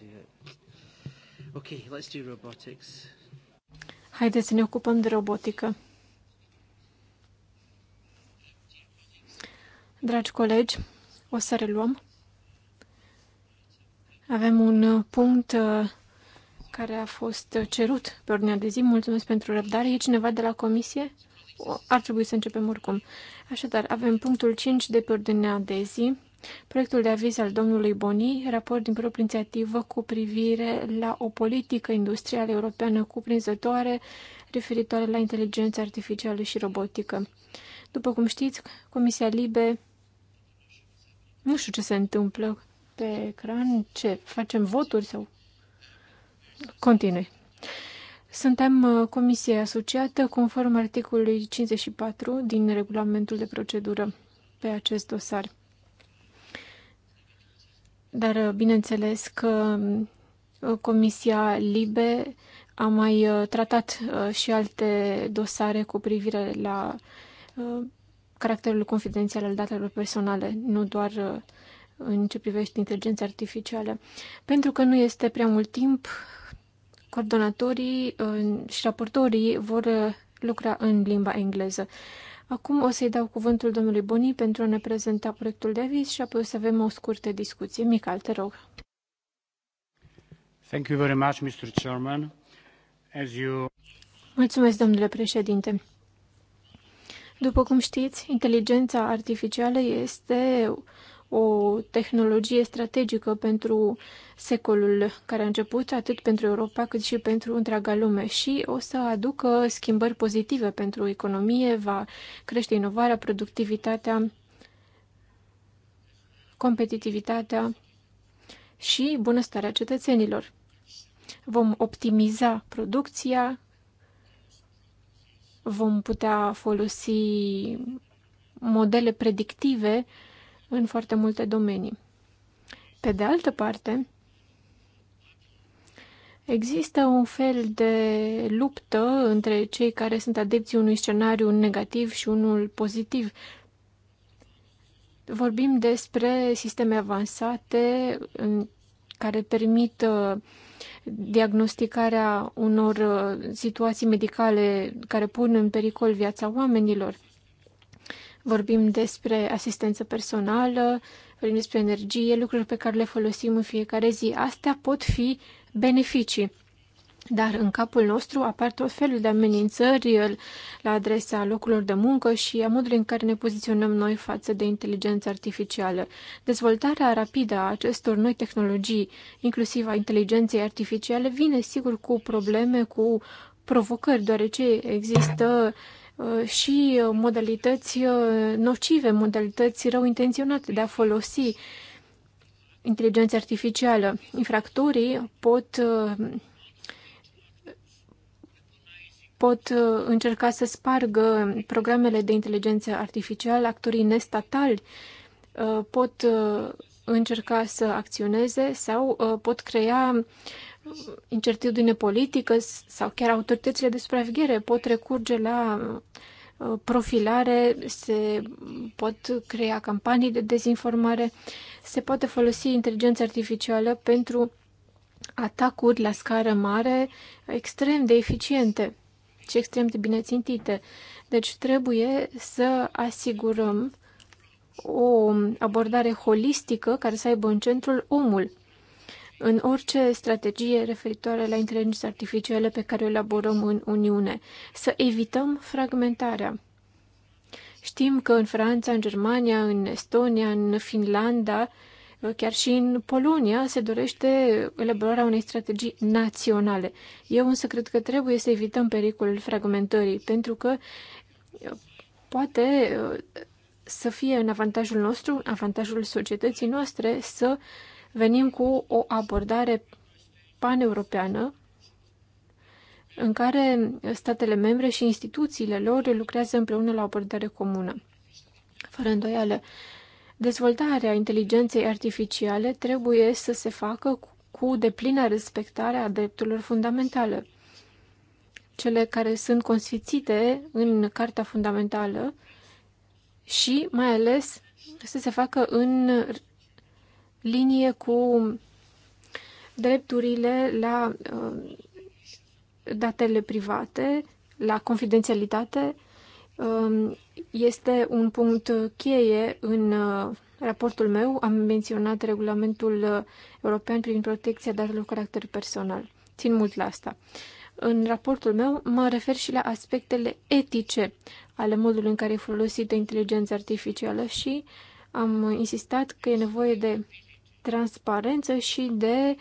do it. Okay, let's do robotics. Haideți să ne ocupăm de robotică. Dragi colegi, o să reluăm. Avem un punct uh, care a fost cerut pe ordinea de zi. Mulțumesc pentru răbdare. E cineva de la comisie? Ar trebui să începem oricum. Așadar, avem punctul 5 de pe ordinea de zi, Proiectul de aviz al domnului Boni, raport din proprie inițiativă cu privire la o politică industrială europeană cuprinzătoare referitoare la inteligența artificială și robotică. După cum știți, Comisia Libe, nu știu ce se întâmplă pe ecran, ce, facem voturi sau... Continui. Suntem uh, comisie asociată conform articolului 54 din regulamentul de procedură pe acest dosar. Dar uh, bineînțeles că uh, Comisia Libe a mai uh, tratat și alte dosare cu privire la caracterul confidențial al datelor personale, nu doar în ce privește inteligența artificială. Pentru că nu este prea mult timp, coordonatorii și raportorii vor lucra în limba engleză. Acum o să-i dau cuvântul domnului Boni pentru a ne prezenta proiectul de aviz și apoi o să avem o scurtă discuție. Mical, te rog. Thank you very much, Mr. Chairman. As you... Mulțumesc, domnule președinte. După cum știți, inteligența artificială este o tehnologie strategică pentru secolul care a început, atât pentru Europa cât și pentru întreaga lume și o să aducă schimbări pozitive pentru economie, va crește inovarea, productivitatea, competitivitatea și bunăstarea cetățenilor. Vom optimiza producția, vom putea folosi modele predictive în foarte multe domenii. Pe de altă parte, există un fel de luptă între cei care sunt adepți unui scenariu negativ și unul pozitiv. Vorbim despre sisteme avansate care permit uh, diagnosticarea unor uh, situații medicale care pun în pericol viața oamenilor. Vorbim despre asistență personală, vorbim despre energie, lucruri pe care le folosim în fiecare zi. Astea pot fi beneficii. Dar în capul nostru apar tot felul de amenințări la adresa locurilor de muncă și a modului în care ne poziționăm noi față de inteligența artificială. Dezvoltarea rapidă a acestor noi tehnologii, inclusiv a inteligenței artificiale, vine sigur cu probleme, cu provocări, deoarece există Uh, și uh, modalități uh, nocive, modalități rău intenționate de a folosi inteligența artificială. Infractorii pot, pot încerca să spargă programele de inteligență artificială, actorii nestatali pot încerca să acționeze sau pot crea incertitudine politică sau chiar autoritățile de supraveghere pot recurge la uh, profilare, se pot crea campanii de dezinformare, se poate folosi inteligența artificială pentru atacuri la scară mare extrem de eficiente și extrem de bine țintite. Deci trebuie să asigurăm o abordare holistică care să aibă în centrul omul în orice strategie referitoare la inteligență artificială pe care o elaborăm în Uniune, să evităm fragmentarea. Știm că în Franța, în Germania, în Estonia, în Finlanda, chiar și în Polonia se dorește elaborarea unei strategii naționale. Eu însă cred că trebuie să evităm pericolul fragmentării, pentru că uh, poate uh, să fie în avantajul nostru, avantajul societății noastre, să venim cu o abordare paneuropeană în care statele membre și instituțiile lor lucrează împreună la o abordare comună. Fără îndoială, dezvoltarea inteligenței artificiale trebuie să se facă cu deplină respectare a drepturilor fundamentale, cele care sunt consfițite în Carta Fundamentală și, mai ales, să se facă în linie cu drepturile la uh, datele private, la confidențialitate, um, este un punct cheie în uh, raportul meu. Am menționat regulamentul uh, european privind protecția datelor cu caracter personal. Țin mult la asta. În raportul meu mă refer și la aspectele etice ale modului în care e folosită inteligența artificială și am insistat că e nevoie de transparență și de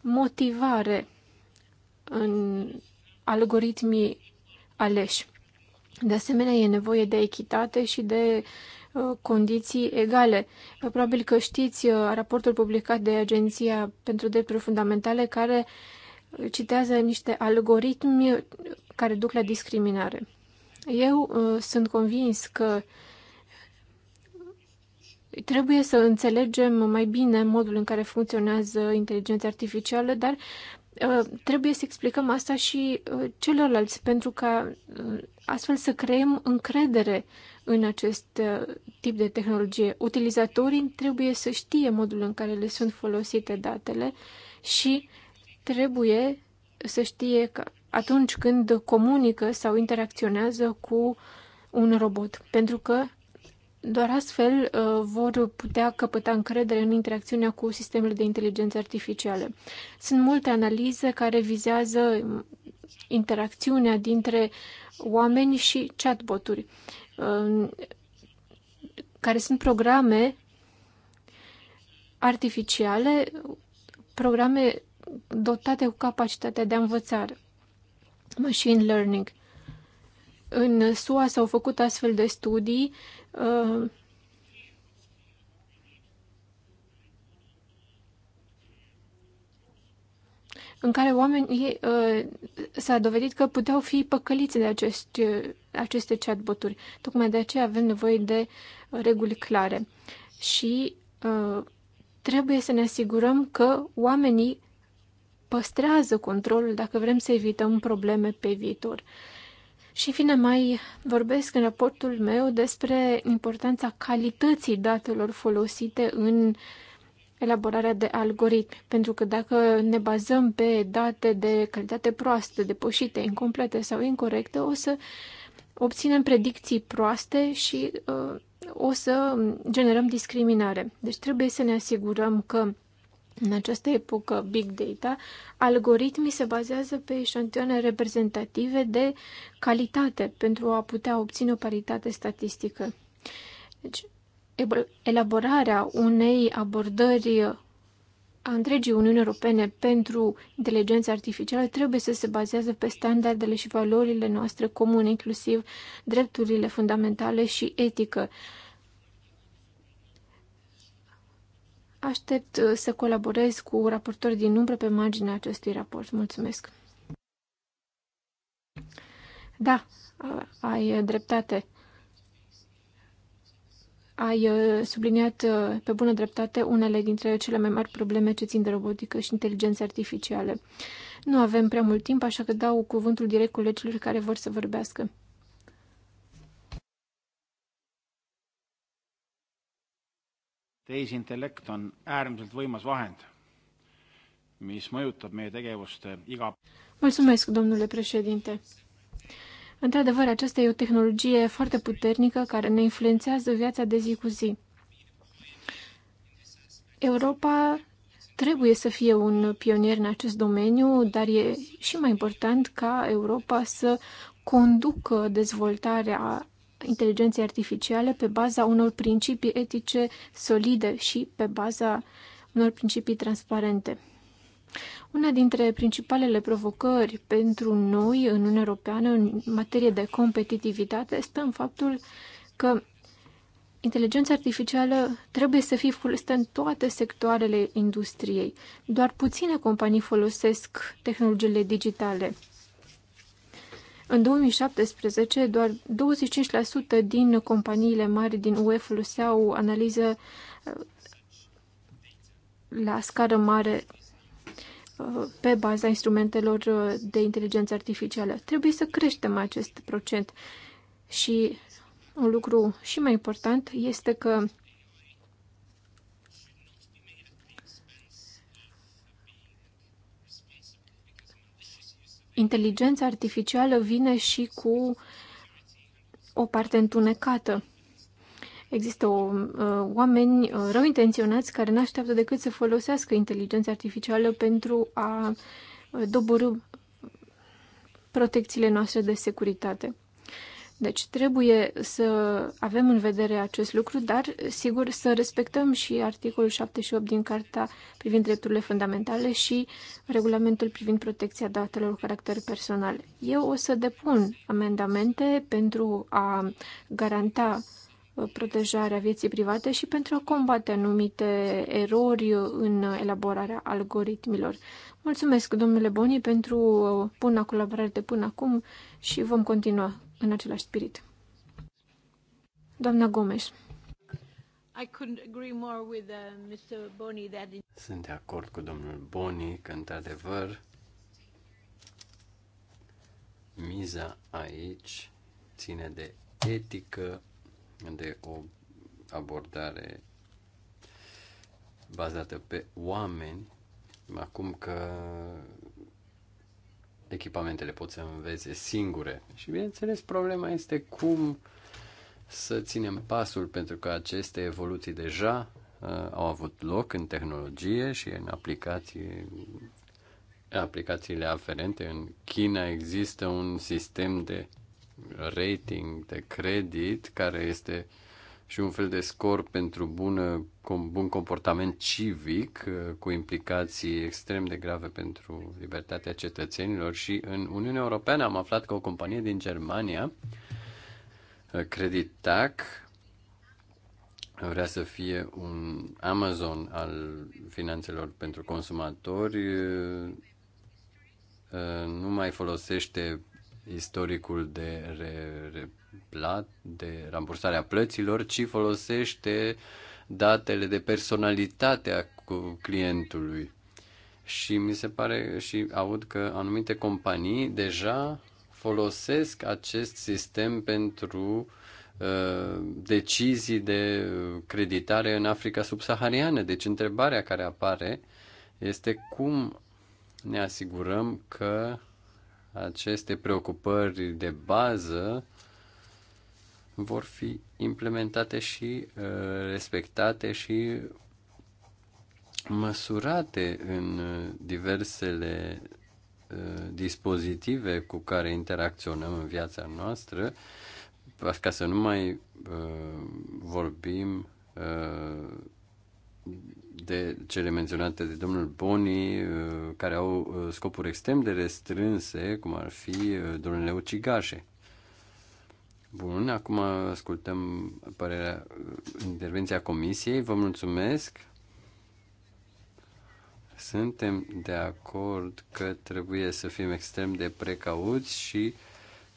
motivare în algoritmii aleși. De asemenea, e nevoie de echitate și de uh, condiții egale. Probabil că știți uh, raportul publicat de Agenția pentru Drepturi Fundamentale care uh, citează niște algoritmi care duc la discriminare. Eu sunt convins că Trebuie să înțelegem mai bine modul în care funcționează inteligența artificială, dar uh, trebuie să explicăm asta și uh, celorlalți, pentru ca uh, astfel să creăm încredere în acest tip de tehnologie. Utilizatorii trebuie să știe modul în care le sunt folosite datele și trebuie să știe că atunci când comunică sau interacționează cu un robot, pentru că doar astfel uh, vor putea căpăta încredere în interacțiunea cu sistemele de inteligență artificială. Sunt multe analize care vizează um, interacțiunea dintre oameni și chatboturi, um, care sunt programe artificiale, programe dotate cu capacitatea de a învăța, machine learning. În SUA s-au făcut astfel de studii Uh, în care oamenii uh, s-a dovedit că puteau fi păcăliți de acești, aceste uh, aceste chatboturi. Tocmai de aceea avem nevoie de reguli clare. Și trebuie să ne asigurăm că oamenii păstrează controlul dacă vrem să evităm probleme pe viitor. Uh, și fine, mai vorbesc în raportul meu despre importanța calității datelor folosite în elaborarea de algoritmi, pentru că dacă ne bazăm pe date de calitate proastă, depășite, incomplete sau incorrecte, o să obținem predicții proaste și uh, o să generăm discriminare. Deci trebuie să ne asigurăm că în această epocă big data, algoritmii se bazează pe eșantioane reprezentative de calitate pentru a putea obține o paritate statistică. Deci, elaborarea unei abordări a întregii Uniuni Europene pentru inteligența artificială trebuie să se bazează pe standardele și valorile noastre comune, inclusiv drepturile fundamentale și etică. Aștept uh, să colaborez cu raportori din umbră pe marginea acestui raport. Mulțumesc! Da, uh, ai uh, dreptate. Ai subliniat pe bună dreptate unele dintre cele mai mari probleme ce țin de robotică și inteligență artificială. Nu avem prea mult timp, așa că dau cuvântul direct colegilor care vor să vorbească. tehisintellekt on äärmiselt võimas vahend, mis mõjutab meie tegevust eh, iga. Mulțumesc, domnule președinte. Într-adevăr, aceasta e o tehnologie foarte puternică care ne influențează viața de zi cu zi. Europa trebuie să fie un pionier în acest domeniu, dar e și mai important ca Europa să conducă dezvoltarea inteligenței artificiale pe baza unor principii etice solide și pe baza unor principii transparente. Una dintre principalele provocări pentru noi în Uniunea Europeană în materie de competitivitate este în faptul că inteligența artificială trebuie să fie folosită în toate sectoarele industriei. Doar puține companii folosesc tehnologiile digitale în 2017, doar 25% din companiile mari din UE foloseau analiză uh, la scară mare uh, pe baza instrumentelor uh, de inteligență artificială. Trebuie să creștem acest procent. Și un lucru și mai important este că inteligența artificială vine și cu o parte întunecată. Există o, uh, oameni uh, rău intenționați care nu așteaptă decât să folosească inteligența artificială pentru a uh, doborâ protecțiile noastre de securitate. Deci trebuie să avem în vedere acest lucru, dar sigur să respectăm și articolul 78 din Carta privind drepturile fundamentale și regulamentul privind protecția datelor cu caracter personal. Eu o să depun amendamente pentru a garanta uh, protejarea vieții private și pentru a combate anumite erori în elaborarea algoritmilor. Mulțumesc, domnule Boni, pentru uh, buna colaborare de până acum și vom continua în același spirit. Doamna Gomes. Uh, Sunt de acord cu domnul Boni că, într-adevăr, miza aici ține de etică, de o abordare bazată pe oameni. Acum că echipamentele pot să înveze singure. Și bineînțeles, problema este cum să ținem pasul pentru că aceste evoluții deja uh, au avut loc în tehnologie și în aplicații aplicațiile aferente. În China există un sistem de rating de credit care este uh, și un fel de scor pentru bună, bun comportament civic uh, cu implicații extrem de grave pentru libertatea cetățenilor și în Uniunea Europeană am aflat că o companie din Germania, uh, Creditac, vrea să fie un Amazon al finanțelor pentru consumatori, uh, nu mai folosește istoricul de re, re, plat, de rambursarea plăților, ci folosește datele de personalitate a clientului. Și mi se pare și aud că anumite companii deja folosesc acest sistem pentru uh, decizii de creditare în Africa subsahariană. Deci întrebarea care apare este cum ne asigurăm că aceste preocupări de bază vor fi implementate și uh, respectate și măsurate în uh, diversele uh, dispozitive cu care interacționăm în viața noastră, ca să nu mai vorbim de cele menționate de domnul Boni, care au scopuri extrem de restrânse, cum ar fi dronele ucigașe. Bun, acum ascultăm părerea, intervenția comisiei. Vă mulțumesc. Suntem de acord că trebuie să fim extrem de precauți și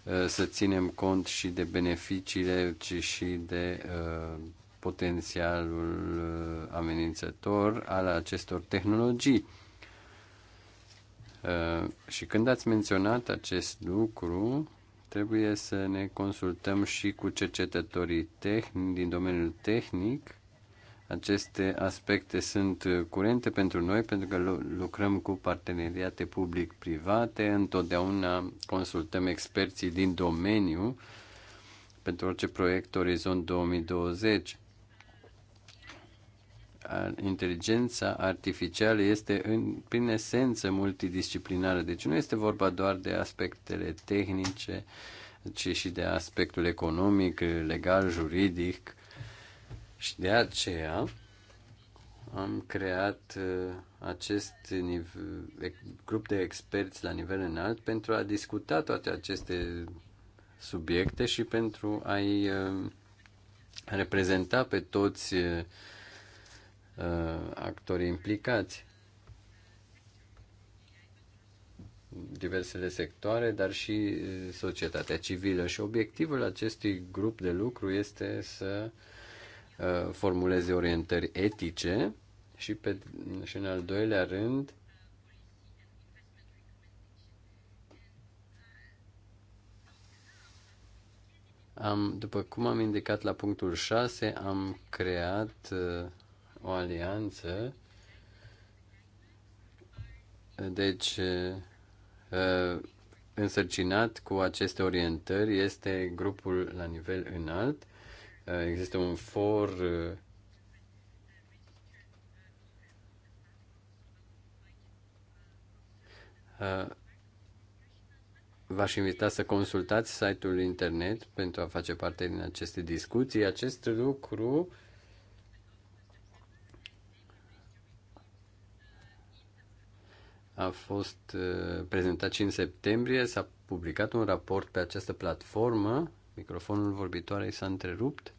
uh, să ținem cont și de beneficiile, ci și de uh, potențialul uh, amenințător al acestor tehnologii. Uh, și când ați menționat acest lucru, Trebuie să ne consultăm și cu cercetătorii tehnici, din domeniul tehnic. Aceste aspecte sunt curente pentru noi pentru că lucrăm cu parteneriate public-private, întotdeauna consultăm experții din domeniu pentru orice proiect Orizont 2020 inteligența artificială este în, prin esență multidisciplinară, deci nu este vorba doar de aspectele tehnice, ci și de aspectul economic, legal, juridic. Și de aceea am creat uh, acest nivel, grup de experți la nivel înalt pentru a discuta toate aceste subiecte și pentru a-i uh, reprezenta pe toți uh, Uh, actorii implicați, diversele sectoare, dar și uh, societatea civilă. Și obiectivul acestui grup de lucru este să uh, formuleze orientări etice și, pe, și în al doilea rând am, după cum am indicat la punctul 6, am creat uh, o alianță. Deci, însărcinat cu aceste orientări este grupul la nivel înalt. Există un for V-aș invita să consultați site-ul internet pentru a face parte din aceste discuții. Acest lucru uh, a fost uh, prezentat și în septembrie, s-a publicat un raport pe această platformă, microfonul vorbitoarei s-a întrerupt.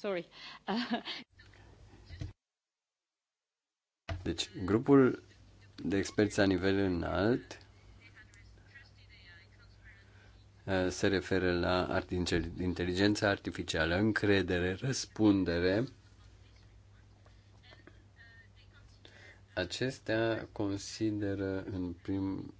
Sorry. Deci, grupul de experți la nivel înalt Eh, se referă la inteligența artificială, încredere, răspundere. Acestea consideră în prim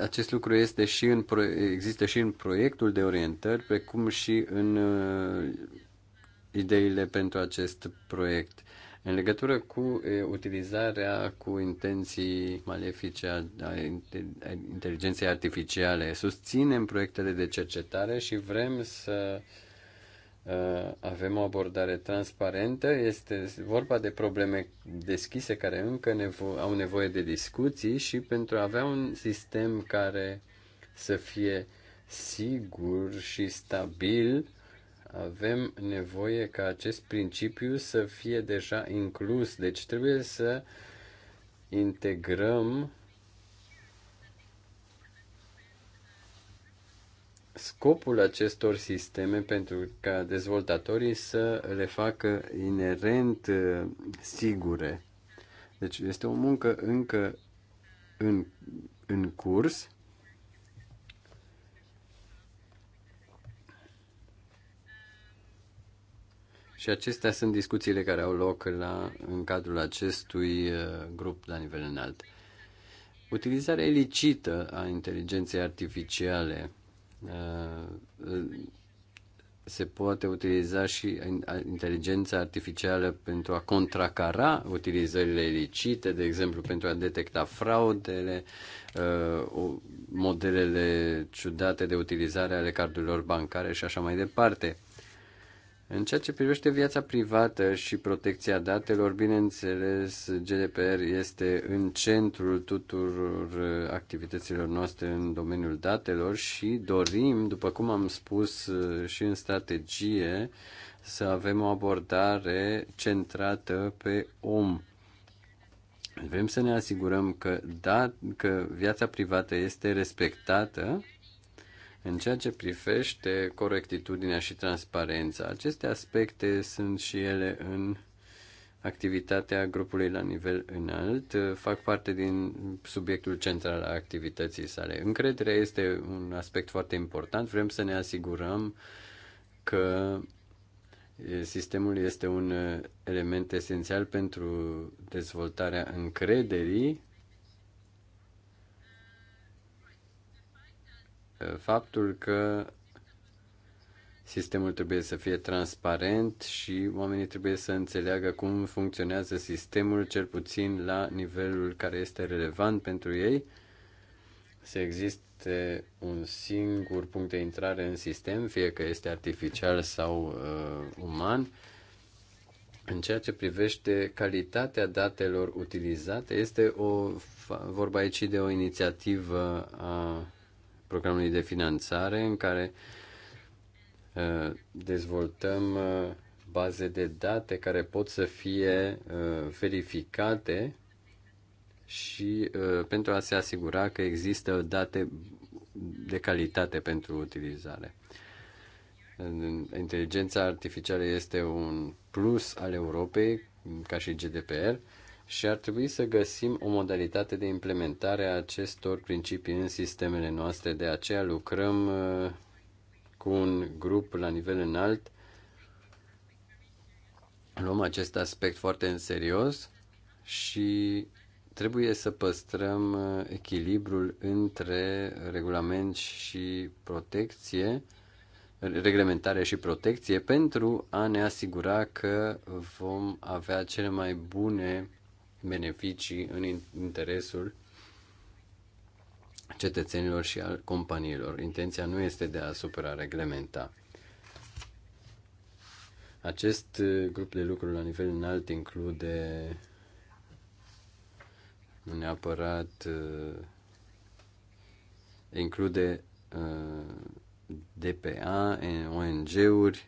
acest lucru este și în pro... există și în proiectul de orientări, precum și în uh, ideile pentru acest proiect. În legătură cu utilizarea cu intenții malefice a inteligenței artificiale, susținem proiectele de cercetare și vrem să avem o abordare transparentă. Este vorba de probleme deschise care încă nevo- au nevoie de discuții și pentru a avea un sistem care să fie sigur și stabil, avem nevoie ca acest principiu să fie deja inclus. Deci trebuie să integrăm scopul acestor sisteme pentru ca dezvoltatorii să le facă inerent uh, sigure. Deci este o muncă încă în, în curs Și acestea sunt discuțiile care au loc la, în cadrul acestui uh, grup la nivel înalt. Utilizarea ilicită a inteligenței artificiale uh, se poate utiliza și inteligența artificială pentru a contracara utilizările ilicite, de exemplu pentru a detecta fraudele, uh, modelele ciudate de utilizare ale cardurilor bancare și așa mai departe. În ceea ce privește viața privată și protecția datelor, bineînțeles, GDPR este în centrul tuturor activităților noastre în domeniul datelor și dorim, după cum am spus uh, și în strategie, să avem o abordare centrată pe om. Vrem să ne asigurăm că, da, că viața privată este respectată în ceea ce privește corectitudinea și transparența, aceste aspecte sunt și ele în activitatea grupului la nivel înalt, fac parte din subiectul central al activității sale. Încrederea este un aspect foarte important, vrem să ne asigurăm că sistemul este un element esențial pentru dezvoltarea încrederii faptul că sistemul trebuie să fie transparent și oamenii trebuie să înțeleagă cum funcționează sistemul, cel puțin la nivelul care este relevant pentru ei, să existe un singur punct de intrare în sistem, fie că este artificial sau uh, uman. În ceea ce privește calitatea datelor utilizate, este o, vorba aici de o inițiativă a programului de finanțare în care uh, dezvoltăm uh, baze de date care pot să fie uh, verificate și pentru a se asigura că există date de calitate pentru utilizare. Inteligența artificială este un plus al Europei, ca și GDPR, și ar trebui să găsim o modalitate de implementare a acestor principii în sistemele noastre. De aceea lucrăm uh, cu un grup la nivel înalt. Luăm acest aspect foarte în serios și trebuie să păstrăm uh, echilibrul între regulament și protecție, reglementare și protecție pentru a ne asigura că vom avea cele mai bune beneficii în interesul cetățenilor și al companiilor. Intenția nu este de a supra-reglementa. Acest uh, grup de lucruri la nivel înalt include nu neapărat uh, include uh, DPA, ONG-uri.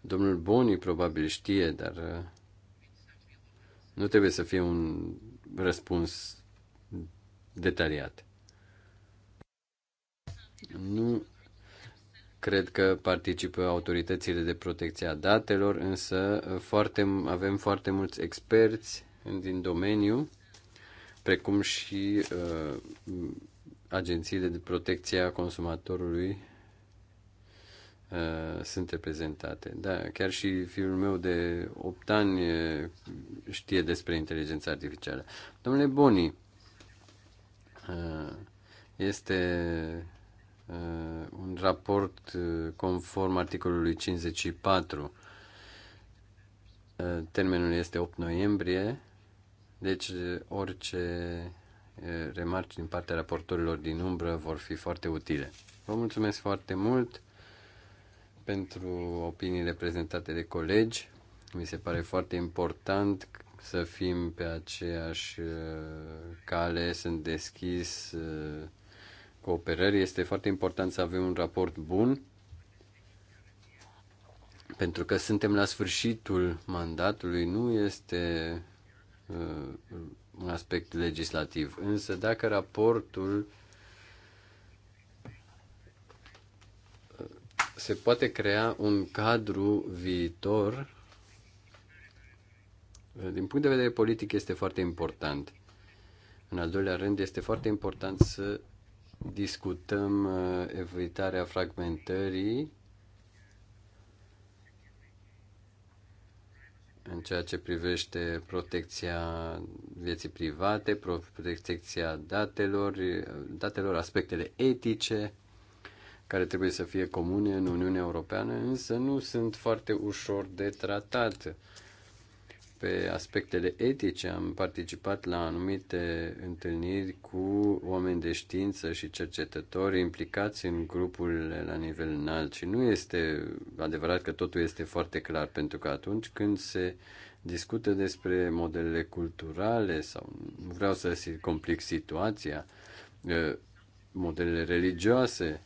Domnul Boni probabil știe, dar nu trebuie să fie un răspuns detaliat. Nu cred că participă autoritățile de protecție a datelor, însă uh, foarte, avem foarte mulți experți din domeniu, precum și uh, agențiile de protecție a consumatorului Uh, sunt reprezentate. Da, chiar și fiul meu de 8 ani uh, știe despre inteligența artificială. Domnule Boni, uh, este un raport conform articolului 54. Termenul este 8 noiembrie, deci orice remarci din partea raportorilor din umbră vor fi foarte utile. Vă mulțumesc foarte mult! pentru opiniile prezentate de colegi. Mi se pare foarte important să fim pe aceeași uh, cale, sunt deschis uh, cooperării. Este foarte important să avem un raport bun, pentru că suntem la sfârșitul mandatului, nu este uh, un aspect legislativ. Însă dacă raportul uh, se poate crea un cadru viitor. Din punct de vedere politic este foarte important. În al doilea rând, este foarte important să discutăm uh, evitarea fragmentării în ceea ce privește protecția vieții private, protecția datelor, datelor aspectele etice, care trebuie să fie comune în Uniunea Europeană, însă nu sunt foarte ușor de tratat. Pe aspectele etice am participat la anumite întâlniri cu oameni de știință și cercetători implicați în grupurile la nivel înalt și nu este adevărat că totul este foarte clar, pentru că atunci când se discută despre modelele culturale sau nu vreau să complic situația, eh, modelele religioase,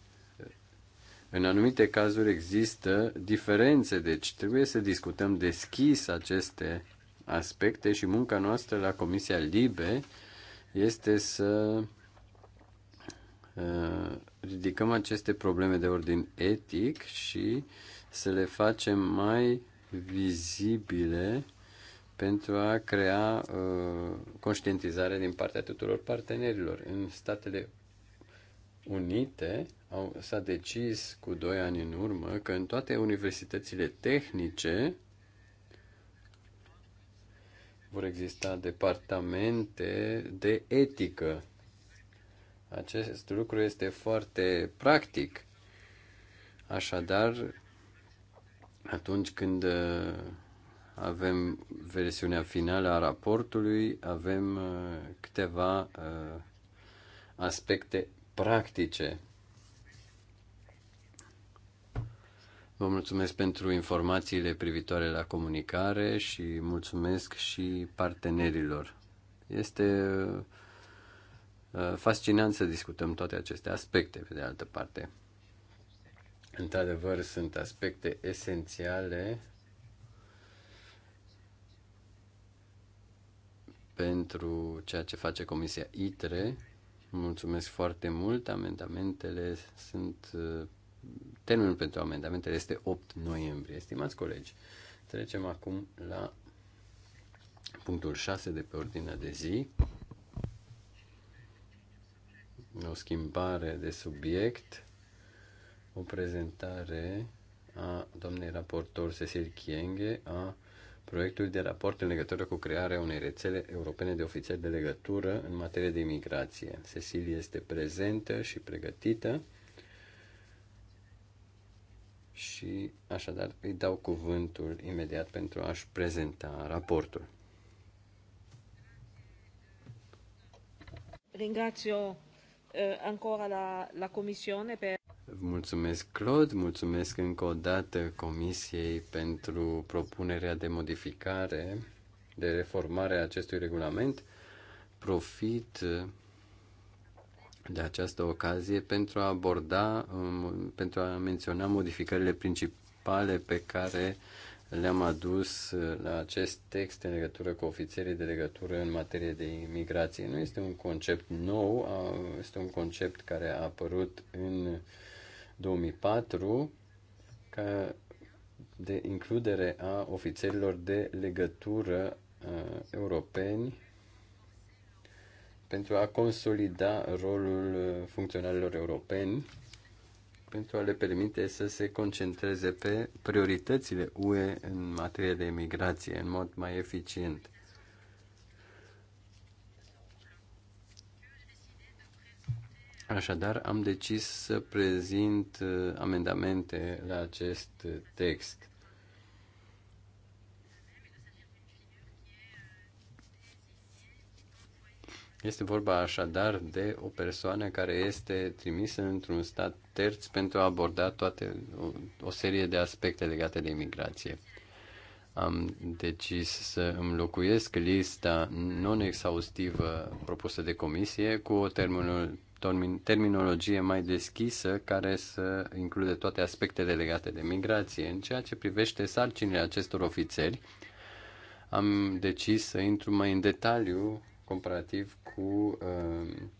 în anumite cazuri există diferențe, deci trebuie să discutăm deschis aceste aspecte și munca noastră la Comisia Libe este să uh, ridicăm aceste probleme de ordin etic și să le facem mai vizibile pentru a crea uh, conștientizare din partea tuturor partenerilor. În Statele Unite s-a decis cu doi ani în urmă că în toate universitățile tehnice vor exista departamente de etică. Acest lucru este foarte practic. Așadar, atunci când uh, avem versiunea finală a raportului, avem uh, câteva uh, aspecte practice Vă mulțumesc pentru informațiile privitoare la comunicare și mulțumesc și partenerilor. Este uh, fascinant să discutăm toate aceste aspecte, pe de altă parte. Într-adevăr, sunt aspecte esențiale pentru ceea ce face Comisia ITRE. Mulțumesc foarte mult, amendamentele sunt uh, Termenul pentru amendamentele este 8 noiembrie. Estimați colegi, trecem acum la punctul 6 de pe ordinea de zi. O schimbare de subiect, o prezentare a doamnei raportor Cecil Chienghe a proiectului de raport în legătură cu crearea unei rețele europene de ofițeri de legătură în materie de imigrație. Cecil este prezentă și pregătită și așadar îi dau cuvântul imediat pentru a-și prezenta raportul. Ringrazio eh, ancora la, la Comisione per... Mulțumesc, Claude, mulțumesc încă o dată Comisiei pentru propunerea de modificare, de reformare a acestui regulament. Profit eh, de această ocazie pentru a aborda, um, pentru a menționa modificările principale pe care le-am adus uh, la acest text în legătură cu ofițerii de legătură în materie de imigrație. Nu este un concept nou, este un concept care a apărut în 2004 ca de includere a ofițerilor de legătură uh, europeni pentru a consolida rolul uh, funcționarilor europeni, pentru a le permite să se concentreze pe prioritățile UE în materie de emigrație în mod mai eficient. Așadar, am decis să prezint uh, amendamente la acest text. Este vorba așadar de o persoană care este trimisă într-un stat terț pentru a aborda toate o, o serie de aspecte legate de imigrație. Am decis să înlocuiesc lista non-exhaustivă propusă de comisie cu o termenul, terminologie mai deschisă care să include toate aspectele legate de migrație. În ceea ce privește sarcinile acestor ofițeri, am decis să intru mai în detaliu comparativ cu um,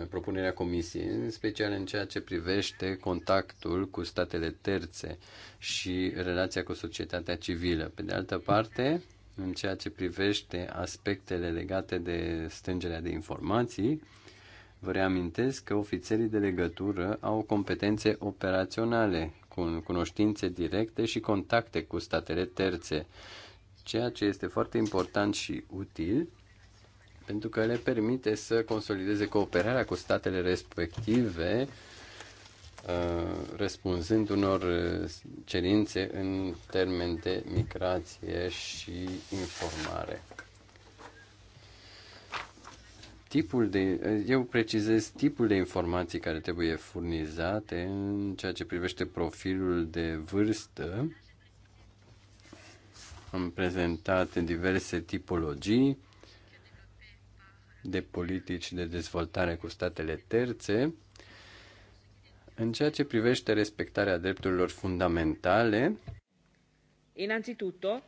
uh, propunerea Comisiei, în special în ceea ce privește contactul cu statele terțe și relația cu societatea civilă. Pe de altă parte, în ceea ce privește aspectele legate de strângerea de informații, vă reamintesc că ofițerii de legătură au competențe operaționale, cu cunoștințe directe și contacte cu statele terțe, ceea ce este foarte important și util pentru că le permite să consolideze cooperarea cu statele respective, uh, răspunzând unor uh, cerințe în termen de migrație și informare. Tipul de, uh, eu precizez tipul de informații care trebuie furnizate în ceea ce privește profilul de vârstă. Am prezentat diverse tipologii de politici de dezvoltare cu statele terțe în ceea ce privește respectarea drepturilor fundamentale. Innanzitutto,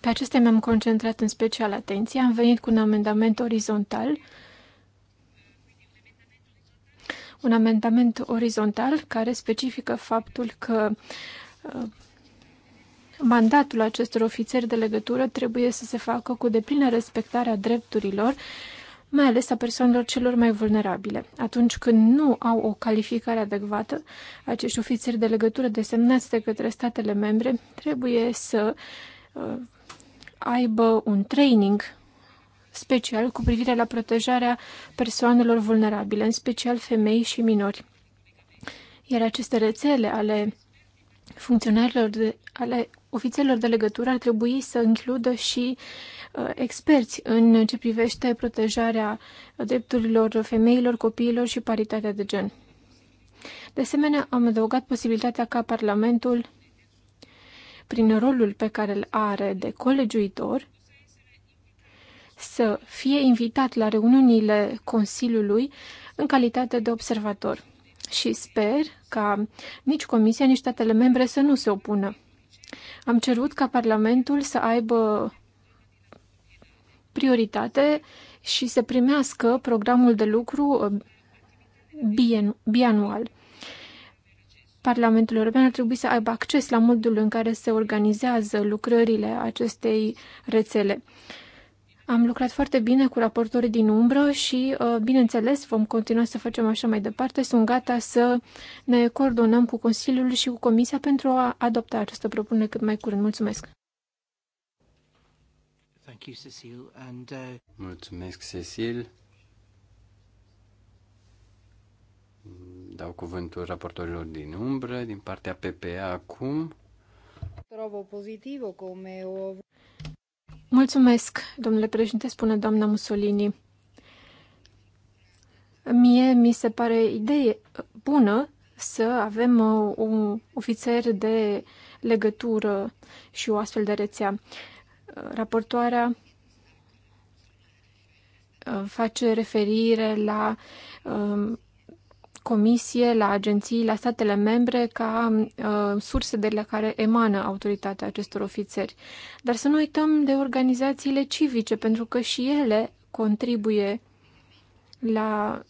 pe acestea mi-am concentrat în special atenția. Am venit cu un amendament orizontal. Un amendament orizontal care specifică faptul că uh, mandatul acestor ofițeri de legătură trebuie să se facă cu deplină respectare a drepturilor, mai ales a persoanelor celor mai vulnerabile. Atunci când nu au o calificare adecvată, acești ofițeri de legătură desemnați de către statele membre trebuie să uh, aibă un training special cu privire la protejarea persoanelor vulnerabile, în special femei și minori. Iar aceste rețele ale funcționarilor de, ale ofițerilor de legătură ar trebui să includă și uh, experți în ce privește protejarea drepturilor femeilor, copiilor și paritatea de gen. De asemenea, am adăugat posibilitatea ca Parlamentul, prin rolul pe care îl are de colegiuitor, să fie invitat la reuniunile Consiliului în calitate de observator și sper ca nici Comisia, nici statele membre să nu se opună. Am cerut ca Parlamentul să aibă prioritate și să primească programul de lucru uh, bianual. Parlamentul European ar trebui să aibă acces la modul în care se organizează lucrările acestei rețele. Am lucrat foarte bine cu raportorii din umbră și, uh, bineînțeles, vom continua să facem așa mai departe. Sunt gata să ne coordonăm cu Consiliul și cu Comisia pentru a adopta această propunere cât mai curând. Mulțumesc! Thank you, Cecil. And, uh... Mulțumesc, Cecil. Dau cuvântul raportorilor din umbră, din partea PPA acum. Trovo pozitiv, cum o Mulțumesc, domnule președinte, spune doamna Mussolini. Mie mi se pare idee bună să avem uh, un ofițer de legătură și o astfel de rețea. Raportoarea uh, face referire la um, comisie, la agenții, la statele membre ca uh, surse de la care emană autoritatea acestor ofițeri. Dar să nu uităm de organizațiile civice, pentru că și ele contribuie la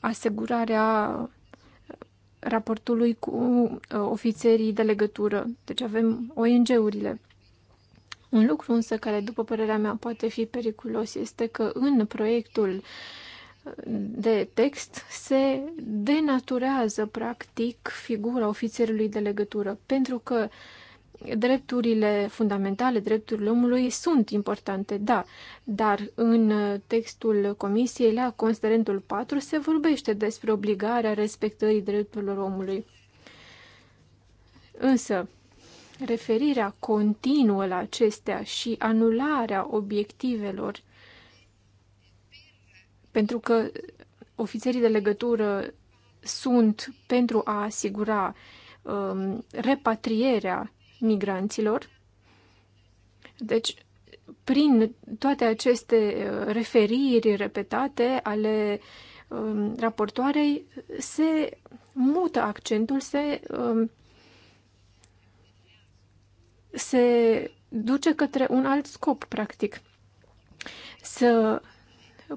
asigurarea raportului cu uh, ofițerii de legătură. Deci avem ONG-urile. Un lucru însă care, după părerea mea, poate fi periculos este că în proiectul uh, de text se denaturează practic figura ofițerului de legătură, pentru că drepturile fundamentale, drepturile omului sunt importante, da, dar în textul comisiei la considerentul 4 se vorbește despre obligarea respectării drepturilor omului. Însă, referirea continuă la acestea și anularea obiectivelor pentru că ofițerii de legătură sunt pentru a asigura um, repatrierea migranților. Deci, prin toate aceste uh, referiri repetate ale um, raportoarei, se mută accentul, se, um, se duce către un alt scop, practic. Să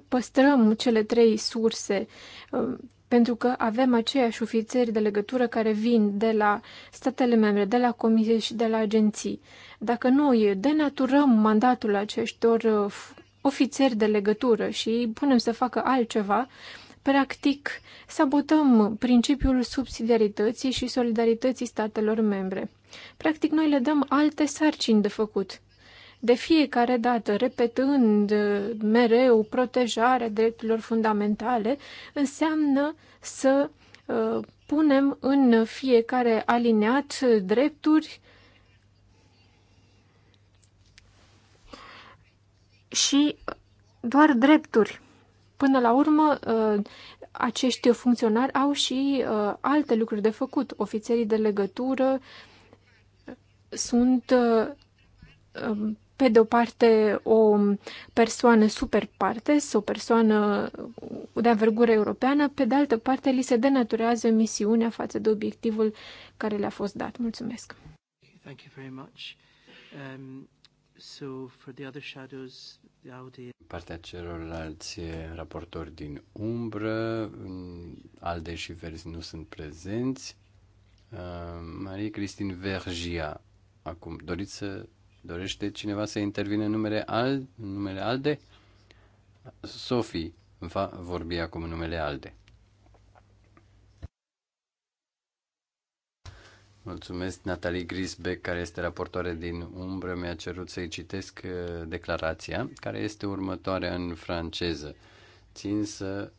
păstrăm cele trei surse, um, pentru că avem aceiași ofițeri de legătură care vin de la statele membre, de la comisie și de la agenții. Dacă noi denaturăm mandatul acestor uh, ofițeri de legătură și îi punem să facă altceva, practic sabotăm principiul subsidiarității și solidarității statelor membre. Practic, noi le dăm alte sarcini de făcut de fiecare dată, repetând uh, mereu protejarea drepturilor fundamentale, înseamnă să uh, punem în fiecare alineat drepturi și doar drepturi. Până la urmă, uh, acești funcționari au și alte lucruri de făcut. Ofițerii de legătură sunt um, pe de o parte o persoană super partes, o persoană de avergură europeană, pe de altă parte li se denaturează misiunea față de obiectivul care le-a fost dat. Mulțumesc! Thank you very much. Um, so for the other shadows, the Audi... Partea celorlalți raportori din umbră, Alde și Verzi nu sunt prezenți. Uh, Marie Christine Vergia, acum doriți să Dorește cineva să intervine în numele, al, numele ALDE? Sofie va vorbi acum în numele ALDE. Mulțumesc, Natalie Grisbeck, care este raportoare din umbră, mi-a cerut să-i citesc uh, declarația, care este următoarea în franceză. Țin să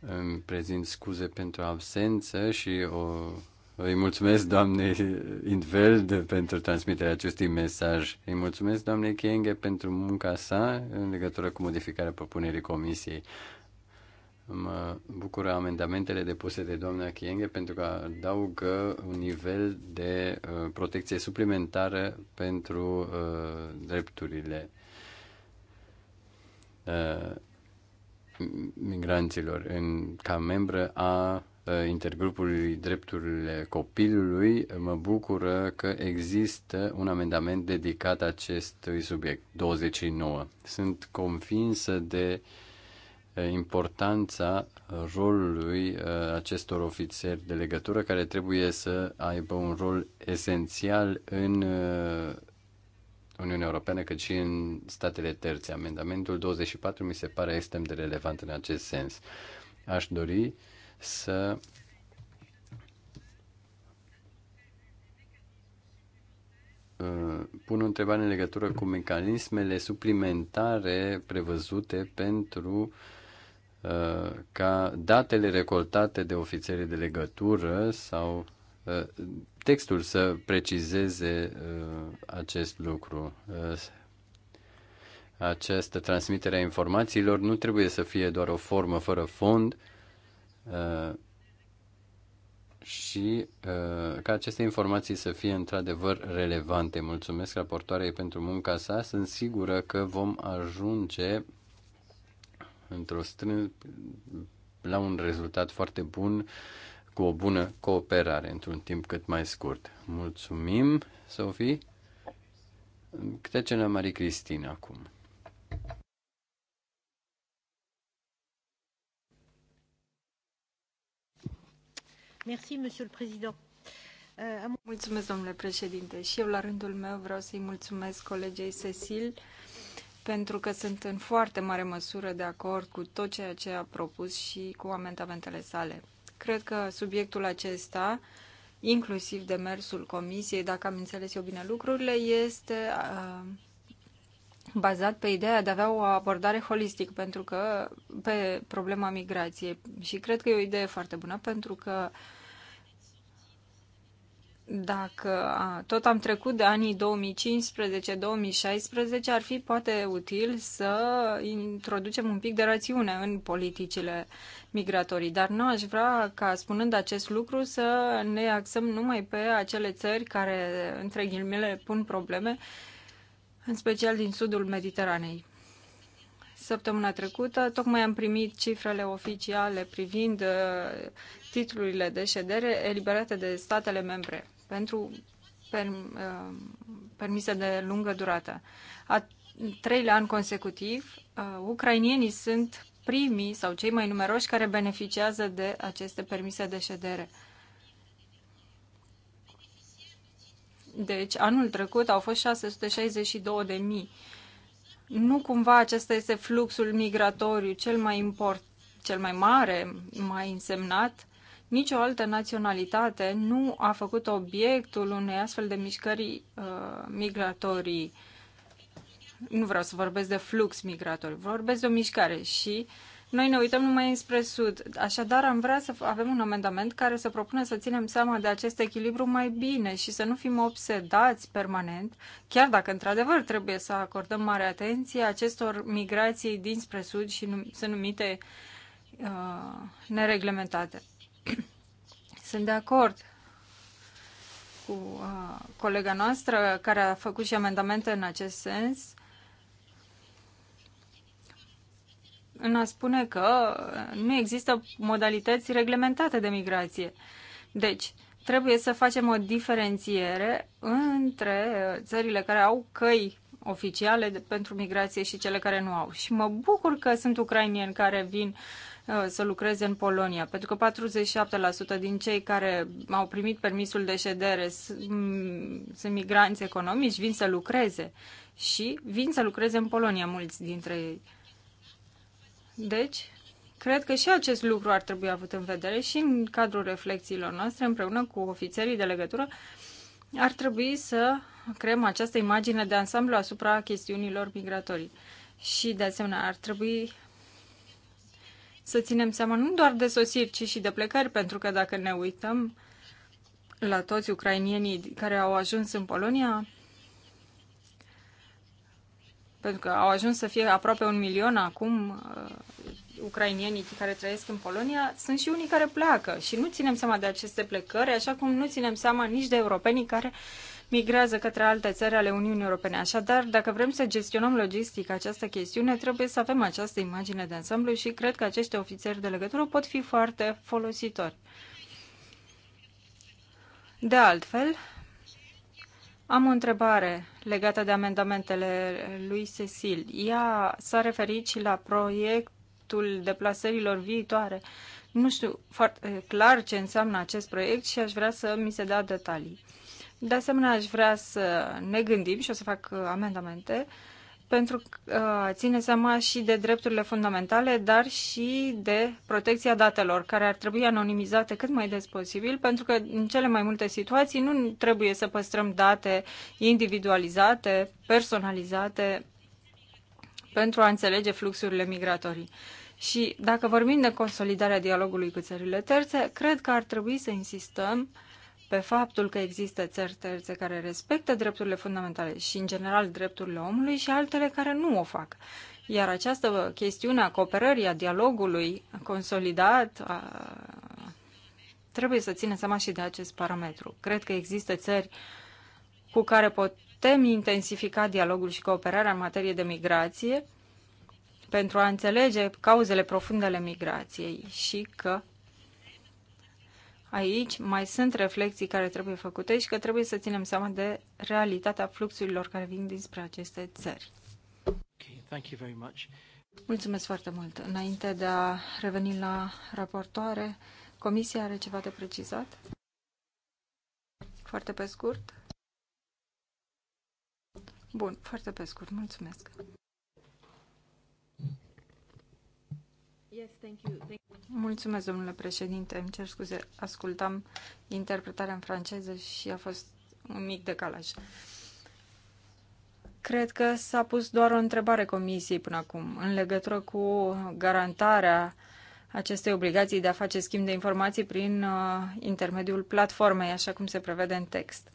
îmi prezint scuze pentru absență și o îi mulțumesc doamnei Indveld pentru transmiterea acestui mesaj. Îi mulțumesc doamnei Kienge pentru munca sa în legătură cu modificarea propunerii comisiei. Mă bucură amendamentele depuse de doamna Kienge pentru că adaugă un nivel de uh, protecție suplimentară pentru uh, drepturile uh, migranților. În, ca membră a Uh, intergrupului drepturile copilului, mă bucură că există un amendament dedicat acestui subiect, 29. Sunt convinsă de uh, importanța rolului uh, acestor ofițeri de legătură care trebuie să aibă un rol esențial în Uniunea Europeană, cât și în statele terțe. Amendamentul 24 mi se pare extrem de relevant în acest sens. Aș dori uh, să uh, pun o întrebare în legătură cu mecanismele suplimentare prevăzute pentru uh, ca datele recoltate de ofițerii de legătură sau uh, textul să precizeze acest lucru. Această transmitere a informațiilor nu trebuie să fie doar o formă fără fond, Uh, și uh, ca aceste informații să fie într-adevăr relevante. Mulțumesc raportoarei pentru munca sa. Sunt sigură că vom ajunge într-o strân la un rezultat foarte bun cu o bună cooperare într-un timp cât mai scurt. Mulțumim, Sofie. Trecem la Marie Cristina acum. Euh, mulțumesc, domnule președinte. Și eu, la rândul meu, vreau să-i mulțumesc colegei Cecil pentru că sunt în foarte mare măsură de acord cu tot ceea ce a propus și cu amendamentele sale. Cred că subiectul acesta, inclusiv demersul comisiei, dacă am înțeles eu bine lucrurile, este uh, bazat pe ideea de a avea o abordare holistică pentru că pe problema migrației. Și cred că e o idee foarte bună pentru că uh, dacă tot am trecut de anii 2015-2016, ar fi poate util să introducem un pic de rațiune în politicile migratorii. Dar nu aș vrea ca, spunând acest lucru, să ne axăm numai pe acele țări care, între ghilimele, pun probleme, în special din sudul Mediteranei. Săptămâna trecută tocmai am primit cifrele oficiale privind uh, titlurile de ședere eliberate de statele membre pentru per, uh, permise de lungă durată. A treilea an consecutiv, uh, ucrainienii sunt primii sau cei mai numeroși care beneficiază de aceste permise de ședere. Deci, anul trecut au fost 662 de mii. Nu cumva acesta este fluxul migratoriu cel mai important, cel mai mare, mai însemnat Nicio altă naționalitate nu a făcut obiectul unei astfel de mișcări uh, migratorii. Nu vreau să vorbesc de flux migratoriu, vorbesc de o mișcare și noi ne uităm numai înspre sud. Așadar, am vrea să avem un amendament care să propună să ținem seama de acest echilibru mai bine și să nu fim obsedați permanent, chiar dacă într-adevăr trebuie să acordăm mare atenție acestor migrații dinspre sud și num- sunt numite uh, nereglementate. Sunt de acord cu uh, colega noastră care a făcut și amendamente în acest sens. În a spune că nu există modalități reglementate de migrație. Deci, trebuie să facem o diferențiere între uh, țările care au căi oficiale pentru migrație și cele care nu au. Și mă bucur că sunt ucrainieni care vin uh, Uh, să lucreze în Polonia, pentru că 47% din cei care au primit permisul de ședere sunt migranți economici, vin să lucreze și vin să lucreze în Polonia mulți dintre ei. Deci, cred că și acest lucru ar trebui avut în vedere și în cadrul reflexiilor noastre, împreună cu ofițerii de legătură, ar trebui să creăm această imagine de ansamblu asupra chestiunilor migratorii. Și, de asemenea, ar trebui să ținem seama nu doar de sosiri, ci și de plecări, pentru că dacă ne uităm la toți ucrainienii care au ajuns în Polonia, pentru că au ajuns să fie aproape un milion acum uh, ucrainienii care trăiesc în Polonia, sunt și unii care pleacă și nu ținem seama de aceste plecări, așa cum nu ținem seama nici de europenii care uh, migrează către alte țări ale Uniunii Europene. Așadar, dacă vrem să gestionăm logistic această chestiune, trebuie să avem această imagine de ansamblu și cred că acești ofițeri de legătură pot fi foarte folositori. De altfel, am o întrebare legată de amendamentele lui Cecil. Ea s-a referit și la proiectul deplasărilor viitoare. Nu știu foarte clar ce înseamnă acest proiect și aș vrea să mi se dea detalii. De asemenea, aș vrea să ne gândim și o să fac uh, amendamente pentru că uh, ține seama și de drepturile fundamentale, dar și de protecția datelor, care ar trebui anonimizate cât mai des posibil, pentru că în cele mai multe situații nu trebuie să păstrăm date individualizate, personalizate, pentru a înțelege fluxurile migratorii. Și dacă vorbim de consolidarea dialogului cu țările terțe, cred că ar trebui să insistăm uh, pe faptul că există țări terțe care respectă drepturile fundamentale și, în general, drepturile omului și altele care nu o fac. Iar această chestiune a cooperării, a dialogului consolidat, a... trebuie să țină seama și de acest parametru. Cred că există țări cu care putem intensifica dialogul și cooperarea în materie de migrație pentru a înțelege cauzele profunde ale migrației și că aici mai sunt reflexii care trebuie făcute și că trebuie să ținem seama de realitatea fluxurilor care vin dinspre aceste țări. thank you very much. Mulțumesc foarte mult. Înainte de a reveni la raportoare, Comisia are ceva de precizat? Foarte pe scurt? Bun, foarte pe scurt. Mulțumesc. Yes, thank you. Thank Mulțumesc, domnule președinte. Îmi cer scuze, ascultam interpretarea în franceză și a fost un mic decalaj. Cred că s-a pus doar o întrebare comisiei până acum în legătură cu garantarea acestei obligații de a face schimb de informații prin uh, intermediul platformei, așa cum se prevede în text.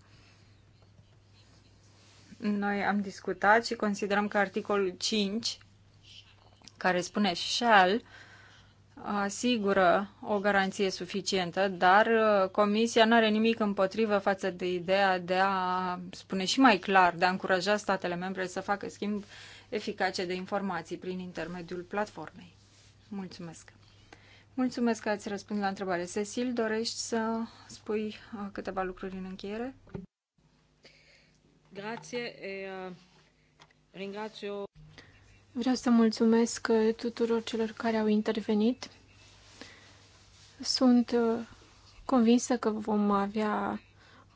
Noi am discutat și considerăm că articolul 5, care spune shall, asigură o garanție suficientă, dar uh, Comisia nu are nimic împotrivă față de ideea de a spune și mai clar, de a încuraja statele membre să facă schimb eficace de informații prin intermediul platformei. Mulțumesc! Mulțumesc că ați răspuns la întrebare. Cecil, dorești să spui uh, câteva lucruri în încheiere? Grazie, e, uh, ringrazio... Vreau să mulțumesc uh, tuturor celor care au intervenit. Sunt uh, convinsă că vom avea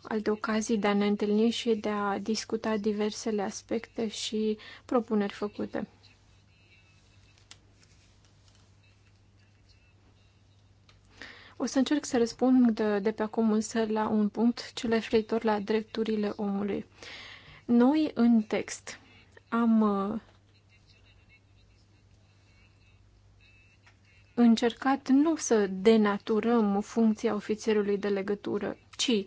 alte ocazii de a ne întâlni și de a discuta diversele aspecte și propuneri făcute. O să încerc să răspund de, de pe acum însă la un punct, cel referitor la drepturile omului. Noi, în text, am uh, încercat nu să denaturăm funcția ofițerului de legătură, ci,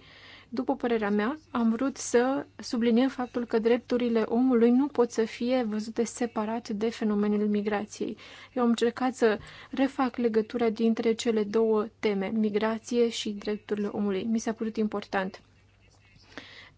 după părerea mea, am vrut să subliniem faptul că drepturile omului nu pot să fie văzute separat de fenomenul migrației. Eu am încercat să refac legătura dintre cele două teme, migrație și drepturile omului. Mi s-a părut important.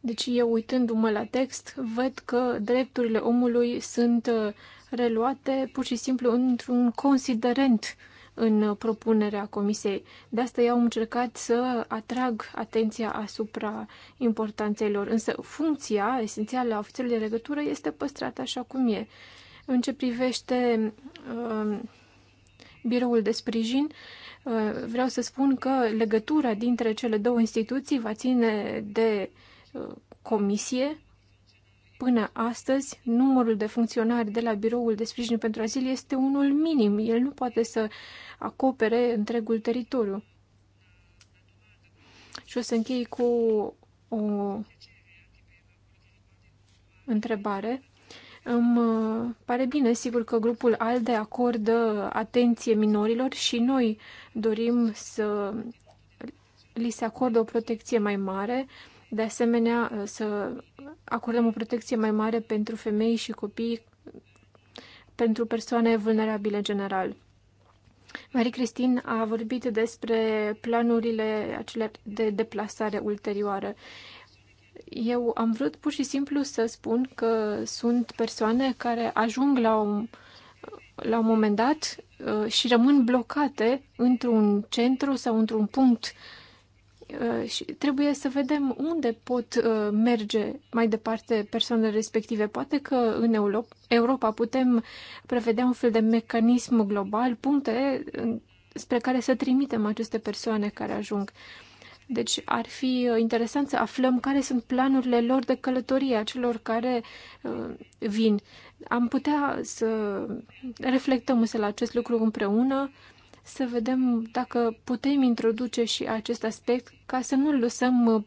Deci eu uitându-mă la text, văd că drepturile omului sunt uh, reluate pur și simplu într-un considerent în propunerea comisiei. De asta i am încercat să atrag atenția asupra importanței lor. Însă funcția esențială a ofițerului de legătură este păstrată așa cum e. În ce privește uh, biroul de sprijin, uh, vreau să spun că legătura dintre cele două instituții va ține de uh, comisie, Până astăzi, numărul de funcționari de la Biroul de Sprijin pentru Azil este unul minim. El nu poate să acopere întregul teritoriu. Și o să închei cu o întrebare. Îmi uh, pare bine, sigur că grupul ALDE acordă atenție minorilor și noi dorim să li se acordă o protecție mai mare, de asemenea, uh, să acordăm o protecție mai mare pentru femei și copii, pentru persoane vulnerabile în general. Marie Cristin a vorbit despre planurile acelea de deplasare ulterioară. Eu am vrut pur și simplu să spun că sunt persoane care ajung la un, la un moment dat uh, și rămân blocate într-un centru sau într-un punct uh, Uh, și trebuie să vedem unde pot uh, merge mai departe persoanele respective. Poate că în Europa putem prevedea un fel de mecanism global, puncte uh, spre care să trimitem aceste persoane care ajung. Deci ar fi interesant să aflăm care sunt planurile lor de călătorie a celor care vin. Am putea să reflectăm însă la acest lucru împreună să vedem dacă putem introduce și acest aspect ca să nu lăsăm uh,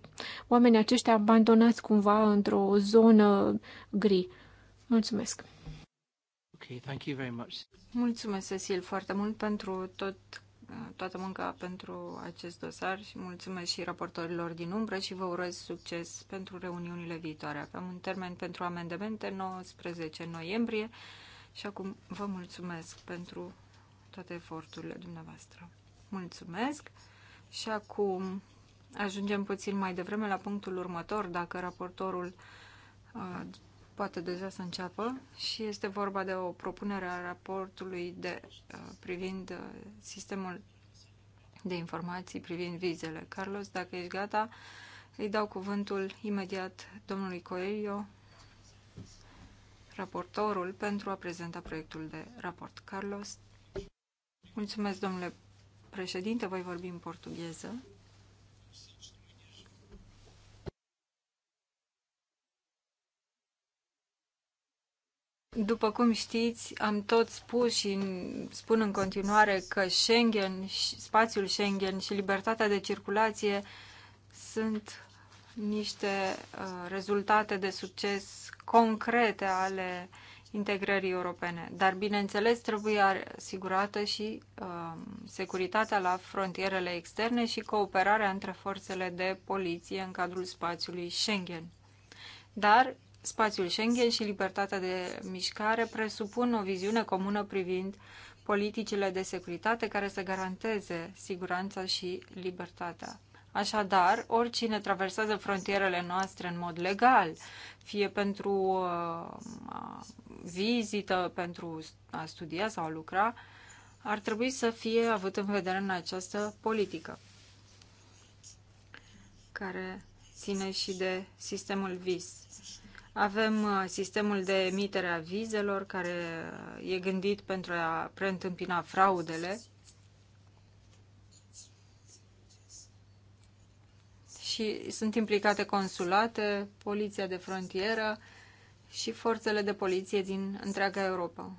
oamenii aceștia abandonați cumva într-o zonă gri. Mulțumesc! Okay, thank you very much. Mulțumesc, Cecil, foarte mult pentru tot, uh, toată munca pentru acest dosar și mulțumesc și raportorilor din umbră și vă urez succes pentru reuniunile viitoare. Avem un termen pentru amendamente 19 noiembrie și acum vă mulțumesc pentru toate eforturile dumneavoastră. Mulțumesc! Și acum ajungem puțin mai devreme la punctul următor, dacă raportorul uh, poate deja să înceapă, și este vorba de o propunere a raportului de, uh, privind uh, sistemul de informații privind vizele. Carlos, dacă ești gata, îi dau cuvântul imediat domnului Coelho, raportorul, pentru a prezenta proiectul de raport. Carlos, Mulțumesc, domnule președinte, voi vorbi în portugheză. După cum știți, am tot spus și spun în continuare că Schengen, spațiul Schengen și libertatea de circulație sunt niște uh, rezultate de succes concrete ale integrării europene. Dar, bineînțeles, trebuie asigurată și uh, securitatea la frontierele externe și cooperarea între forțele de poliție în cadrul spațiului Schengen. Dar spațiul Schengen și libertatea de mișcare presupun o viziune comună privind politicile de securitate care să garanteze siguranța și libertatea Așadar, oricine traversează frontierele noastre în mod legal, fie pentru uh, vizită, pentru a studia sau a lucra, ar trebui să fie avut în vedere în această politică care ține și de sistemul VIS. Avem uh, sistemul de emitere a vizelor care uh, e gândit pentru a preîntâmpina fraudele și sunt implicate consulate, poliția de frontieră și forțele de poliție din întreaga Europa.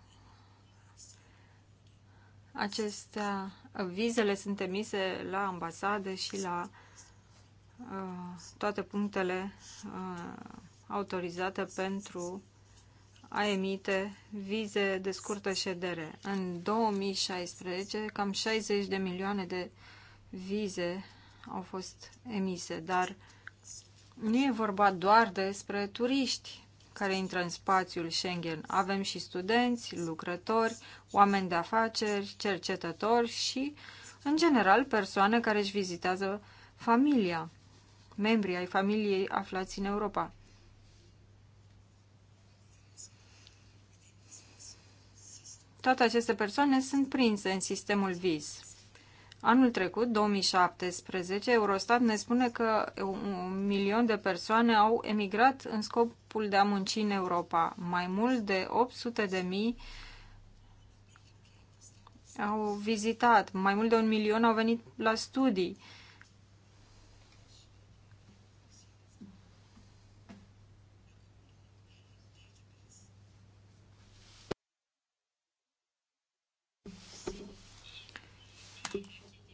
Acestea, vizele sunt emise la ambasade și la uh, toate punctele uh, autorizate pentru a emite vize de scurtă ședere. În 2016, cam 60 de milioane de vize au fost emise, dar nu e vorba doar despre turiști care intră în spațiul Schengen. Avem și studenți, lucrători, oameni de afaceri, cercetători și, în general, persoane care își vizitează familia, membrii ai familiei aflați în Europa. Toate aceste persoane sunt prinse în sistemul VIS. Anul trecut, 2017, Eurostat ne spune că un milion de persoane au emigrat în scopul de a munci în Europa. Mai mult de 800 de mii au vizitat, mai mult de un milion au venit la studii.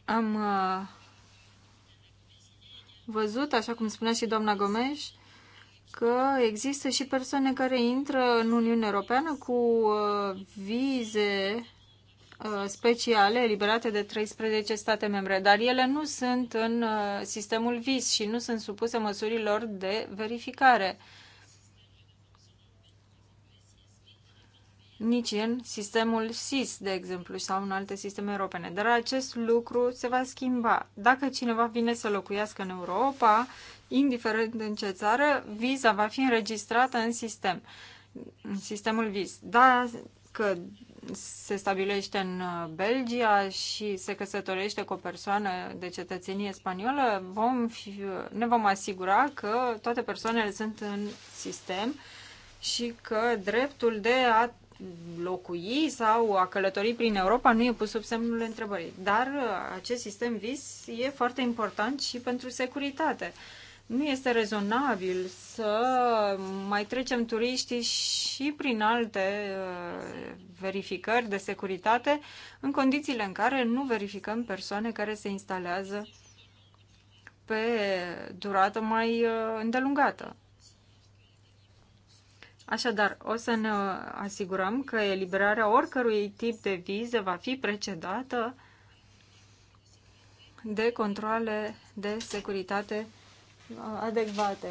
Am uh, văzut, așa cum spunea și doamna Gomes, că există și persoane care intră în Uniunea Europeană cu uh, vize uh, speciale eliberate de 13 state membre, dar ele nu sunt în sistemul VIS și nu sunt supuse măsurilor de verificare. nici în sistemul SIS, de exemplu, sau în alte sisteme europene. Dar acest lucru se va schimba. Dacă cineva vine să locuiască în Europa, indiferent în ce țară, viza va fi înregistrată în sistem, în sistemul VIS. Dacă se stabilește în uh, Belgia și se căsătorește cu o persoană de cetățenie spaniolă, vom fi, uh, ne vom asigura că toate persoanele sunt în sistem și că dreptul de a locui sau a călători prin Europa nu e pus sub semnul întrebării. Dar uh, acest sistem VIS e foarte important și pentru securitate. Nu este rezonabil să mai trecem turiștii și prin alte uh, verificări de securitate în condițiile în care nu verificăm persoane care se instalează pe durată mai uh, îndelungată. Așadar, o să ne uh, asigurăm că eliberarea oricărui tip de viză va fi precedată de controle de securitate uh, adecvate.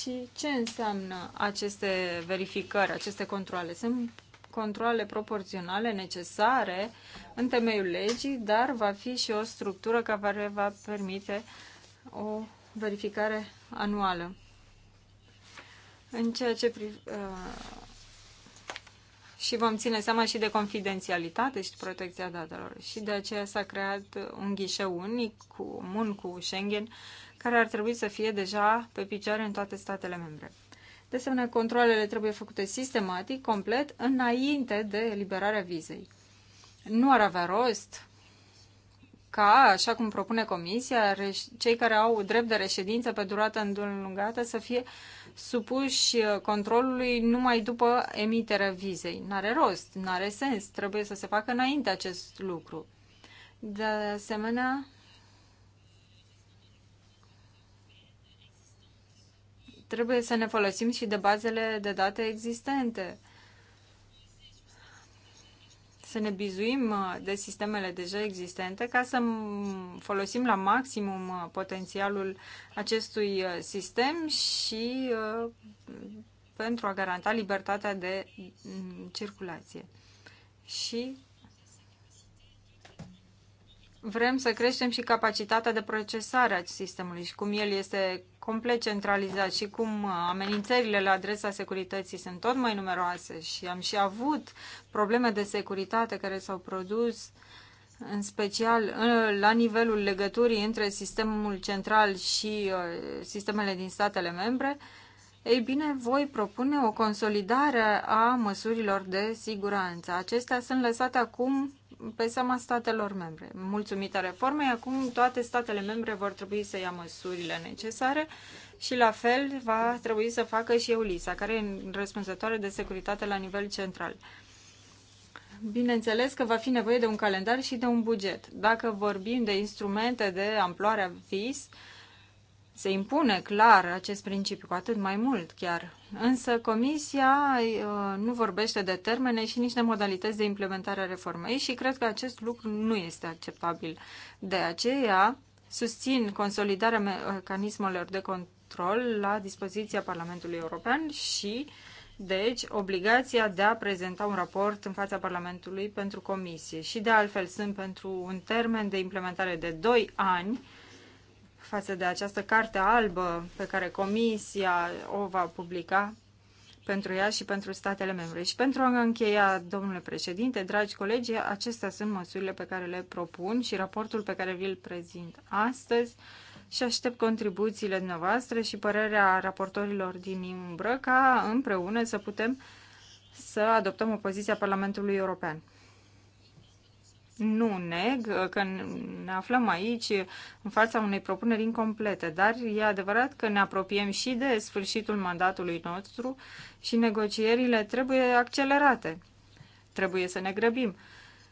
Și ce înseamnă aceste verificări, aceste controle? Sunt controle proporționale necesare în temeiul legii, dar va fi și o structură care va permite o verificare anuală. În ceea ce priv... Uh, și vom ține seama și de confidențialitate și de protecția datelor. Și de aceea s-a creat un ghișeu unic, mun cu Schengen, care ar trebui să fie deja pe picioare în toate statele membre. De asemenea, controlele trebuie făcute sistematic, complet, înainte de eliberarea vizei. Nu ar avea rost ca, așa cum propune Comisia, cei care au drept de reședință pe durată îndelungată să fie uh, supuși uh, controlului numai după emiterea vizei. N-are rost, n-are sens, trebuie să se facă înainte acest lucru. De asemenea, trebuie să ne folosim și de bazele de date existente să ne bizuim uh, de sistemele deja existente ca să folosim la maximum uh, potențialul acestui uh, sistem și pentru a garanta libertatea de mm, circulație. Și vrem să creștem și capacitatea de procesare a sistemului și cum el este complet centralizat și cum uh, amenințările la adresa securității sunt tot mai numeroase și am și avut probleme de securitate care s-au produs în special la nivelul legăturii între sistemul central și uh, sistemele din statele membre, ei bine, voi propune o consolidare a măsurilor de siguranță. Acestea sunt lăsate acum pe seama statelor membre. Mulțumită reformei, acum toate statele membre vor trebui să ia măsurile necesare și la fel va trebui să facă și EULISA, care e răspunzătoare de securitate la nivel central. Bineînțeles că va fi nevoie de un calendar și de un buget. Dacă vorbim de instrumente de a VIS, uh, se impune clar acest principiu, cu atât mai mult chiar. Însă Comisia uh, nu vorbește de termene și nici de modalități de implementare a reformei și cred că acest lucru nu este acceptabil. De aceea susțin consolidarea mecanismelor de control la dispoziția Parlamentului European și, deci, obligația de a prezenta un raport în fața Parlamentului pentru Comisie. Și, de altfel, sunt pentru un termen de implementare de 2 ani față de această carte albă pe care Comisia o va publica pentru ea și pentru statele membre. Și pentru a încheia, domnule președinte, dragi colegi, acestea sunt măsurile pe care le propun și raportul pe care vi-l prezint astăzi și aștept contribuțiile noastre și părerea raportorilor din umbră ca împreună să putem să adoptăm o poziție a Parlamentului European nu neg uh, că ne aflăm aici în fața unei propuneri incomplete, dar e adevărat că ne apropiem și de sfârșitul mandatului nostru și negocierile trebuie accelerate. Trebuie să ne grăbim.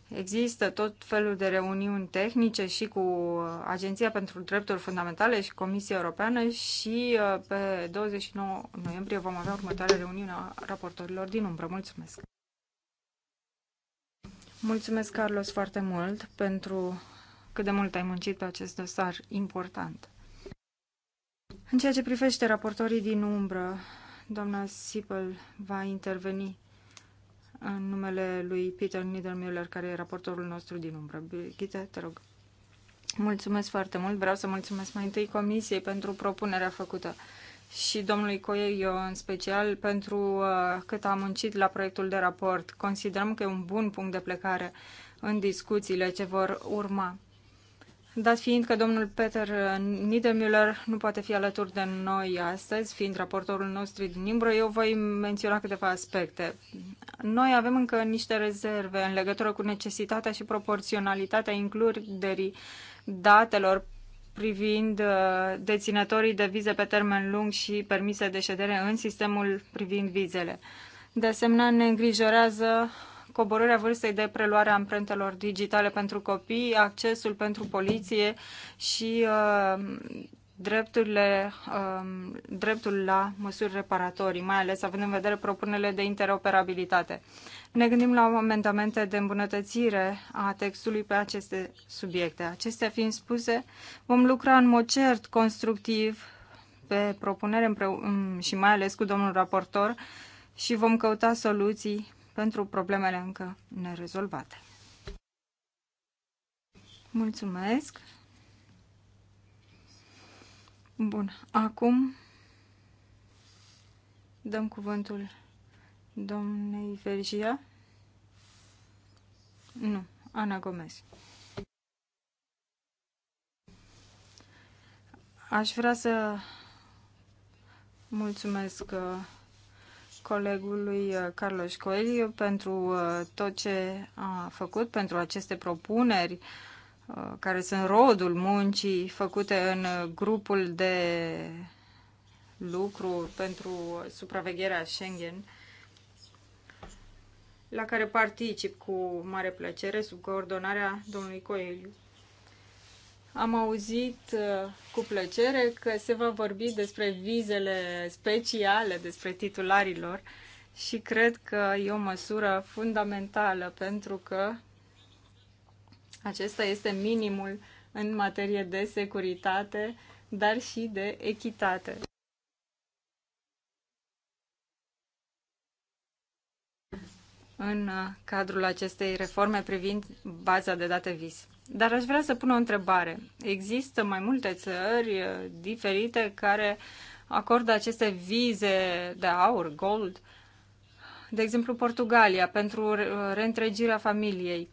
Există tot felul de reuniuni tehnice și cu uh, Agenția pentru Drepturi Fundamentale și Comisia Europeană și uh, pe 29 noiembrie vom avea următoarea reuniune a raportorilor din umbră. Mulțumesc! Mulțumesc, Carlos, foarte mult pentru cât de mult ai muncit pe acest dosar important. În ceea ce privește raportorii din umbră, doamna Sipel va interveni în numele lui Peter Niedermüller, care e raportorul nostru din umbră. Birgitte, te rog. Mulțumesc foarte mult. Vreau să mulțumesc mai întâi Comisiei pentru propunerea făcută și domnului Coelho în special pentru uh, cât a muncit la proiectul de raport. Considerăm că e un bun punct de plecare în discuțiile ce vor urma. Dat fiind că domnul Peter Niedermüller nu poate fi alături de noi astăzi, fiind raportorul nostru din Imbro, eu voi menționa câteva aspecte. Noi avem încă niște rezerve în legătură cu necesitatea și proporționalitatea includerii datelor privind uh, deținătorii de vize pe termen lung și permise de ședere în sistemul privind vizele. De asemenea, ne îngrijorează coborârea vârstei de preluare a amprentelor digitale pentru copii, accesul pentru poliție și uh, drepturile, uh, dreptul la măsuri reparatorii, mai ales având în vedere propunerile de interoperabilitate. Uh, ne gândim la amendamente de îmbunătățire a textului pe aceste subiecte. Acestea fiind spuse, vom lucra în mod cert, constructiv, pe propunere și mai ales cu domnul raportor și vom căuta soluții pentru problemele încă nerezolvate. Mulțumesc! Bun, acum dăm cuvântul domnei Vergia? Nu, Ana Gomez. Aș vrea să mulțumesc uh, colegului uh, Carlos Coelho pentru uh, tot ce a făcut, pentru aceste propuneri care sunt rodul muncii făcute în grupul de lucru pentru supravegherea Schengen la care particip cu mare plăcere sub coordonarea domnului Coeliu. Am auzit uh, cu plăcere că se va vorbi despre vizele speciale, despre titularilor și cred că e o măsură fundamentală pentru că acesta este minimul în materie de securitate, dar și de echitate. în uh, cadrul acestei reforme privind baza de date VIS. Dar aș vrea să pun o întrebare. Există mai multe țări uh, diferite care acordă aceste vize de aur, gold, de exemplu Portugalia, pentru uh, reîntregirea familiei.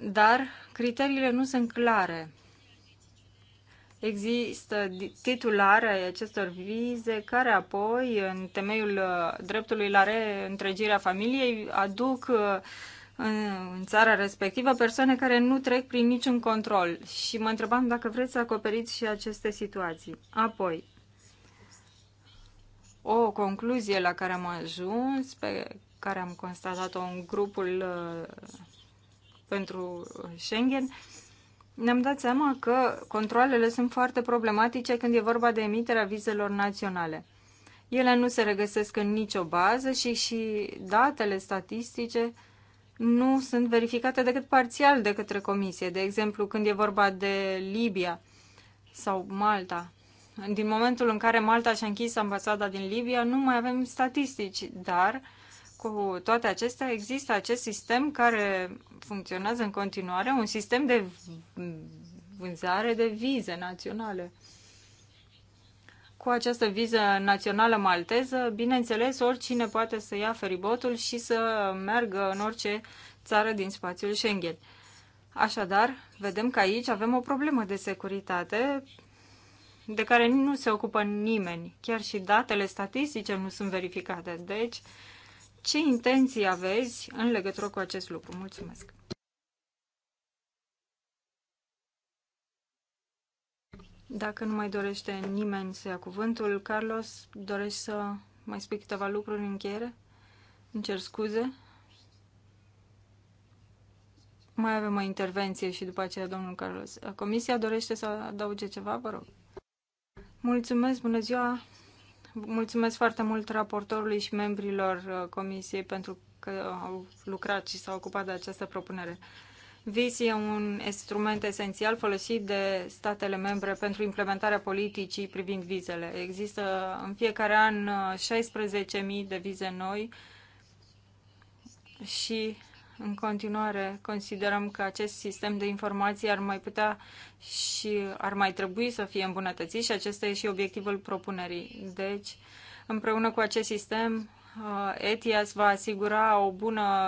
Dar criteriile nu sunt clare există titulare acestor vize care apoi, în temeiul uh, dreptului la reîntregirea familiei, aduc uh, în țara respectivă persoane care nu trec prin niciun control. Și mă întrebam dacă vreți să acoperiți și aceste situații. Apoi, o concluzie la care am ajuns, pe care am constatat-o în grupul uh, pentru Schengen, ne-am dat seama că controlele sunt foarte problematice când e vorba de emiterea vizelor naționale. Ele nu se regăsesc în nicio bază și, și datele statistice nu sunt verificate decât parțial de către comisie. De exemplu, când e vorba de Libia sau Malta. Din momentul în care Malta și-a închis ambasada din Libia, nu mai avem statistici, dar uh, cu toate acestea, există acest sistem care funcționează în continuare, un sistem de vânzare de vize naționale. Cu această viză națională malteză, bineînțeles, oricine poate să ia feribotul și să meargă în orice țară din spațiul Schengen. Așadar, vedem că aici avem o problemă de securitate de care nu se ocupă nimeni. Chiar și datele statistice nu sunt verificate. Deci, uh, ce intenții aveți în legătură cu acest lucru? Mulțumesc! Dacă nu mai dorește nimeni să ia cuvântul, Carlos, dorești să mai spui câteva lucruri în încheiere? Îmi cer scuze. Mai avem o intervenție și după aceea domnul Carlos. Comisia dorește să adauge ceva, vă rog. Mulțumesc, bună ziua! Mulțumesc foarte mult raportorului și membrilor uh, Comisiei pentru că au lucrat și s-au ocupat de această propunere. VIS e un instrument esențial folosit de statele membre pentru implementarea politicii privind vizele. Există în fiecare an 16.000 uh, de vize noi și în continuare, considerăm că acest sistem de informații ar mai putea și ar mai trebui să fie îmbunătățit și acesta e și obiectivul propunerii. Deci, împreună cu acest sistem, uh, ETIAS va asigura o bună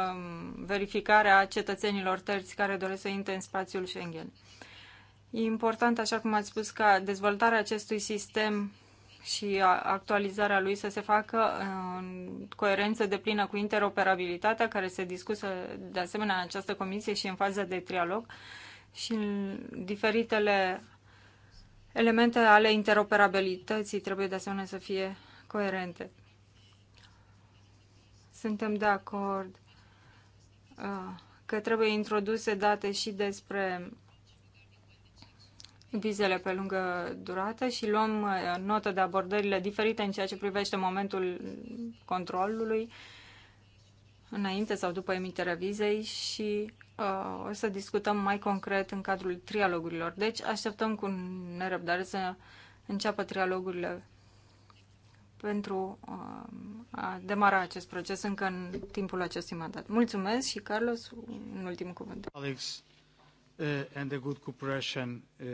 verificare a cetățenilor terți care doresc să intre în spațiul Schengen. E important, așa cum ați spus, ca dezvoltarea acestui sistem și actualizarea lui să se facă uh, în coerență de plină cu interoperabilitatea care se discută de asemenea în această comisie și în faza de trialog și în diferitele elemente ale interoperabilității trebuie de asemenea să fie coerente. Suntem de acord uh, că trebuie introduse date și despre vizele pe lungă durată și luăm uh, notă de abordările diferite în ceea ce privește momentul controlului înainte sau după emiterea vizei și uh, o să discutăm mai concret în cadrul trialogurilor. Deci așteptăm cu nerăbdare să înceapă trialogurile pentru uh, a demara acest proces încă în timpul acestui mandat. Mulțumesc și, Carlos, un ultim cuvânt. Alex uh, and the good cooperation uh,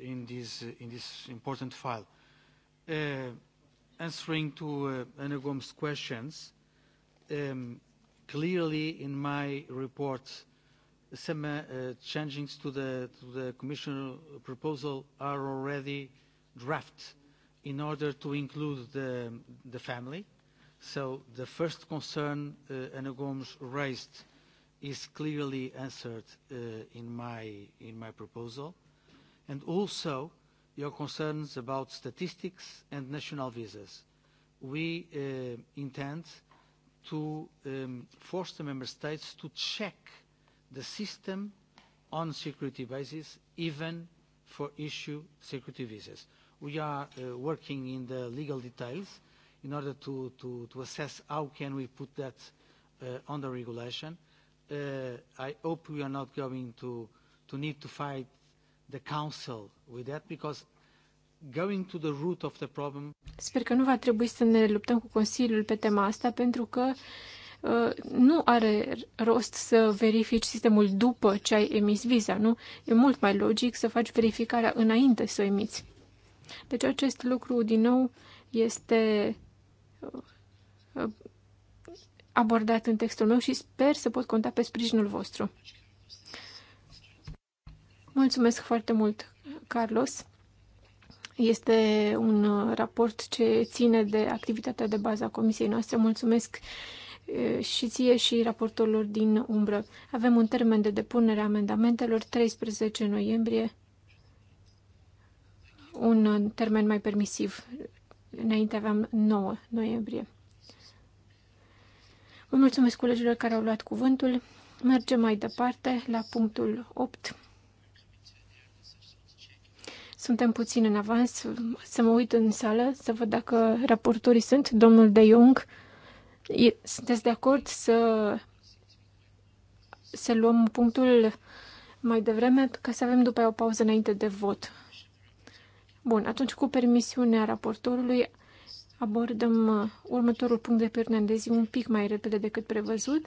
in, this, in this important file. Uh, answering to uh, Anna Gomes' questions, um, clearly in my report, some uh, changes to the, to the Commission proposal are already draft in order to include the, the family. So the first concern uh, Ana Gomes raised is clearly answered uh, in, my, in my proposal, and also your concerns about statistics and national visas. We uh, intend to um, force the member states to check the system on security basis, even for issue security visas. We are uh, working in the legal details in order to, to, to assess how can we put that uh, on the regulation uh, I hope we are not going to, to need to fight the Council with that because going to the root of the problem. Sper că nu va trebui să ne luptăm cu Consiliul pe tema asta pentru că uh, nu are rost să verifici sistemul după ce ai emis viza, nu? E mult mai logic să faci verificarea înainte să o emiți. Deci acest lucru, din nou, este uh, abordat în textul meu și sper să pot conta pe sprijinul vostru. Mulțumesc foarte mult, Carlos. Este un uh, raport ce ține de activitatea de bază a comisiei noastre. Mulțumesc uh, și ție și raportorilor din umbră. Avem un termen de depunere a amendamentelor 13 noiembrie, un uh, termen mai permisiv. Înainte aveam 9 noiembrie. Vă mulțumesc colegilor care au luat cuvântul. Mergem mai departe la punctul 8. Suntem puțin în avans. Să mă uit în sală să văd dacă raportorii sunt. Domnul De Jong, sunteți de acord să, să luăm punctul mai devreme ca să avem după aia o pauză înainte de vot? Bun, atunci cu permisiunea raportorului abordăm uh, următorul punct de pe de zi un pic mai repede decât prevăzut.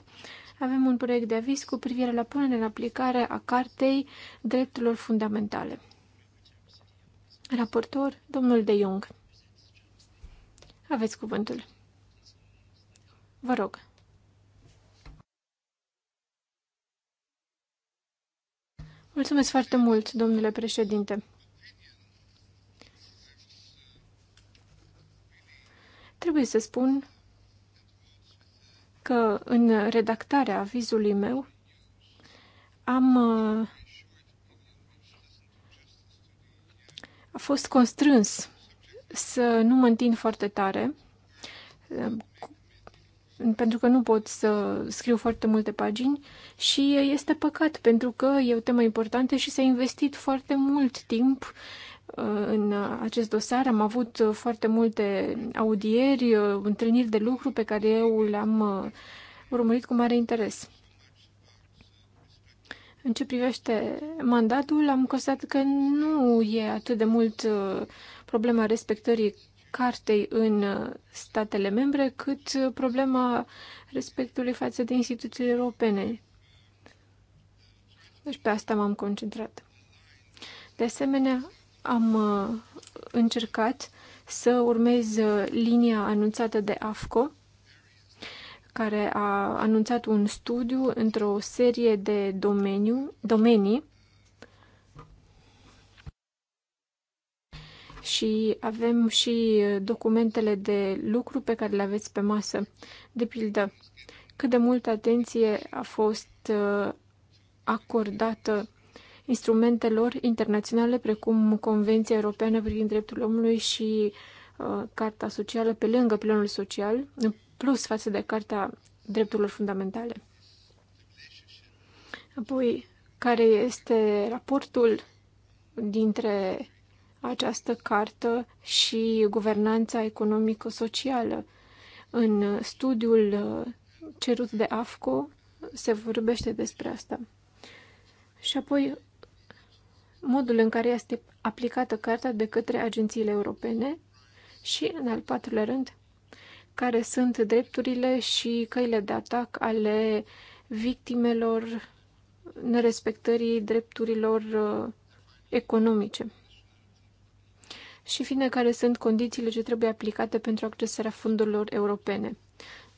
Avem un proiect de aviz cu privire la punerea în aplicare a Cartei Drepturilor Fundamentale. Raportor, domnul De Jong. Aveți cuvântul. Vă rog. Mulțumesc foarte mult, domnule președinte. Trebuie să spun că în redactarea avizului meu am uh, a fost constrâns să nu mă întind foarte tare um, pentru că nu pot să scriu foarte multe pagini și este păcat pentru că e o temă importantă și s-a investit foarte mult timp în acest dosar. Am avut foarte multe audieri, întâlniri de lucru pe care eu le-am uh, urmărit cu mare interes. În ce privește mandatul, am constatat că nu e atât de mult uh, problema respectării cartei în uh, statele membre, cât problema respectului față de instituțiile europene. Deci pe asta m-am concentrat. De asemenea, am uh, încercat să urmez uh, linia anunțată de AFCO, care a anunțat un studiu într-o serie de domeniu, domenii și avem și uh, documentele de lucru pe care le aveți pe masă. De pildă, cât de multă atenție a fost acordată instrumentelor internaționale, precum Convenția Europeană privind drepturile omului și uh, Carta Socială, pe lângă planul social, în plus față de Carta Drepturilor Fundamentale. Apoi, care este raportul dintre această cartă și guvernanța economico-socială? În studiul uh, cerut de AFCO se vorbește despre asta. Și apoi modul în care este aplicată cartea de către agențiile europene și, în al patrulea rând, care sunt drepturile și căile de atac ale victimelor nerespectării drepturilor uh, economice. Și fine, care sunt condițiile ce trebuie aplicate pentru accesarea fondurilor europene.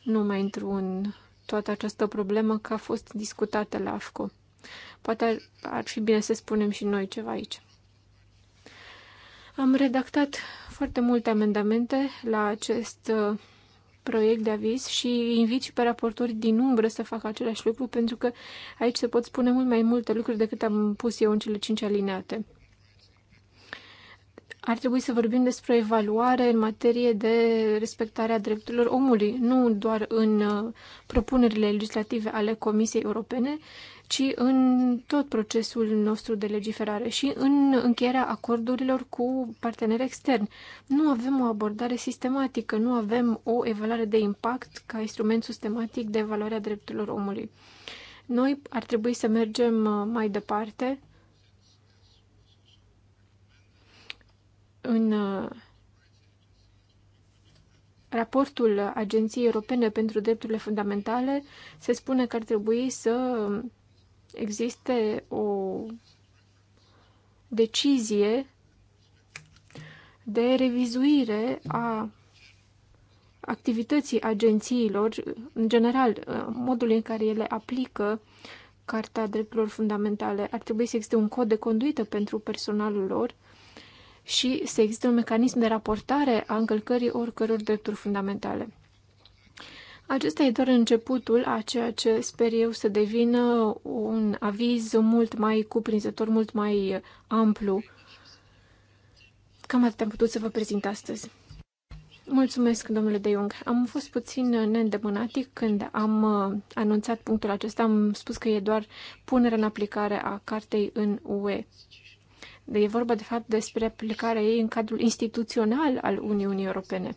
Nu mai intru în toată această problemă că a fost discutată la AFCO. Poate ar fi bine să spunem și noi ceva aici. Am redactat foarte multe amendamente la acest uh, proiect de aviz și invit și pe raportori din umbră să facă același lucru, pentru că aici se pot spune mult mai multe lucruri decât am pus eu în cele cinci alineate. Ar trebui să vorbim despre evaluare în materie de respectarea drepturilor omului, nu doar în uh, propunerile legislative ale Comisiei Europene, ci în tot procesul nostru de legiferare și în încheierea acordurilor cu parteneri externi. Nu avem o abordare sistematică, nu avem o evaluare de impact ca instrument sistematic de evaluare a drepturilor omului. Noi ar trebui să mergem uh, mai departe în uh, raportul Agenției Europene pentru Drepturile Fundamentale se spune că ar trebui să um, existe o decizie de revizuire a activității agențiilor, în general, modul în care ele aplică Carta Drepturilor Fundamentale. Ar trebui să existe un cod de conduită pentru personalul lor și să existe un mecanism de raportare a încălcării oricăror drepturi fundamentale. Acesta e doar începutul a ceea ce sper eu să devină un aviz mult mai cuprinzător, mult mai amplu. Cam atât am putut să vă prezint astăzi. Mulțumesc, domnule De Jong. Am fost puțin neîndemânatic când am uh, anunțat punctul acesta. Am spus că e doar punerea în aplicare a cartei în UE. De e vorba, de fapt, despre aplicarea ei în cadrul instituțional al Uniunii Europene.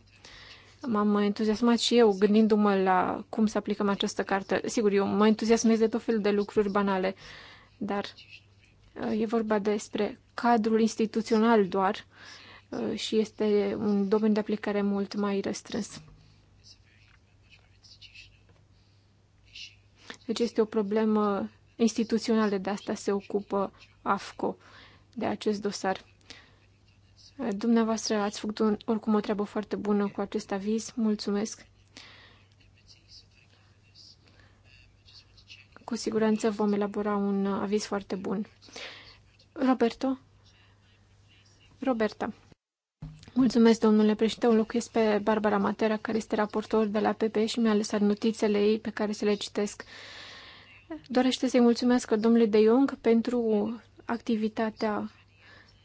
M-am entuziasmat și eu gândindu-mă la cum să aplicăm această carte. Sigur, eu mă entuziasmez de tot felul de lucruri banale, dar uh, e vorba despre cadrul instituțional doar uh, și este un domeniu de aplicare mult mai restrâns. Deci este o problemă instituțională, de asta se ocupă AFCO, de acest dosar. Dumneavoastră ați făcut un, oricum o treabă foarte bună cu acest aviz. Mulțumesc! Cu siguranță vom elabora un aviz foarte bun. Roberto? Roberta. Mulțumesc, domnule președinte. un locuiesc pe Barbara Matera, care este raportor de la PP și mi-a lăsat notițele ei pe care să le citesc. Dorește să-i mulțumesc domnului De Jong pentru activitatea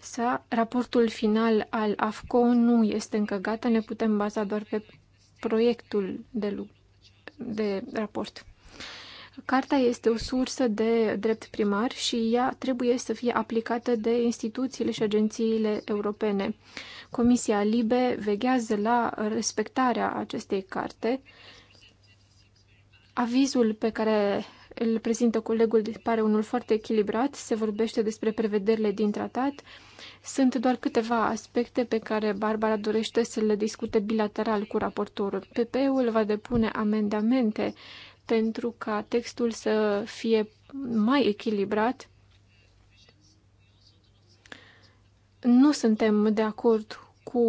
sa. Raportul final al AFCO nu este încă gata, ne putem baza doar pe proiectul de, de raport. Carta este o sursă de drept primar și ea trebuie să fie aplicată de instituțiile și agențiile europene. Comisia Libe veghează la respectarea acestei carte. Avizul pe care îl prezintă colegul pare unul foarte echilibrat, se vorbește despre prevederile din tratat, sunt doar câteva aspecte pe care Barbara dorește să le discute bilateral cu raportorul. PP-ul va depune amendamente pentru ca textul să fie mai echilibrat. Nu suntem de acord cu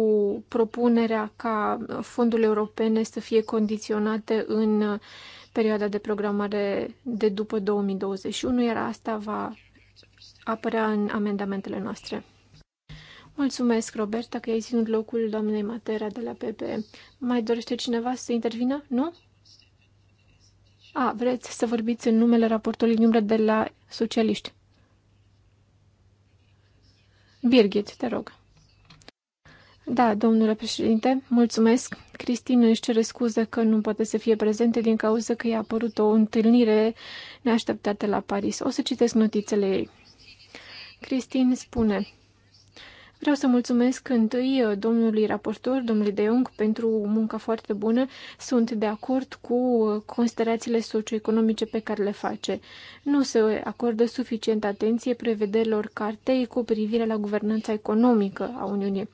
propunerea ca fondurile europene să fie condiționate în perioada de programare de după 2021, iar asta va apărea în amendamentele noastre. Mulțumesc, Roberta, că ai ținut locul doamnei Matera de la PP. Mai dorește cineva să intervină? Nu? A, vreți să vorbiți în numele raportului numără de la socialiști. Birgit, te rog. Da, domnule președinte, mulțumesc. Cristina își cere scuze că nu poate să fie prezente din cauza că i-a apărut o întâlnire neașteptată la Paris. O să citesc notițele ei. Cristin spune, Vreau să mulțumesc întâi uh, domnului raportor, domnului De Jong, pentru munca foarte bună. Sunt de acord cu uh, considerațiile socioeconomice pe care le face. Nu se acordă suficient atenție prevederilor cartei cu privire la guvernanța economică a Uniunii,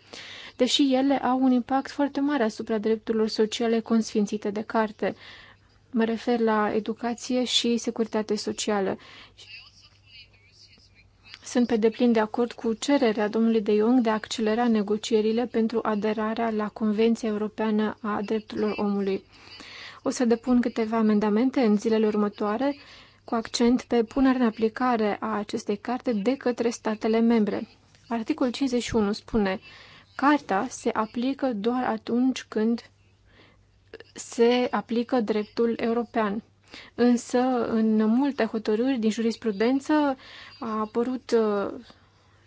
deși ele au un impact foarte mare asupra drepturilor sociale consfințite de carte. Mă refer la educație și securitate socială. Sunt pe deplin de acord cu cererea domnului de Jong de a accelera negocierile pentru aderarea la Convenția Europeană a Drepturilor Omului. O să depun câteva amendamente în zilele următoare cu accent pe punerea în aplicare a acestei carte de către statele membre. Articolul 51 spune Carta se aplică doar atunci când se aplică dreptul european. Însă, în multe hotărâri din jurisprudență a apărut uh,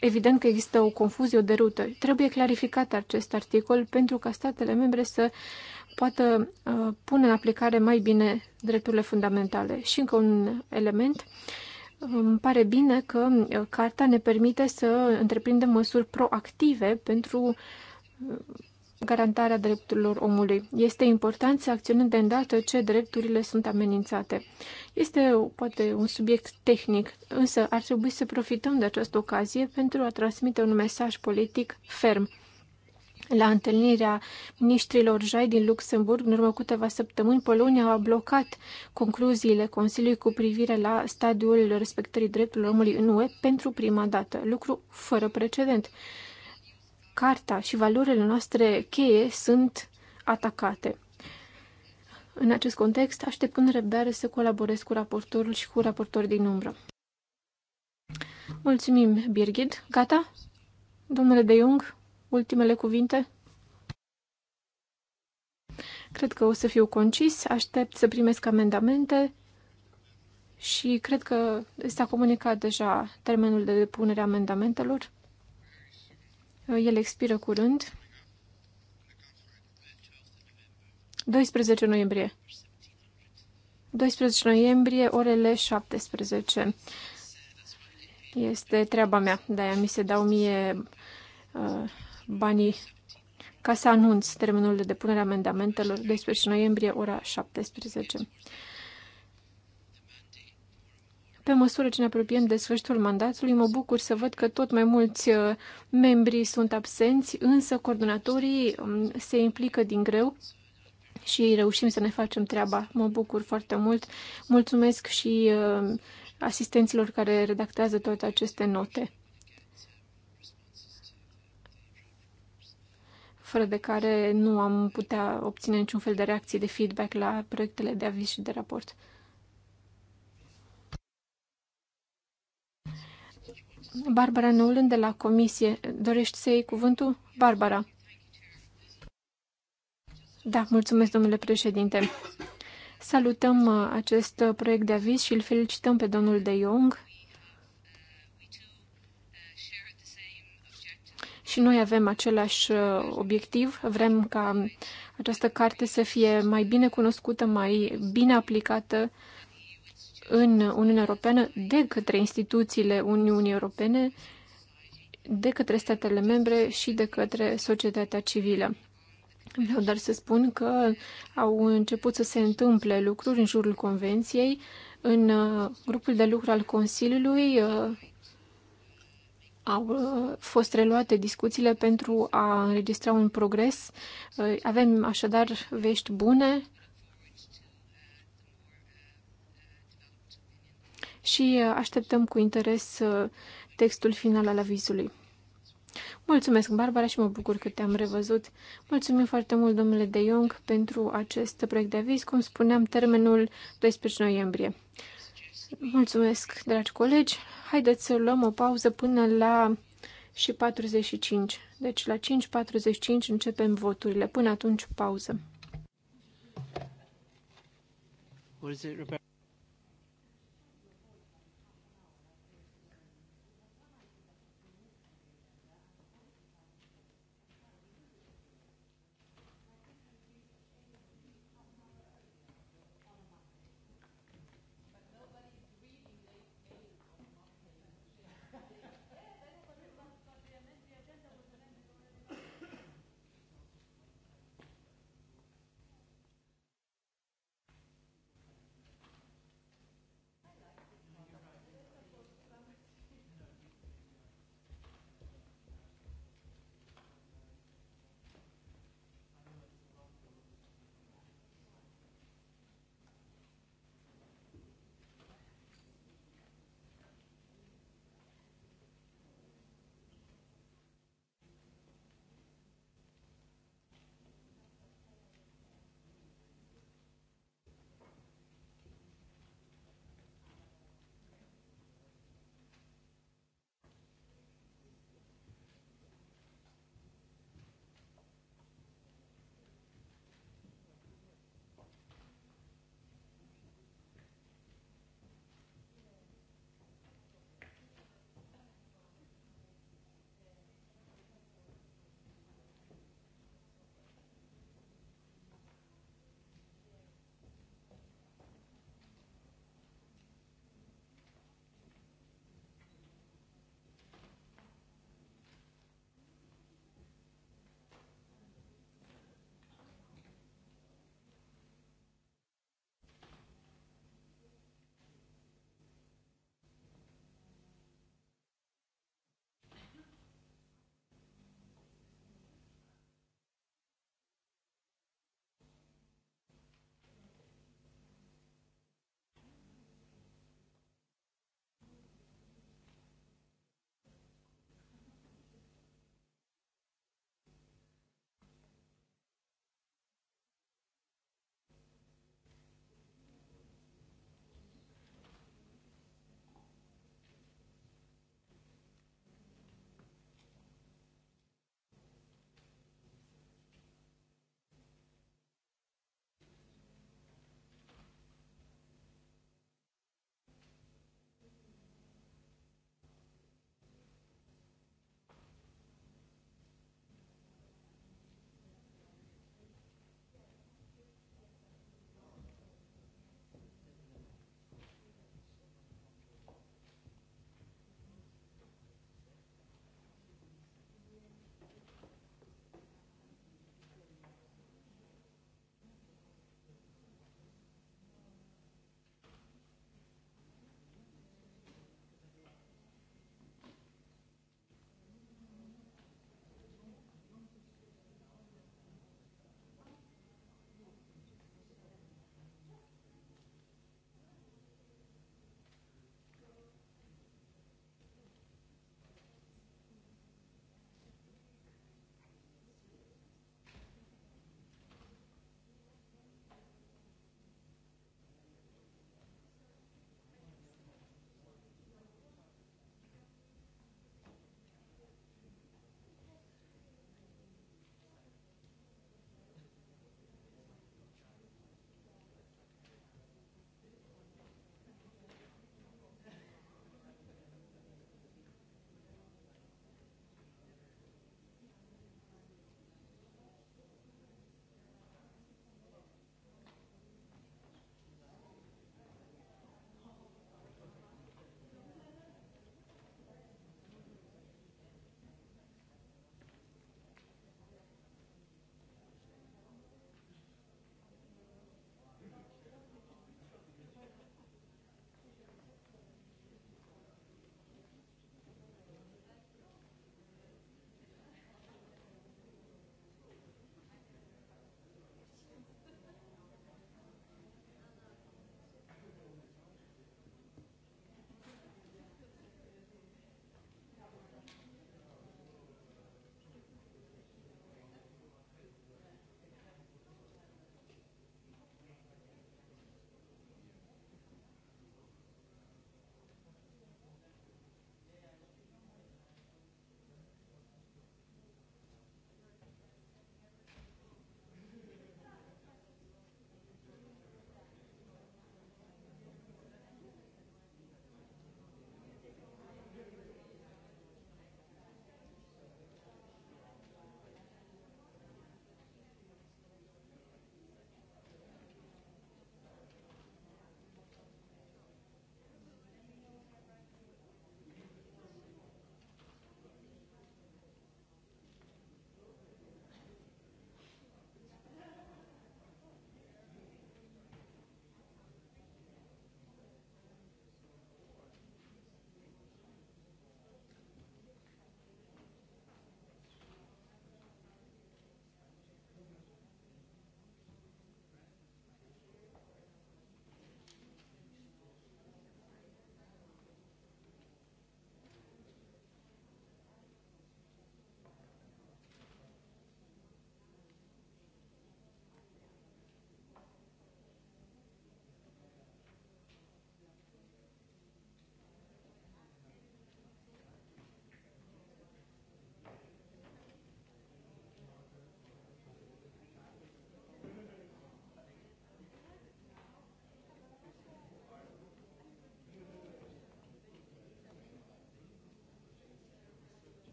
evident că există o confuzie, o derută. Trebuie clarificat acest articol pentru ca statele membre să poată uh, pune în aplicare mai bine drepturile fundamentale. Și încă un element. Îmi pare bine că uh, carta ne permite să întreprindem măsuri proactive pentru garantarea drepturilor omului. Este important să acționăm de îndată ce drepturile sunt amenințate. Este poate un subiect tehnic, însă ar trebui să profităm de această ocazie pentru a transmite un mesaj politic ferm. La întâlnirea ministrilor Jai din Luxemburg, în urmă câteva săptămâni, Polonia a blocat concluziile Consiliului cu privire la stadiul respectării drepturilor omului în UE pentru prima dată, lucru fără precedent carta și valorile noastre cheie sunt atacate. În acest context, aștept cu nerăbdare să colaborez cu raportorul și cu raportorii din umbră. Mulțumim, Birgit. Gata? Domnule de Jung, ultimele cuvinte? Cred că o să fiu concis, aștept să primesc amendamente și cred că s-a comunicat deja termenul de depunere a amendamentelor. El expiră curând. 12 noiembrie. 12 noiembrie, orele 17. Este treaba mea, de-aia mi se dau mie uh, banii ca să anunț termenul de depunere a amendamentelor 12 noiembrie, ora 17. Pe măsură ce ne apropiem de sfârșitul mandatului, mă bucur să văd că tot mai mulți uh, membri sunt absenți, însă coordonatorii um, se implică din greu și reușim să ne facem treaba. Mă bucur foarte mult. Mulțumesc și uh, asistenților care redactează toate aceste note. fără de care nu am putea obține niciun fel de reacție de feedback la proiectele de aviz și de raport. Barbara Nolan de la Comisie. Dorești să iei cuvântul? Barbara. Da, mulțumesc, domnule președinte. Salutăm uh, acest uh, proiect de aviz și îl felicităm pe domnul De Jong. Și noi avem același uh, obiectiv. Vrem ca această carte să fie mai bine cunoscută, mai bine aplicată în Uniunea Europeană de către instituțiile Uniunii Europene, de către statele membre și de către societatea civilă. Vreau dar să spun că au început să se întâmple lucruri în jurul Convenției. În uh, grupul de lucru al Consiliului uh, au uh, fost reluate discuțiile pentru a înregistra un progres. Avem așadar vești bune și uh, așteptăm cu interes uh, textul final al avizului. Mulțumesc, Barbara, și mă bucur că te-am revăzut. Mulțumim foarte mult, domnule De Jong, pentru acest proiect de aviz, cum spuneam, termenul 12 noiembrie. Mulțumesc, dragi colegi. Haideți să luăm o pauză până la și 45. Deci la 5.45 începem voturile. Până atunci, pauză. What is it,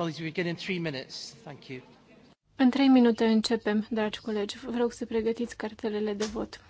colleagues, we begin in three minutes. Thank you. În trei minute începem, dragi colegi. Vă rog să pregătiți cartelele de vot.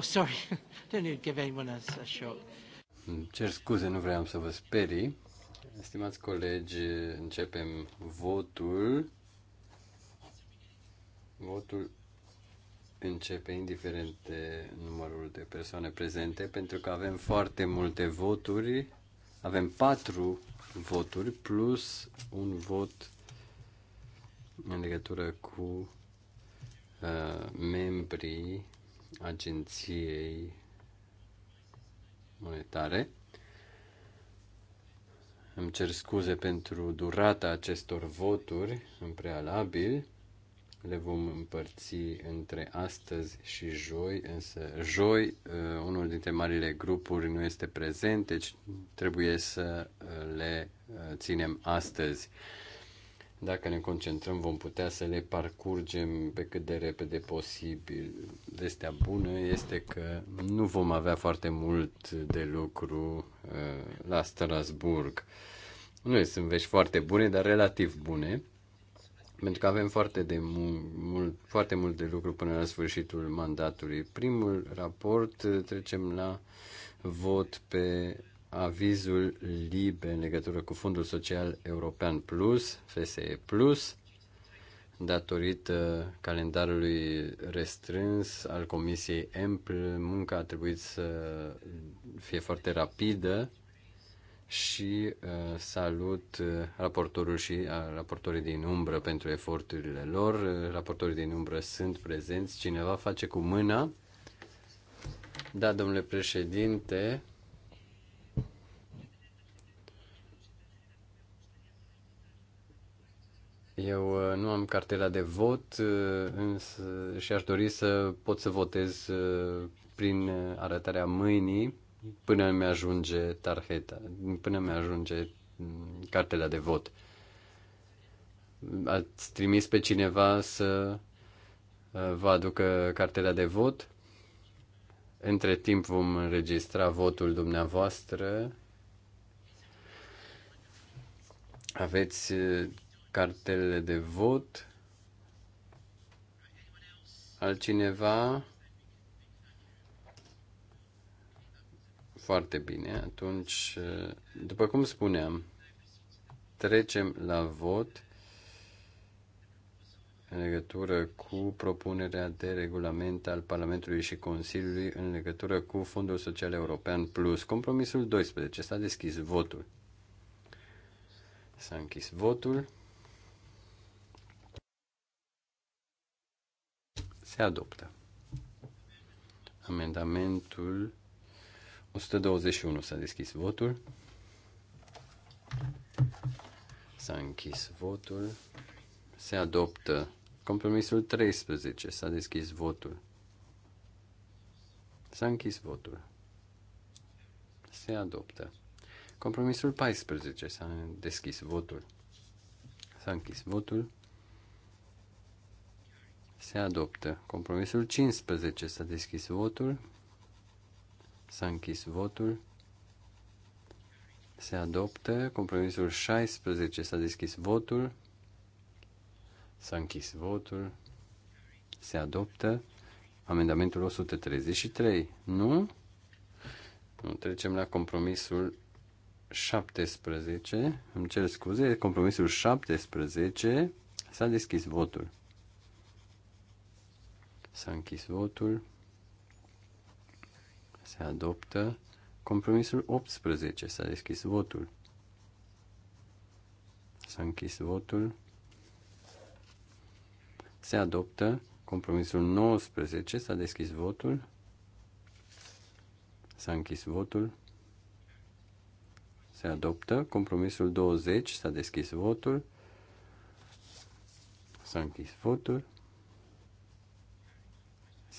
Oh, sorry. Don't need to give anyone else a shock. Cer scuze, nu vreau să vă sperii. Estimați colegi, începem votul. Votul începe indiferent de numărul de persoane prezente, pentru că avem foarte multe voturi. Avem patru voturi plus un vot în legătură cu uh, membrii Agenției Monetare. Îmi cer scuze pentru durata acestor voturi în prealabil. Le vom împărți între astăzi și joi, însă joi uh, unul dintre marile grupuri nu este prezent, deci trebuie să uh, le uh, ținem astăzi. Dacă ne concentrăm, vom putea să le parcurgem pe cât de repede posibil. Vestea bună este că nu vom avea foarte mult de lucru uh, la Strasburg. Nu sunt vești foarte bune, dar relativ bune, pentru că avem foarte, de mu- mult, foarte mult de lucru până la sfârșitul mandatului. Primul raport uh, trecem la vot pe avizul liber în legătură cu Fondul Social European Plus, FSE Plus, datorită calendarului restrâns al Comisiei EMPL, munca a trebuit să fie foarte rapidă și uh, salut uh, raportorul și uh, raportorii din umbră pentru eforturile lor. Uh, raportorii din umbră sunt prezenți. Cineva face cu mâna. Da, domnule președinte, Eu uh, nu am cartela de vot uh, însă, și aș dori să pot să votez uh, prin arătarea mâinii până mi ajunge tarheta, până mi ajunge mm, cartela de vot. Ați trimis pe cineva să vă aducă cartela de vot? Între timp vom înregistra votul dumneavoastră. Aveți cartelele de vot. Altcineva? Foarte bine. Atunci, după cum spuneam, trecem la vot în legătură cu propunerea de regulament al Parlamentului și Consiliului în legătură cu Fondul Social European Plus. Compromisul 12. S-a deschis votul. S-a închis votul. Se adoptă. Amendamentul 121. S-a deschis votul. S-a închis votul. Se adoptă. Compromisul 13. S-a deschis votul. S-a închis votul. Se adoptă. Compromisul 14. S-a deschis votul. S-a închis votul. Se adoptă. Compromisul 15. S-a deschis votul. S-a închis votul. Se adoptă. Compromisul 16. S-a deschis votul. S-a închis votul. Se adoptă. Amendamentul 133. Nu? Nu. Trecem la compromisul 17. Îmi cer scuze. Compromisul 17. S-a deschis votul. S-a închis votul. Se adoptă. Compromisul 18. S-a deschis votul. S-a închis votul. Se adoptă. Compromisul 19. S-a deschis votul. S-a închis votul. Se adoptă. Compromisul 20. S-a deschis votul. S-a închis votul.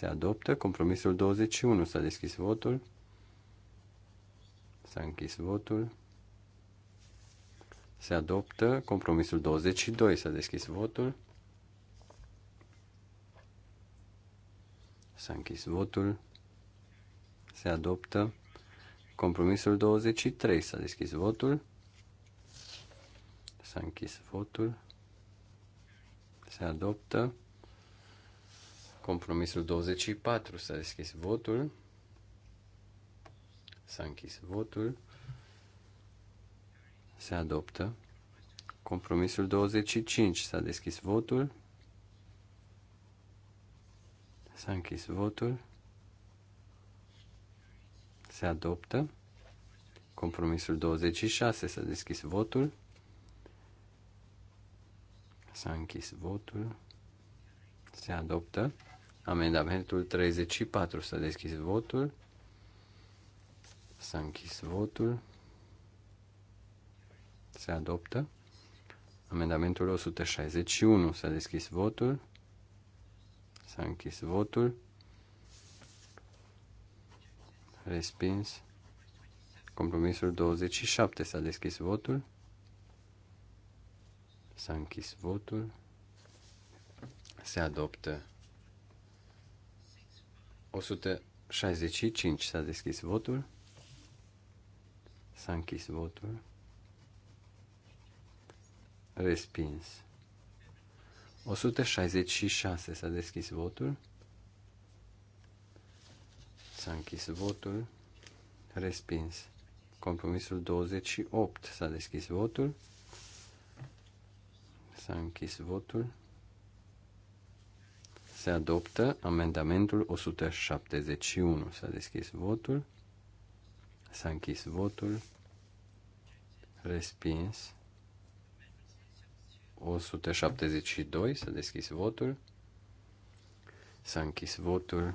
Se adoptă. Compromisul 21. S-a deschis votul. S-a închis votul. Se adoptă. Compromisul 22. S-a deschis votul. S-a închis votul. Se adoptă. Compromisul 23. S-a deschis votul. S-a închis votul. Se adoptă. Compromisul 24 s-a deschis votul. S-a închis votul. Se adoptă. Compromisul 25 s-a deschis votul. S-a închis votul. Se adoptă. Compromisul 26 s-a deschis votul. S-a închis votul. Se adoptă. Amendamentul 34. Să deschis votul. S-a închis votul. Se adoptă. Amendamentul 161. S-a deschis votul. S-a închis votul. Respins. Compromisul 27. S-a deschis votul. S-a închis votul se adoptă. 165 s-a deschis votul. S-a închis votul. Respins. 166 s-a deschis votul. S-a închis votul. Respins. Compromisul 28 s-a deschis votul. S-a închis votul. Se adoptă amendamentul 171. S-a deschis votul. S-a închis votul. Respins. 172. S-a deschis votul. S-a închis votul.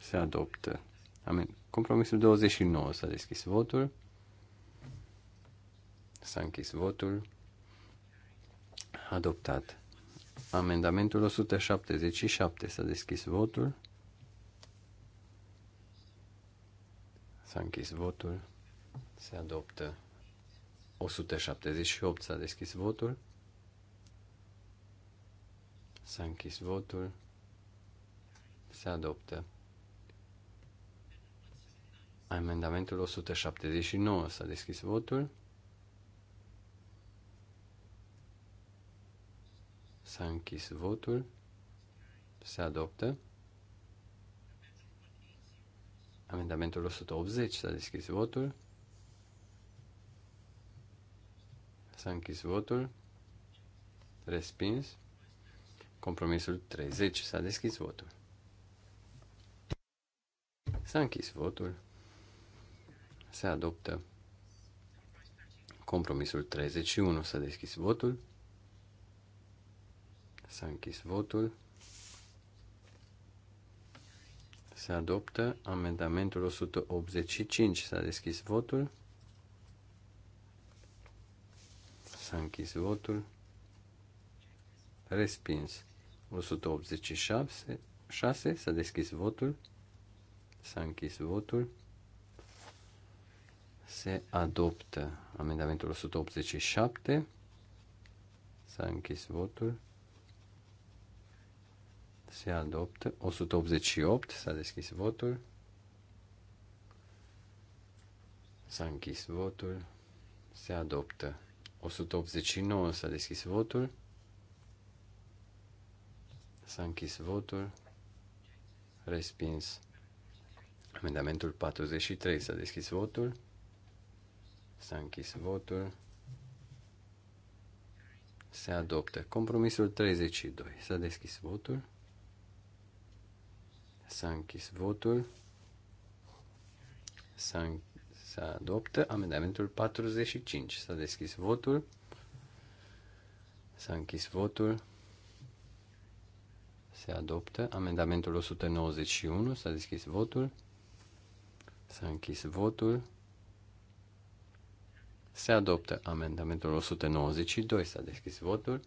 Se adoptă. Amen. Compromisul 29. S-a deschis votul. S-a închis votul. Adoptat. Amendamentul 177. S-a deschis votul. S-a închis votul. Se adoptă. 178. S-a deschis votul. S-a închis votul. Se adoptă. Amendamentul 179. S-a deschis votul. S-a închis votul. Se adoptă. Amendamentul 180 s-a deschis votul. S-a închis votul. Respins. Compromisul 30 s-a deschis votul. S-a închis votul. Se adoptă. Compromisul 31 s-a deschis votul. S-a închis votul. Se adoptă amendamentul 185. S-a deschis votul. S-a închis votul. Respins. 186. 6. S-a deschis votul. S-a închis votul. Se adoptă amendamentul 187. S-a închis votul se adoptă. 188 s-a deschis votul. S-a închis votul. Se adoptă. 189 s-a deschis votul. S-a închis votul. Respins. Amendamentul 43 s-a deschis votul. S-a închis votul. Se adoptă. Compromisul 32 s-a deschis votul. S-a închis votul. S-a, adoptă amendamentul 45. S-a deschis votul. S-a închis votul. Se adoptă amendamentul 191. S-a deschis votul. S-a închis votul. Se adoptă amendamentul 192. S-a deschis votul.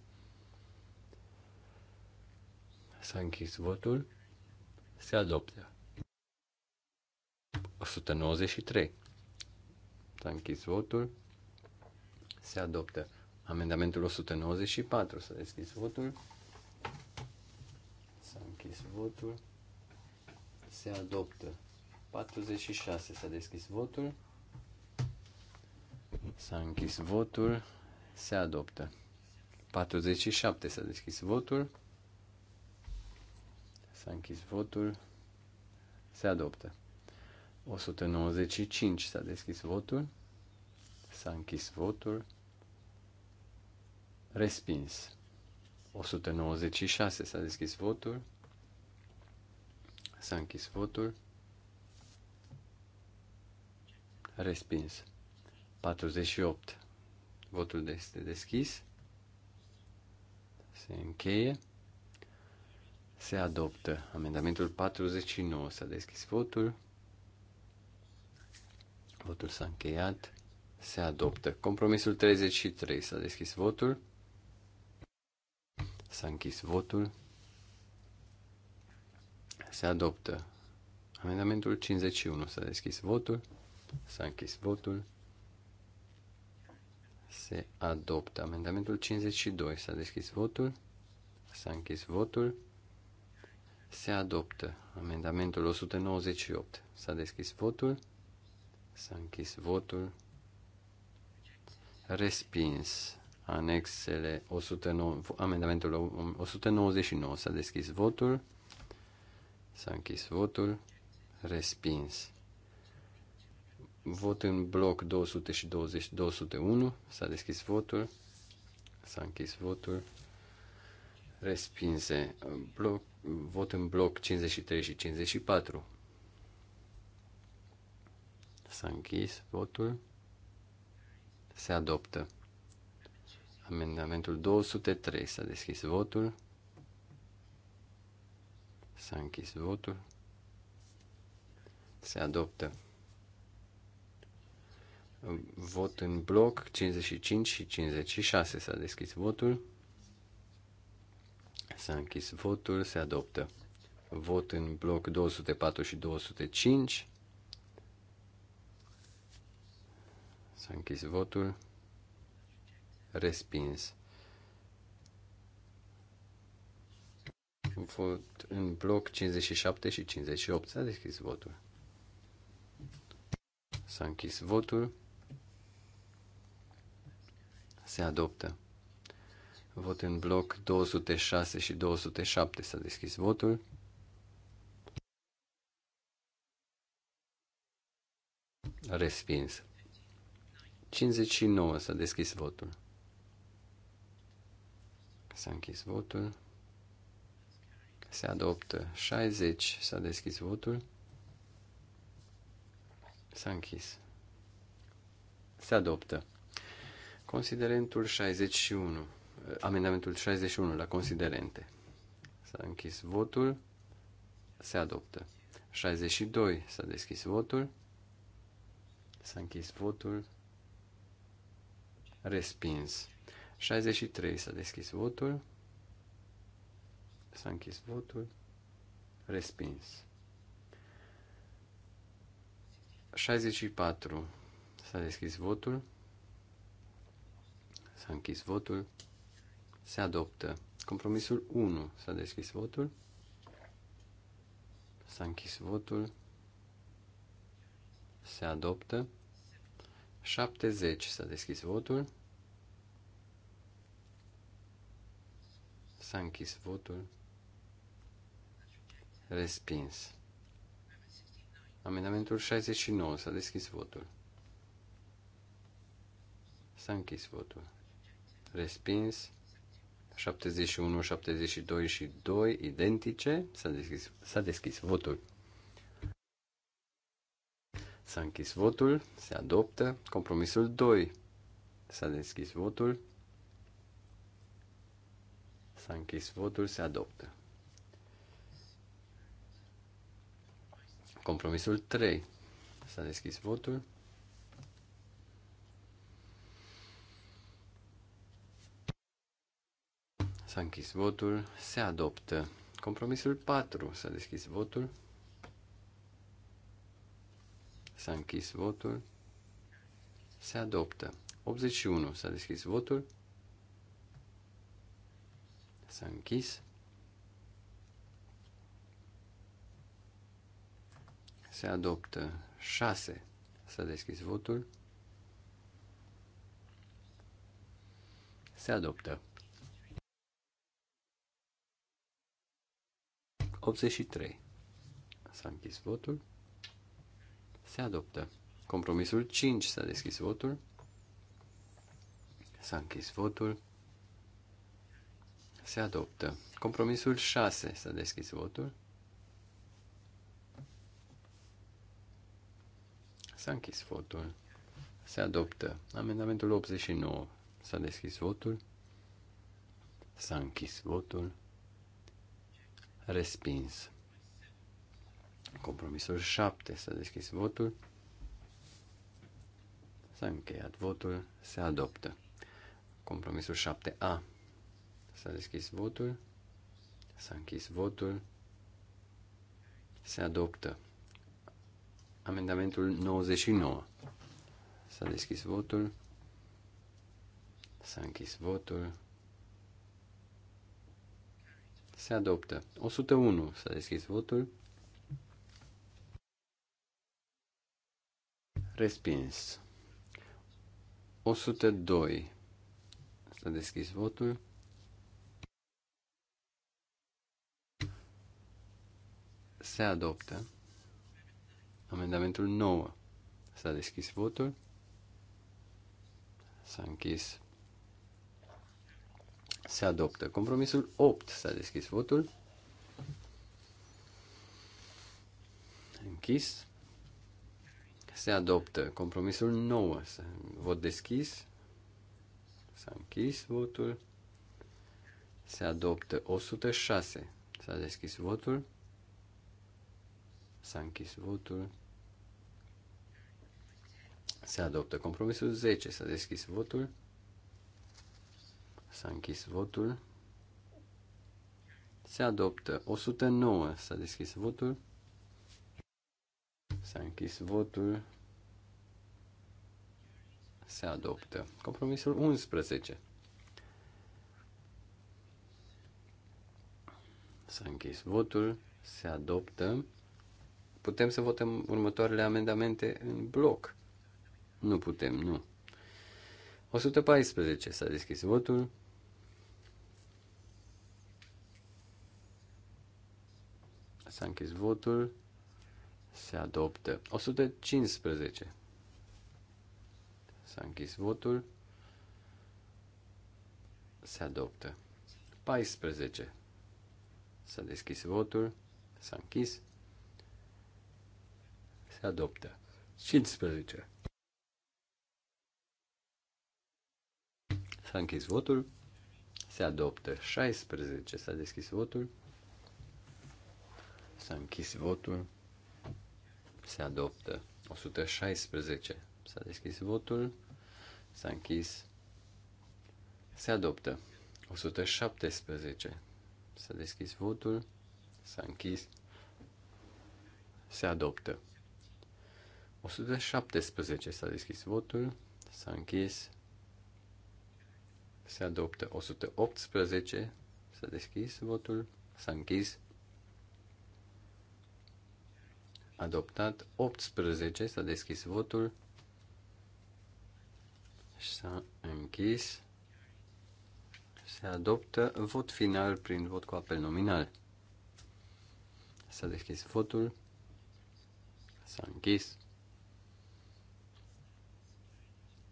S-a închis votul se adoptă. 193. S-a închis votul. Se adoptă. Amendamentul 194. S-a deschis votul. S-a închis votul. Se adoptă. 46. S-a deschis votul. S-a închis votul. Se adoptă. 47. S-a deschis votul. S-a închis votul. Se adoptă. 195. S-a deschis votul. S-a închis votul. Respins. 196. S-a deschis votul. S-a închis votul. Respins. 48. Votul este deschis. Se încheie. Se adoptă. Amendamentul 49. S-a deschis votul. Votul s-a încheiat. Se adoptă. Compromisul 33. S-a deschis votul. S-a închis votul. Se adoptă. Amendamentul 51. S-a deschis votul. S-a închis votul. Se adoptă. Amendamentul 52. S-a deschis votul. S-a închis votul. Se adoptă amendamentul 198. S-a deschis votul. S-a închis votul. Respins. Anexele 109, amendamentul 199. S-a deschis votul. S-a închis votul. Respins. Vot în bloc 200 și 20, 201. S-a deschis votul. S-a închis votul. Respinse. Bloc Vot în bloc 53 și 54. S-a închis votul. Se adoptă. Amendamentul 203. S-a deschis votul. S-a închis votul. Se adoptă. Vot în bloc 55 și 56. S-a deschis votul. S-a închis votul, se adoptă. Vot în bloc 204 și 205. S-a închis votul. Respins. Vot în bloc 57 și 58. S-a deschis votul. S-a închis votul. Se adoptă. Vot în bloc 206 și 207 s-a deschis votul. Respins. 59 s-a deschis votul. S-a închis votul. Se adoptă 60 s-a deschis votul. S-a închis. Se adoptă. Considerentul 61. Amendamentul 61 la considerente. S-a închis votul. Se adoptă. 62 s-a deschis votul. S-a închis votul. Respins. 63 s-a deschis votul. S-a închis votul. Respins. 64 s-a deschis votul. S-a închis votul se adoptă. Compromisul 1. S-a deschis votul. S-a închis votul. Se adoptă. 70. S-a deschis votul. S-a închis votul. Respins. Amendamentul 69. S-a deschis votul. S-a închis votul. Respins. 71, 72 și 2 identice. S-a deschis, s-a deschis votul. S-a închis votul, se adoptă. Compromisul 2. S-a deschis votul. S-a închis votul, se adoptă. Compromisul 3. S-a deschis votul. S-a închis votul. Se adoptă. Compromisul 4. S-a deschis votul. S-a închis votul. Se adoptă. 81. S-a deschis votul. S-a închis. Se adoptă. 6. S-a deschis votul. Se adoptă. 83. S-a închis votul. Se adoptă. Compromisul 5 s-a deschis votul. S-a închis votul. Se adoptă. Compromisul 6 s-a deschis votul. S-a închis votul. Se adoptă. Amendamentul 89 s-a deschis votul. S-a închis votul. Respins. Compromisul 7. S-a deschis votul. S-a încheiat votul. Se adoptă. Compromisul 7A. S-a deschis votul. S-a închis votul. Se adoptă. Amendamentul 99. S-a deschis votul. S-a închis votul se adoptă. 101. S-a deschis votul. Respins. 102. S-a deschis votul. Se adoptă. Amendamentul 9. S-a deschis votul. S-a închis se adoptă. Compromisul 8 s-a deschis votul. Închis. Se adoptă. Compromisul 9. Vot deschis. S-a închis votul. Se adoptă. 106. S-a deschis votul. S-a închis votul. Se adoptă. Compromisul 10. S-a deschis votul. S-a închis votul. Se adoptă. 109. S-a deschis votul. S-a închis votul. Se adoptă. Compromisul 11. S-a închis votul. Se adoptă. Putem să votăm următoarele amendamente în bloc. Nu putem, nu. 114. S-a deschis votul. S-a închis votul. Se adoptă. 115. S-a închis votul. Se adoptă. 14. S-a deschis votul. S-a închis. Se adoptă. 15. S-a închis votul. Se adoptă. 16. S-a deschis votul. S-a închis votul. Se adoptă. 116. S-a deschis votul. S-a închis. Se adoptă. 117. S-a deschis votul. S-a închis. Se adoptă. 117. S-a deschis votul. S-a închis. Se adoptă. 118. S-a deschis votul. S-a închis. adoptat. 18 s-a deschis votul și s-a închis. Se adoptă vot final prin vot cu apel nominal. S-a deschis votul. S-a închis.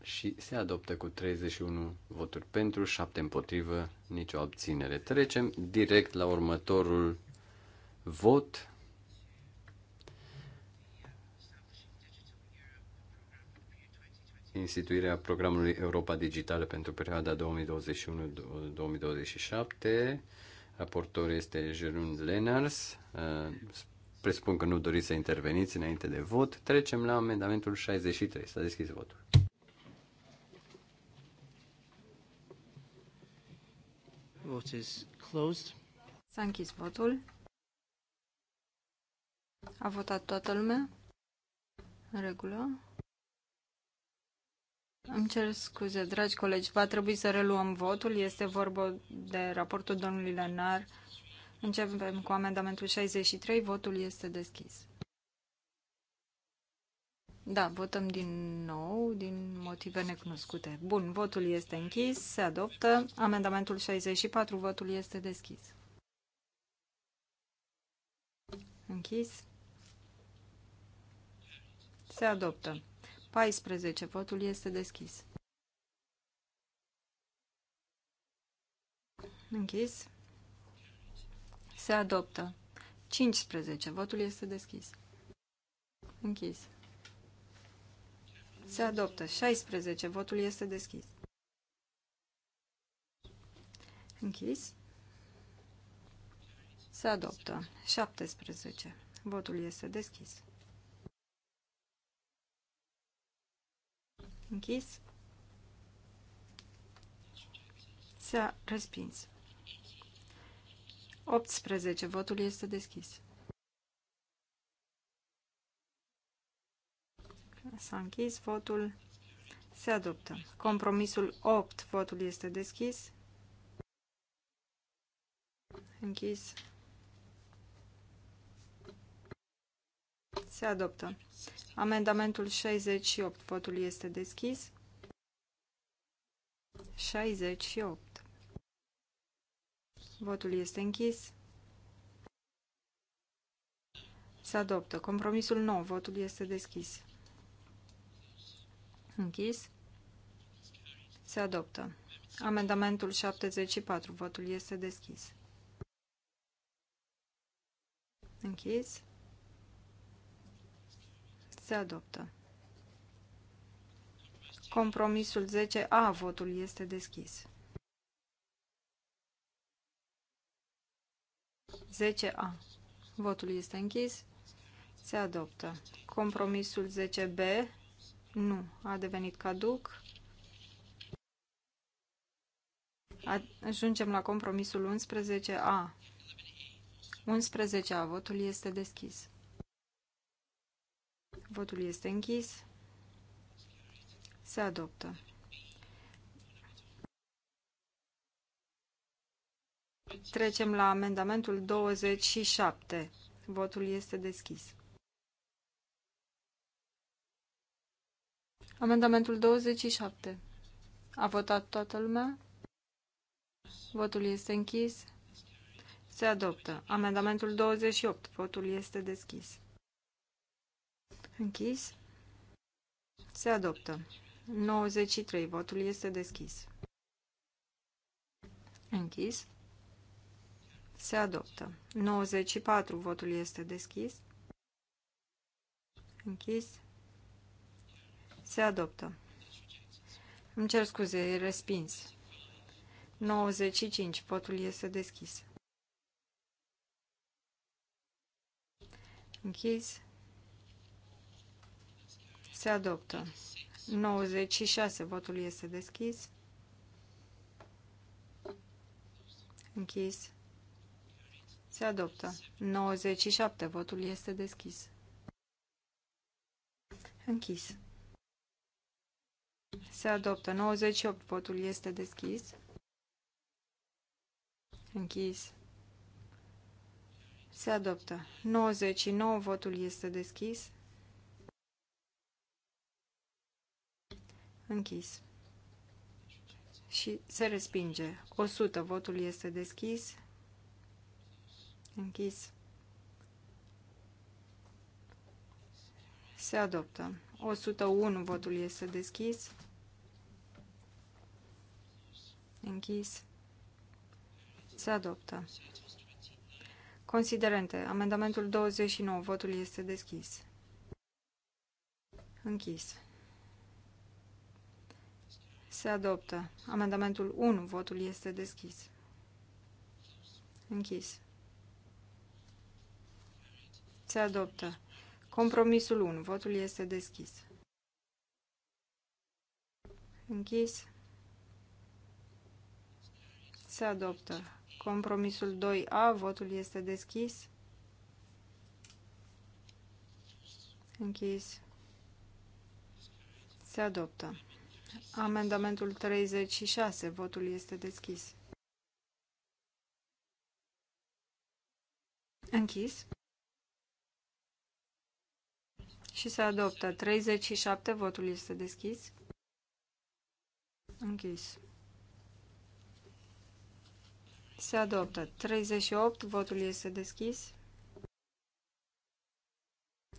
și se adoptă cu 31 voturi pentru, 7 împotrivă, nicio abținere. Trecem direct la următorul vot. instituirea programului Europa Digitală pentru perioada 2021-2027. Raportor este Jerun Lenars. Uh, presupun că nu doriți să interveniți înainte de vot. Trecem la amendamentul 63. S-a deschis votul. Vote is closed. S-a închis votul. A votat toată lumea? În regulă. Îmi cer scuze, dragi colegi, va trebui să reluăm votul. Este vorba de raportul domnului Lenar. Începem cu amendamentul 63. Votul este deschis. Da, votăm din nou, din motive necunoscute. Bun, votul este închis, se adoptă. Amendamentul 64, votul este deschis. Închis. Se adoptă. 14. Votul este deschis. Închis. Se adoptă. 15. Votul este deschis. Închis. Se adoptă. 16. Votul este deschis. Închis. Se adoptă. 17. Votul este deschis. Închis. S-a respins. 18. Votul este deschis. S-a închis votul. Se adoptă. Compromisul 8. Votul este deschis. Închis. Se adoptă. Amendamentul 68. Votul este deschis. 68. Votul este închis. Se adoptă. Compromisul 9. Votul este deschis. Închis. Se adoptă. Amendamentul 74. Votul este deschis. Închis. Se adoptă. Compromisul 10A, votul este deschis. 10A. Votul este închis. Se adoptă. Compromisul 10B nu a devenit caduc. Ajungem la compromisul 11A. 11A. Votul este deschis. Votul este închis. Se adoptă. Trecem la amendamentul 27. Votul este deschis. Amendamentul 27. A votat toată lumea? Votul este închis. Se adoptă. Amendamentul 28. Votul este deschis. Închis. Se adoptă. 93. Votul este deschis. Închis. Se adoptă. 94. Votul este deschis. Închis. Se adoptă. Îmi cer scuze, e respins. 95. Votul este deschis. Închis. Se adoptă. 96. Votul este deschis. Închis. Se adoptă. 97. Votul este deschis. Închis. Se adoptă. 98. Votul este deschis. Închis. Se adoptă. 99. Votul este deschis. Închis. Și se respinge. 100. Votul este deschis. Închis. Se adoptă. 101. Votul este deschis. Închis. Se adoptă. Considerente. Amendamentul 29. Votul este deschis. Închis. Se adoptă. Amendamentul 1. Votul este deschis. Închis. Se adoptă. Compromisul 1. Votul este deschis. Închis. Se adoptă. Compromisul 2A. Votul este deschis. Închis. Se adoptă. Amendamentul 36. Votul este deschis. Închis. Și se adoptă. 37. Votul este deschis. Închis. Se adoptă. 38. Votul este deschis.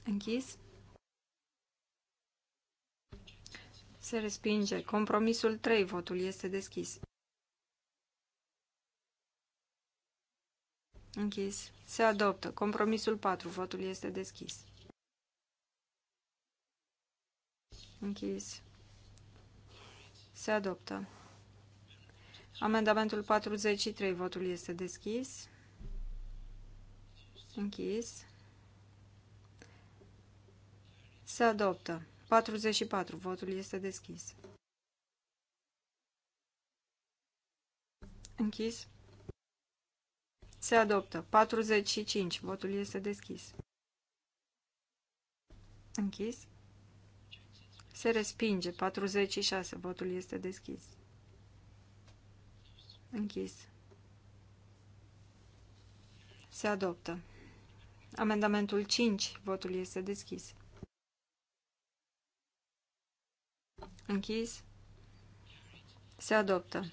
Închis. Se respinge. Compromisul 3. Votul este deschis. Închis. Se adoptă. Compromisul 4. Votul este deschis. Închis. Se adoptă. Amendamentul 43. Votul este deschis. Închis. Se adoptă. 44. Votul este deschis. Închis. Se adoptă. 45. Votul este deschis. Închis. Se respinge. 46. Votul este deschis. Închis. Se adoptă. Amendamentul 5. Votul este deschis. Închis. Se adoptă.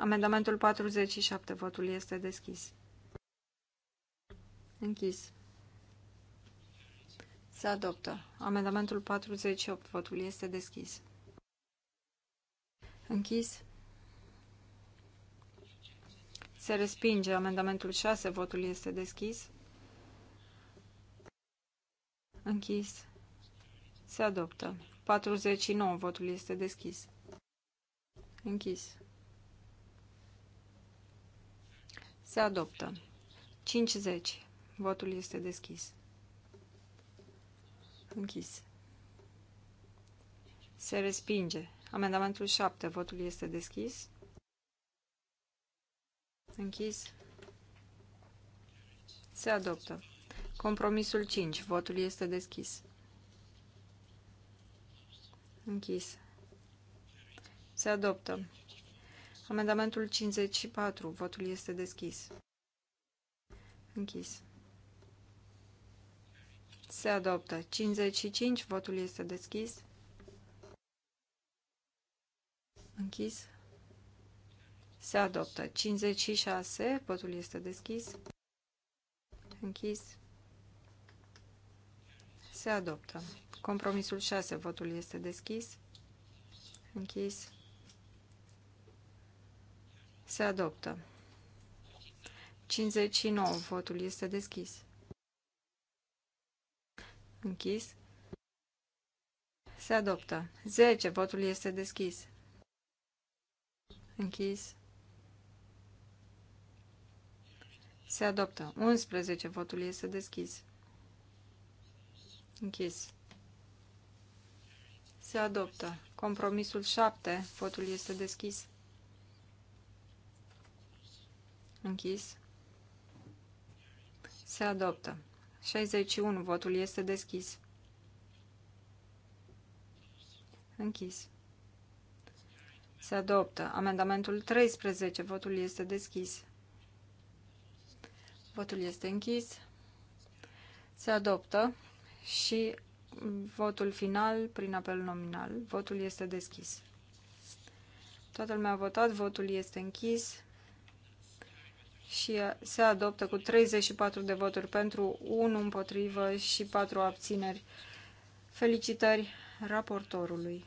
Amendamentul 47. Votul este deschis. Închis. Se adoptă. Amendamentul 48. Votul este deschis. Închis. Se respinge. Amendamentul 6. Votul este deschis. Închis. Se adoptă. 49. Votul este deschis. Închis. Se adoptă. 50. Votul este deschis. Închis. Se respinge. Amendamentul 7. Votul este deschis. Închis. Se adoptă. Compromisul 5. Votul este deschis. Închis. Se adoptă. Amendamentul 54. Votul este deschis. Închis. Se adoptă. 55. Votul este deschis. Închis. Se adoptă. 56. Votul este deschis. Închis. Se adoptă. Compromisul 6. Votul este deschis. Închis. Se adoptă. 59. Votul este deschis. Închis. Se adoptă. 10. Votul este deschis. Închis. Se adoptă. 11. Votul este deschis. Închis se adoptă. Compromisul 7, votul este deschis. Închis. Se adoptă. 61, votul este deschis. Închis. Se adoptă. Amendamentul 13, votul este deschis. Votul este închis. Se adoptă și Votul final prin apel nominal. Votul este deschis. Toată lumea a votat, votul este închis și se adoptă cu 34 de voturi pentru, 1 împotrivă și 4 abțineri. Felicitări raportorului.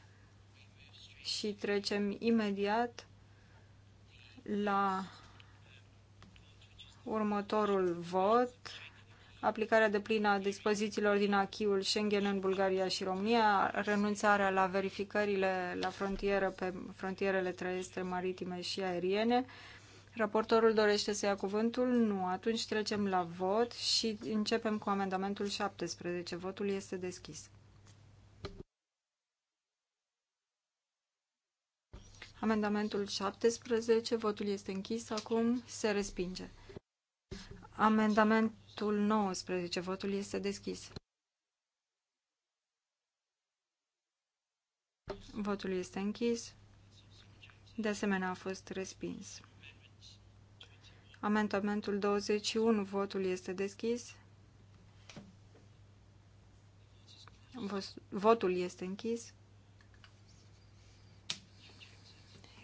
Și trecem imediat la următorul vot aplicarea de plină a dispozițiilor din achiul Schengen în Bulgaria și România, renunțarea la verificările la frontieră pe frontierele terestre, maritime și aeriene. Raportorul dorește să ia cuvântul? Nu. Atunci trecem la vot și începem cu amendamentul 17. Votul este deschis. Amendamentul 17, votul este închis, acum se respinge. Amendament Amendamentul 19. Votul este deschis. Votul este închis. De asemenea, a fost respins. Amendamentul 21. Votul este deschis. Votul este închis.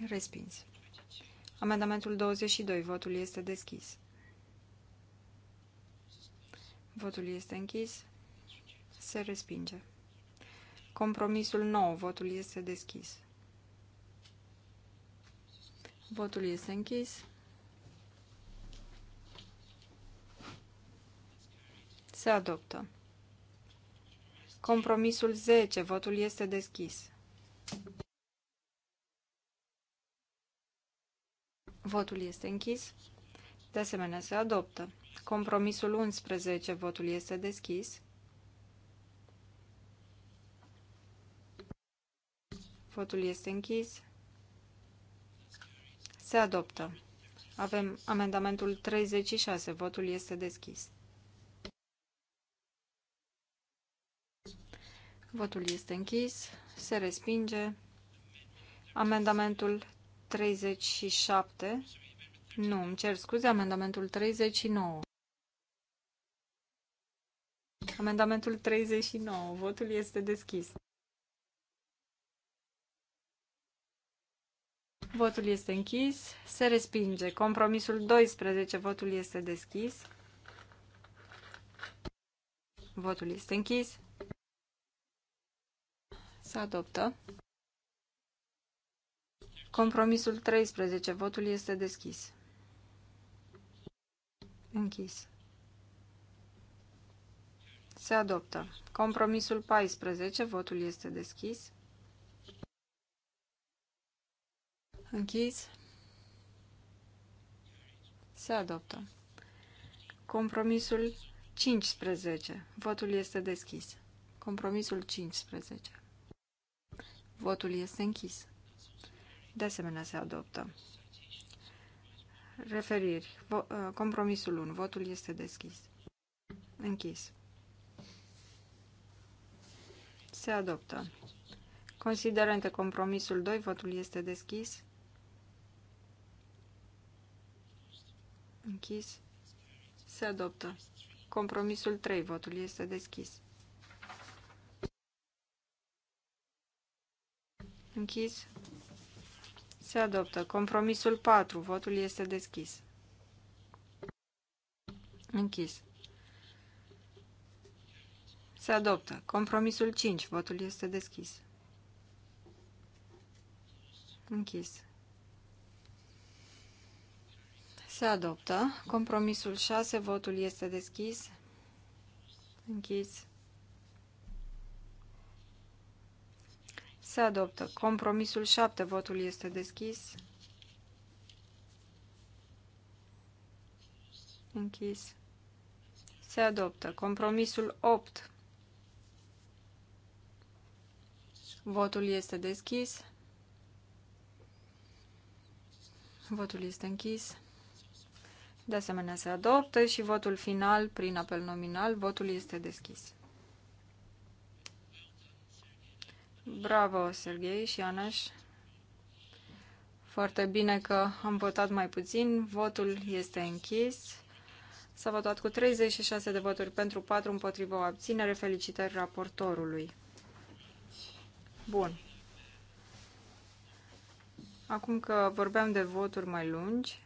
Respins. Amendamentul 22. Votul este deschis. Votul este închis. Se respinge. Compromisul nou. Votul este deschis. Votul este închis. Se adoptă. Compromisul 10. Votul este deschis. Votul este închis. De asemenea, se adoptă. Compromisul 11, votul este deschis. Votul este închis. Se adoptă. Avem amendamentul 36. Votul este deschis. Votul este închis. Se respinge. Amendamentul 37. Nu, îmi cer scuze, amendamentul 39. Amendamentul 39. Votul este deschis. Votul este închis. Se respinge. Compromisul 12. Votul este deschis. Votul este închis. Se adoptă. Compromisul 13. Votul este deschis. Închis. Se adoptă. Compromisul 14. Votul este deschis. Închis. Se adoptă. Compromisul 15. Votul este deschis. Compromisul 15. Votul este închis. De asemenea, se adoptă. Referiri. Uh, compromisul 1. Votul este deschis. Închis. Se adoptă. Considerente compromisul 2. Votul este deschis. Închis. Se adoptă. Compromisul 3. Votul este deschis. Închis. Se adoptă. Compromisul 4. Votul este deschis. Închis. Se adoptă. Compromisul 5. Votul este deschis. Închis. Se adoptă. Compromisul 6. Votul este deschis. Închis. Se adoptă. Compromisul 7. Votul este deschis. Închis. Se adoptă. Compromisul 8. Votul este deschis. Votul este închis. De asemenea, se adoptă și votul final prin apel nominal. Votul este deschis. Bravo, Serghei și Anaș. Foarte bine că am votat mai puțin. Votul este închis. S-a votat cu 36 de voturi pentru 4 împotriva o abținere. Felicitări raportorului. Bun. Acum că vorbeam de voturi mai lungi,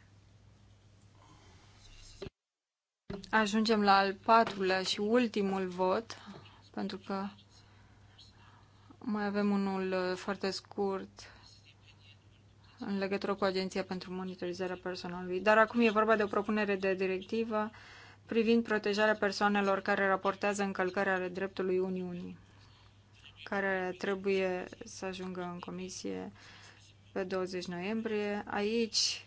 ajungem la al patrulea și ultimul vot, pentru că mai avem unul uh, foarte scurt în legătură cu Agenția pentru Monitorizarea Personalului. Dar acum e vorba de o propunere de directivă privind protejarea persoanelor care raportează încălcarea ale dreptului Uniunii, care trebuie să ajungă în comisie pe 20 noiembrie. Aici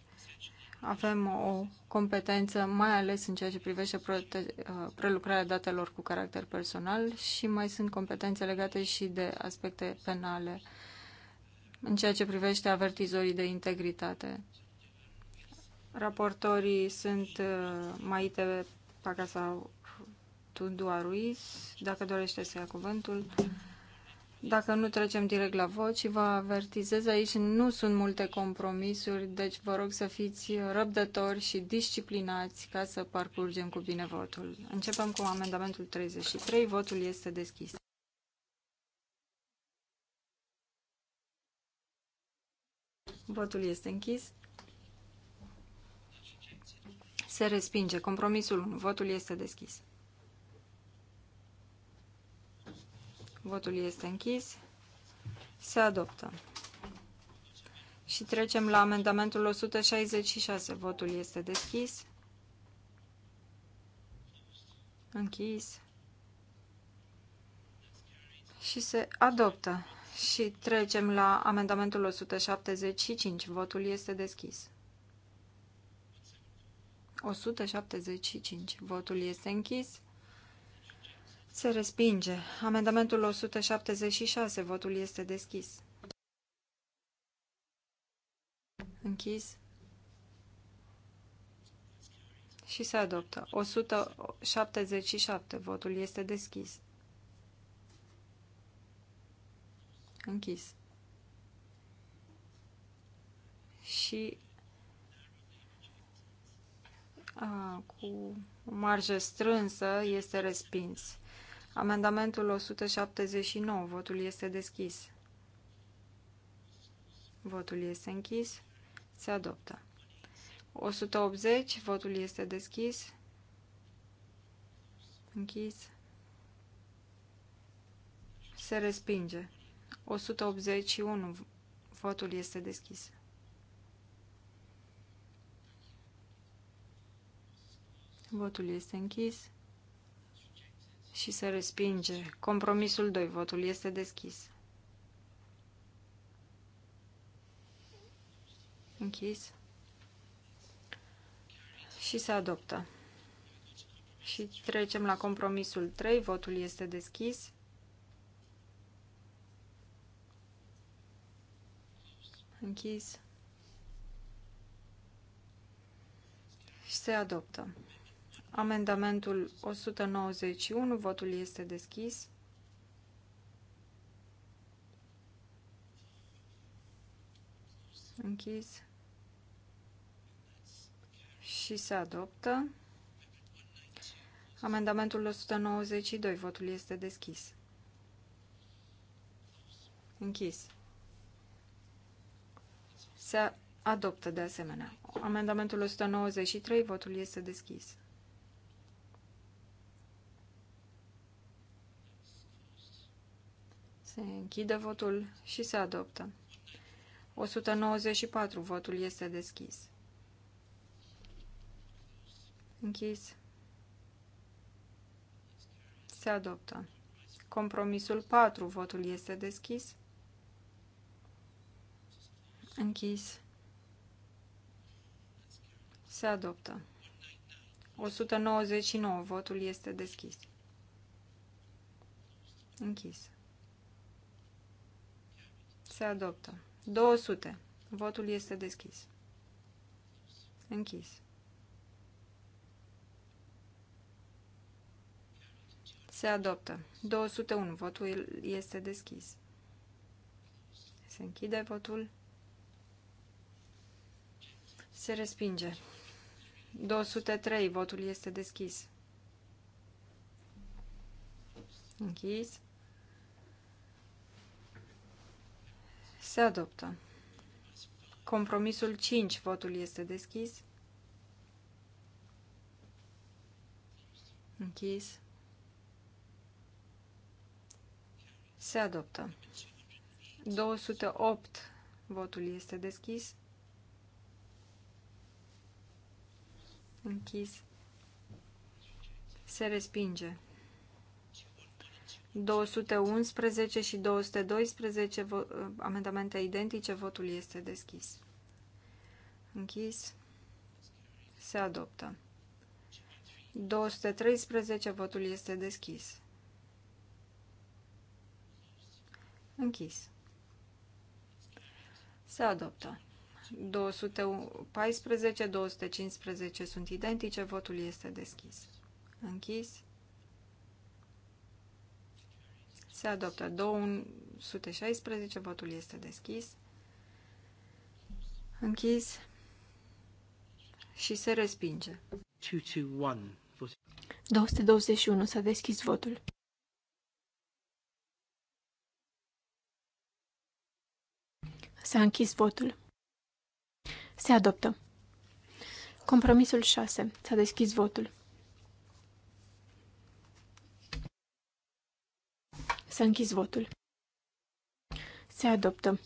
avem o competență, mai ales în ceea ce privește uh, prelucrarea datelor cu caracter personal și mai sunt competențe legate și de aspecte penale în ceea ce privește avertizorii de integritate. Raportorii sunt uh, Maite tu Tudua Ruiz, dacă dorește să ia cuvântul. Dacă nu trecem direct la vot și vă avertizez, aici nu sunt multe compromisuri, deci vă rog să fiți răbdători și disciplinați ca să parcurgem cu bine votul. Începem cu amendamentul 33. Votul este deschis. Votul este închis. Se respinge. Compromisul 1. Votul este deschis. Votul este închis. Se adoptă. Și trecem la amendamentul 166. Votul este deschis. Închis. Și se adoptă. Și trecem la amendamentul 175. Votul este deschis. 175. Votul este închis. Se respinge. Amendamentul 176. Votul este deschis. Închis. Și se adoptă. 177. Votul este deschis. Închis. Și a, cu marjă strânsă este respins. Amendamentul 179. Votul este deschis. Votul este închis. Se adoptă. 180. Votul este deschis. Închis. Se respinge. 181. Votul este deschis. Votul este închis și se respinge. Compromisul 2. Votul este deschis. Închis. Și se adoptă. Și trecem la compromisul 3. Votul este deschis. Închis. Și se adoptă. Amendamentul 191, votul este deschis. Închis. Și se adoptă. Amendamentul 192, votul este deschis. Închis. Se adoptă de asemenea. Amendamentul 193, votul este deschis. Se închide votul și se adoptă. 194. Votul este deschis. Închis. Se adoptă. Compromisul 4. Votul este deschis. Închis. Se adoptă. 199. Votul este deschis. Închis. Se adoptă. 200. Votul este deschis. Închis. Se adoptă. 201. Votul este deschis. Se închide votul. Se respinge. 203. Votul este deschis. Închis. Se adoptă. Compromisul 5. Votul este deschis. Închis. Se adoptă. 208. Votul este deschis. Închis. Se respinge. 211 și 212 amendamente identice, votul este deschis. Închis. Se adoptă. 213, votul este deschis. Închis. Se adoptă. 214, 215 sunt identice, votul este deschis. Închis. se adoptă. 216, votul este deschis, închis și se respinge. 221. s-a deschis votul. S-a închis votul. Se adoptă. Compromisul 6. S-a deschis votul. S-a închis votul. Se adoptă.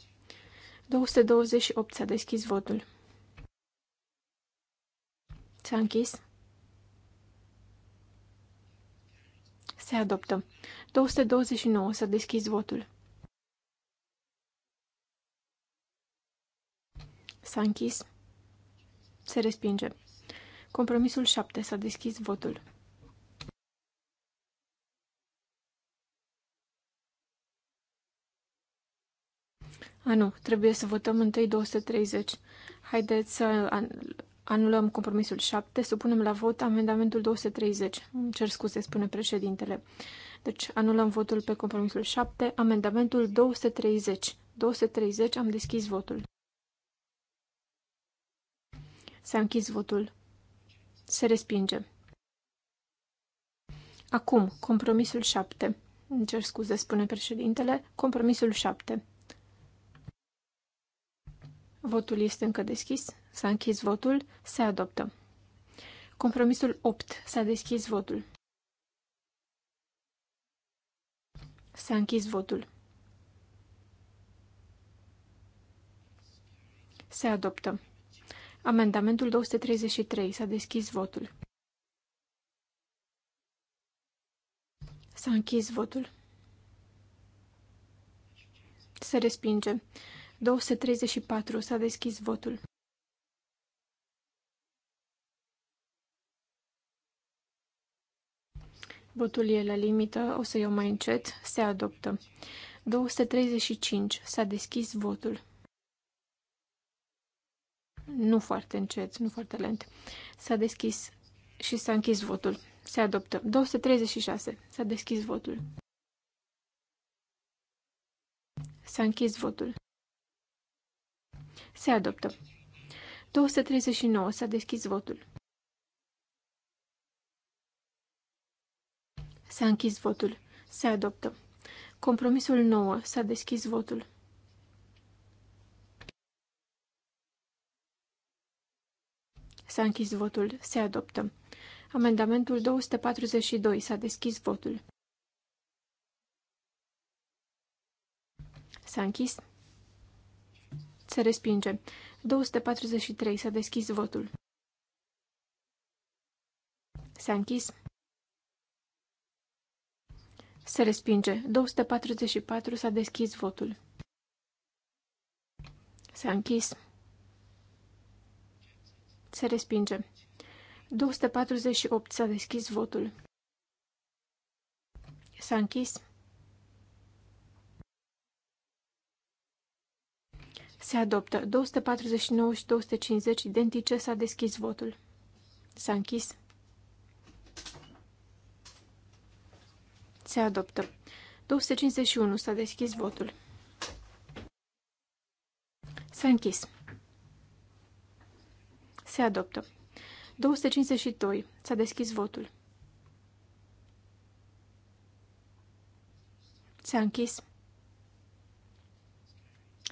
228. S-a deschis votul. S-a închis. Se adoptă. 229. S-a deschis votul. S-a închis. Se respinge. Compromisul 7. S-a deschis votul. A, nu, trebuie să votăm întâi 230. Haideți să anulăm compromisul 7, supunem la vot amendamentul 230. Îmi cer scuze, spune președintele. Deci anulăm votul pe compromisul 7, amendamentul 230. 230 am deschis votul. S-a închis votul. Se respinge. Acum, compromisul 7. Îmi cer scuze, spune președintele. Compromisul 7. Votul este încă deschis. S-a închis votul. Se adoptă. Compromisul 8. S-a deschis votul. S-a închis votul. Se adoptă. Amendamentul 233. S-a deschis votul. S-a închis votul. Se respinge. 234. S-a deschis votul. Votul e la limită, o să iau mai încet, se adoptă. 235. S-a deschis votul. Nu foarte încet, nu foarte lent. S-a deschis și s-a închis votul. Se adoptă. 236. S-a deschis votul. S-a închis votul. Se adoptă. 239. S-a deschis votul. S-a închis votul. Se adoptă. Compromisul 9. S-a deschis votul. S-a închis votul. Se adoptă. Amendamentul 242. S-a deschis votul. S-a închis. Se respinge. 243. S-a deschis votul. S-a închis. Se respinge. 244. S-a deschis votul. S-a închis. Se respinge. 248. S-a deschis votul. S-a închis. Se adoptă. 249 și 250 identice. S-a deschis votul. S-a închis. Se adoptă. 251. S-a deschis votul. S-a închis. Se adoptă. 252. S-a deschis votul. S-a închis.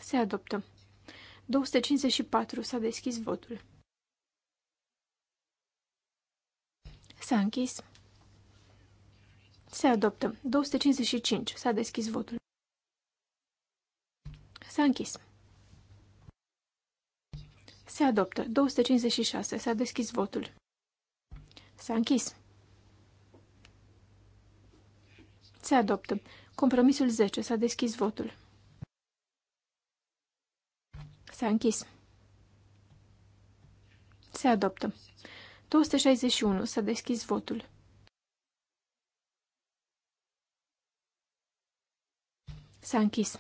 Se adoptă. 254. S-a deschis votul. S-a închis. Se adoptă. 255. S-a deschis votul. S-a închis. Se adoptă. 256. S-a deschis votul. S-a închis. Se adoptă. Compromisul 10. S-a deschis votul. S-a închis. Se adoptă. 261. S-a deschis votul. S-a închis.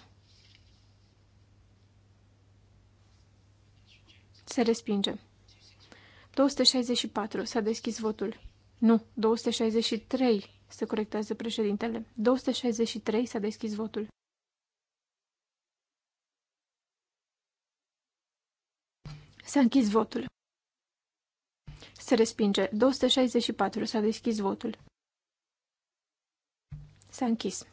Se respinge. 264. S-a deschis votul. Nu, 263. Se corectează președintele. 263. S-a deschis votul. S-a închis votul. Se respinge. 264. S-a deschis votul. S-a închis.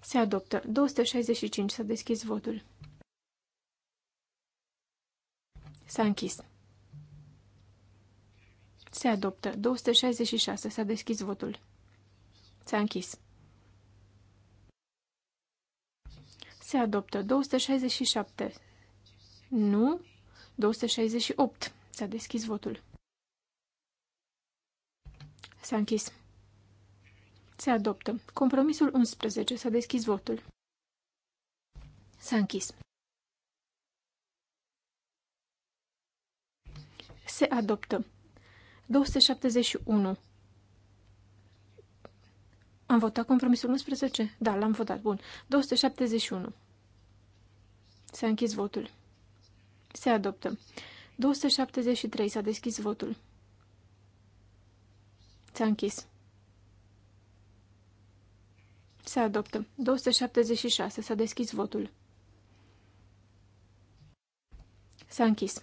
Se adoptă. 265. S-a deschis votul. S-a închis. Se adoptă. 266. S-a deschis votul. S-a închis. Se adoptă. 267. Nu. 268. S-a deschis votul. S-a închis. Se adoptă. Compromisul 11. S-a deschis votul. S-a închis. Se adoptă. 271. Am votat compromisul 11? Da, l-am votat. Bun. 271. S-a închis votul. Se adoptă. 273. S-a deschis votul. S-a închis. Se adoptă. 276. S-a deschis votul. S-a închis.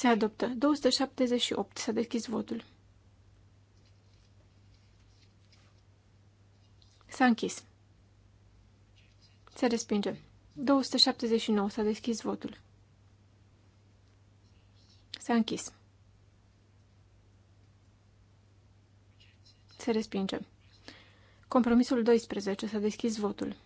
Se adoptă. 278. S-a deschis votul. S-a închis. Se respinge. 279. S-a deschis votul. S-a închis. Se respinge. Compromisul 12. S-a deschis votul.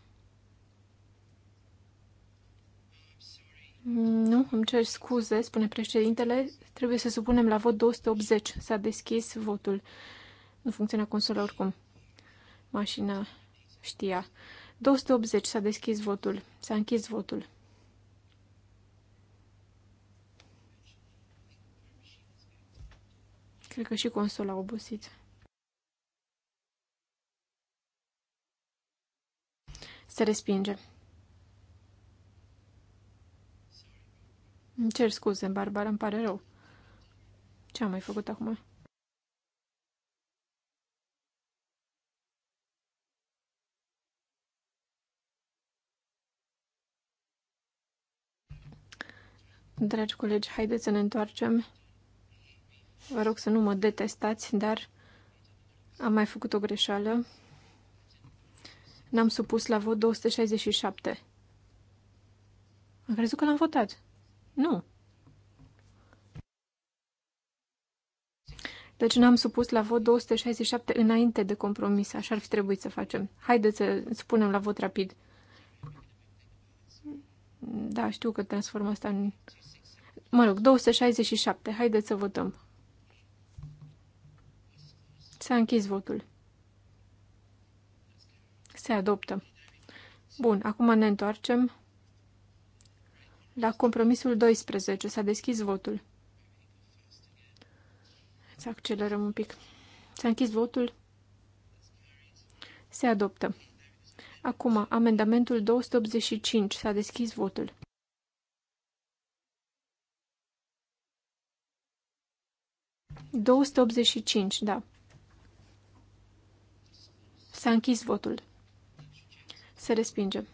Mm, nu, îmi cer scuze, spune președintele. Trebuie să supunem la vot 280. S-a deschis votul. Nu funcționa consola oricum. Mașina știa. 280 s-a deschis votul. S-a închis votul. Cred că și consola a obosit. Se respinge. Îmi cer scuze, Barbara, îmi pare rău. Ce am mai făcut acum? Dragi colegi, haideți să ne întoarcem. Vă rog să nu mă detestați, dar am mai făcut o greșeală. N-am supus la vot 267. Am crezut că l-am votat. Nu. Deci n-am supus la vot 267 înainte de compromis. Așa ar fi trebuit să facem. Haideți să spunem la vot rapid. Da, știu că transform asta în... Mă rog, 267. Haideți să votăm. S-a închis votul. Se adoptă. Bun, acum ne întoarcem la compromisul 12 s-a deschis votul. Să accelerăm un pic. S-a închis votul. Se adoptă. Acum, amendamentul 285. S-a deschis votul. cinci, da. S-a închis votul. Se respinge.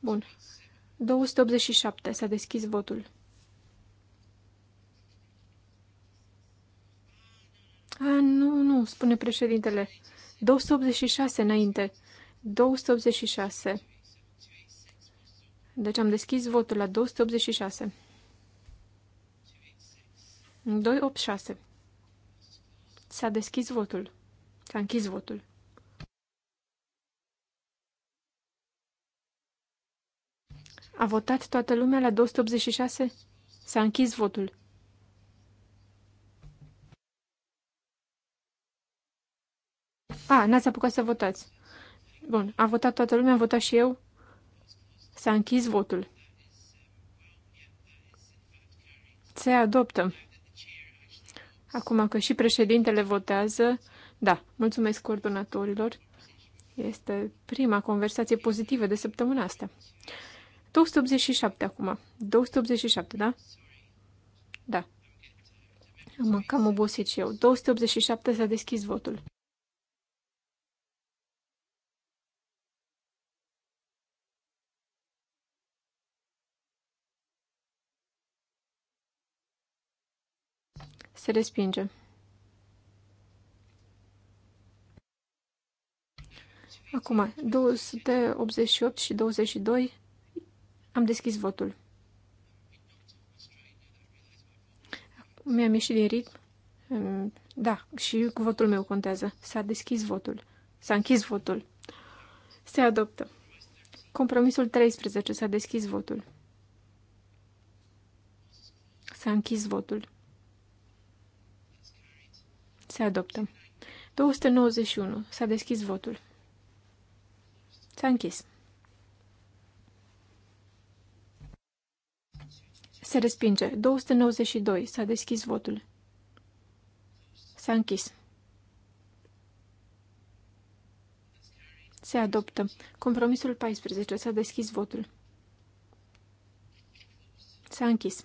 Bun. 287. S-a deschis votul. A, nu, nu, spune președintele. 286 înainte. 286. Deci am deschis votul la 286. 286. S-a deschis votul. S-a închis votul. A votat toată lumea la 286? S-a închis votul. A, n-ați apucat să votați. Bun, a votat toată lumea, a votat și eu. S-a închis votul. Se adoptă. Acum că și președintele votează, da, mulțumesc coordonatorilor. Este prima conversație pozitivă de săptămâna asta. 287 acum. 287, da? Da. Am cam obosit și eu. 287 s-a deschis votul. Se respinge. Acum, 288 și 22 am deschis votul. Mi-am ieșit din ritm. Da, și cu votul meu contează. S-a deschis votul. S-a închis votul. Se adoptă. Compromisul 13. S-a deschis votul. S-a închis votul. Se adoptă. 291. S-a deschis votul. S-a închis. Se respinge. 292. S-a deschis votul. S-a închis. Se adoptă. Compromisul 14. S-a deschis votul. S-a închis.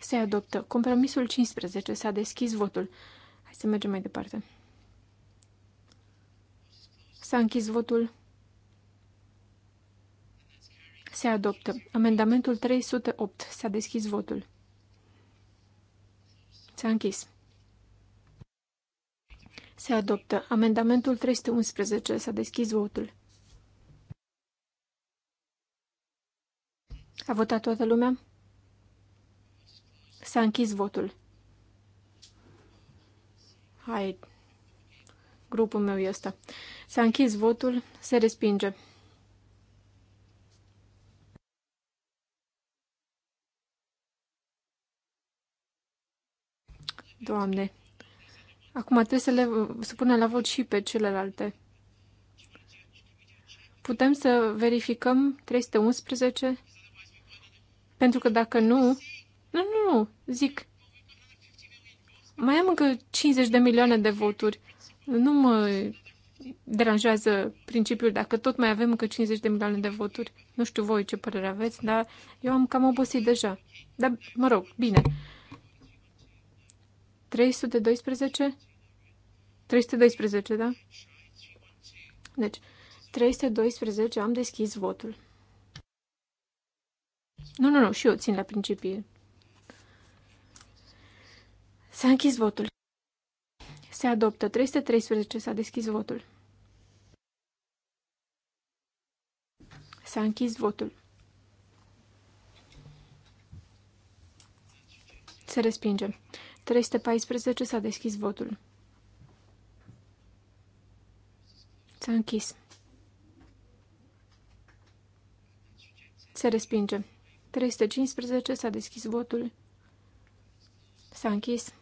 Se adoptă. Compromisul 15. S-a deschis votul. Hai să mergem mai departe. S-a închis votul. Se adoptă. Amendamentul 308. S-a deschis votul. S-a închis. Se adoptă. Amendamentul 311. S-a deschis votul. A votat toată lumea? S-a închis votul. Hai, grupul meu ăsta. S-a închis votul, se respinge. Doamne! Acum trebuie să le să punem la vot și pe celelalte. Putem să verificăm 311? Pentru că dacă nu... Nu, nu, nu, zic. Mai am încă 50 de milioane de voturi. Nu mă deranjează principiul dacă tot mai avem încă 50 de milioane de voturi. Nu știu voi ce părere aveți, dar eu am cam obosit deja. Dar, mă rog, bine. 312? 312, da? Deci, 312 am deschis votul. Nu, nu, nu, și eu țin la principii. S-a închis votul. Se adoptă. 313 s-a deschis votul. S-a închis votul. Se respinge. 314 s-a deschis votul. S-a închis. Se respinge. 315 s-a deschis votul. S-a închis.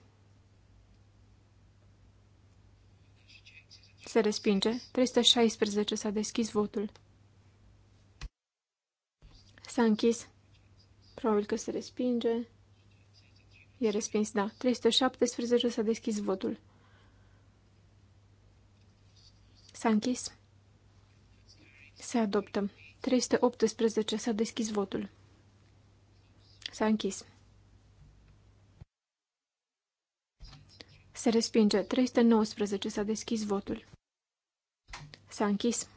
Se respinge. 316 s-a deschis votul. S-a închis. Probabil că se respinge. E respins, da. 317 s-a deschis votul. S-a închis. Se adoptă. 318 s-a deschis votul. S-a închis. Se respinge. 319 s-a deschis votul. S-a închis.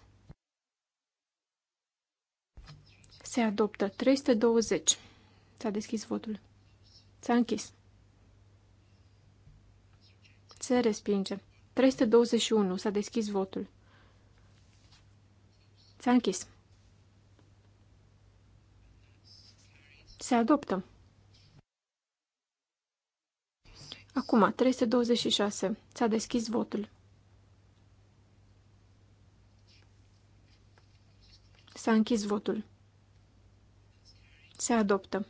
Se adoptă. 320 s-a deschis votul ți a închis. Se respinge. 321. S-a deschis votul. ți a închis. Se adoptă. Acum, 326. S-a deschis votul. S-a închis votul. Se adoptă.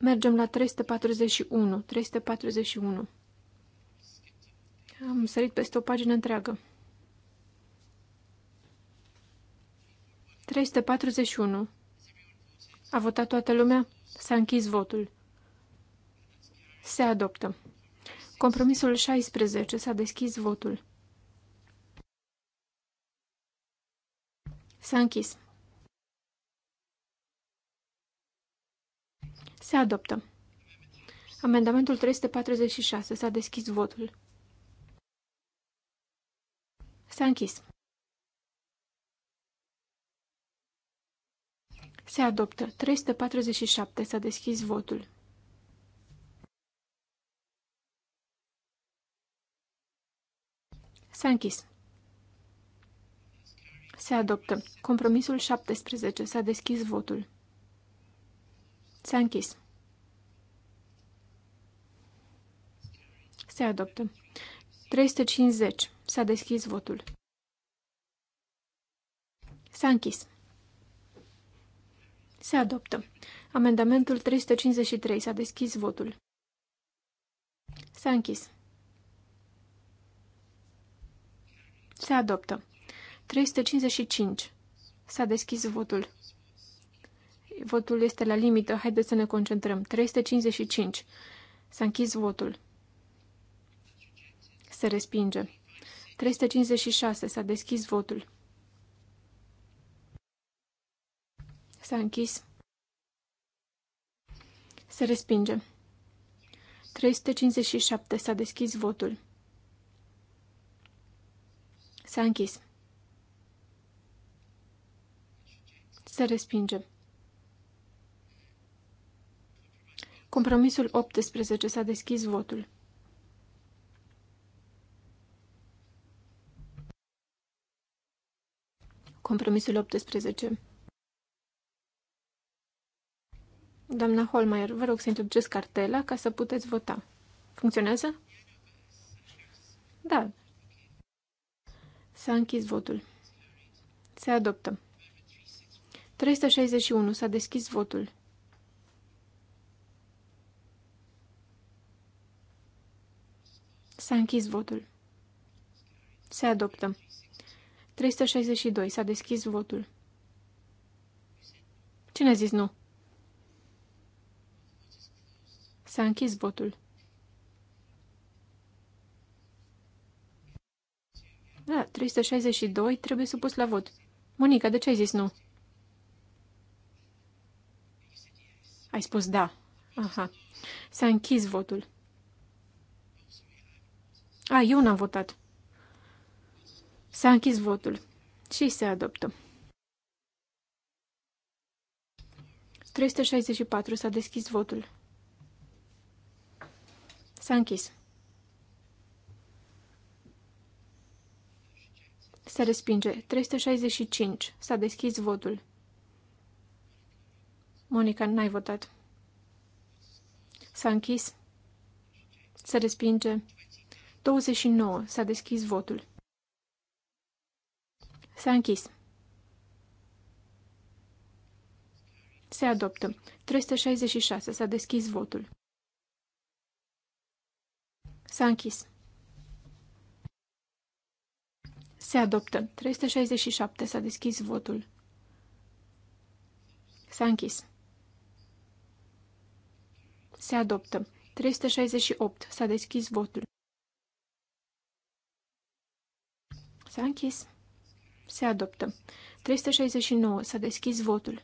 Mergem la 341. 341. Am sărit peste o pagină întreagă. 341. A votat toată lumea? S-a închis votul. Se adoptă. Compromisul 16. S-a deschis votul. S-a închis. Se adoptă. Amendamentul 346. S-a deschis votul. S-a închis. Se adoptă. 347. S-a deschis votul. S-a închis. Se adoptă. Compromisul 17. S-a deschis votul. S-a închis. Se adoptă. 350. S-a deschis votul. S-a închis. Se adoptă. Amendamentul 353. S-a deschis votul. S-a închis. Se adoptă. 355. S-a deschis votul. Votul este la limită. Haideți să ne concentrăm. 355. S-a închis votul. Se respinge. 356. S-a deschis votul. S-a închis. Se respinge. 357. S-a deschis votul. S-a închis. Se respinge. Compromisul 18 s-a deschis votul. Compromisul 18. Doamna Holmeier, vă rog să introduceți cartela ca să puteți vota. Funcționează? Da. S-a închis votul. Se adoptă. 361. S-a deschis votul. S-a închis votul. Se adoptă. 362. S-a deschis votul. Cine a zis nu? S-a închis votul. Da, 362 trebuie supus la vot. Monica, de ce ai zis nu? Ai spus da. Aha. S-a închis votul. A, eu n-am votat. S-a închis votul și se adoptă. 364. S-a deschis votul. S-a închis. Se respinge. 365. S-a deschis votul. Monica, n-ai votat. S-a închis. Se respinge. 29. S-a deschis votul. S-a închis. Se adoptă. 366. S-a deschis votul. S-a închis. Se adoptă. 367. S-a deschis votul. S-a închis. Se adoptă. 368. S-a deschis votul. S-a închis. Se adoptă. 369. S-a deschis votul.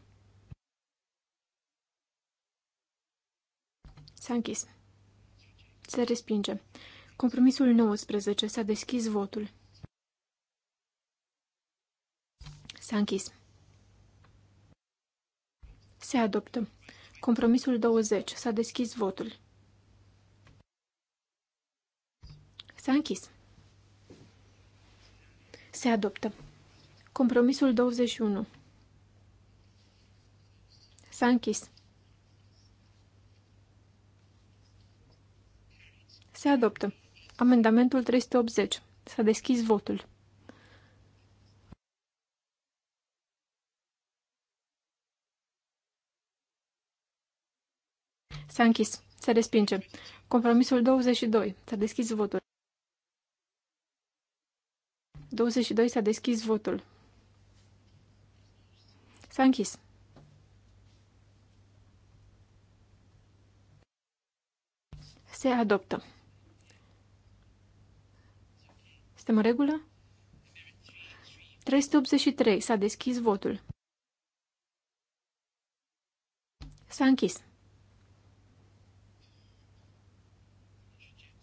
S-a închis. Se respinge. Compromisul 19. S-a deschis votul. S-a închis. Se adoptă. Compromisul 20. S-a deschis votul. S-a închis se adoptă. Compromisul 21. S-a închis. Se adoptă. Amendamentul 380. S-a deschis votul. S-a închis. Se respinge. Compromisul 22. S-a deschis votul. 22 s-a deschis votul. S-a închis. Se adoptă. Suntem în regulă? 383. S-a deschis votul. S-a închis.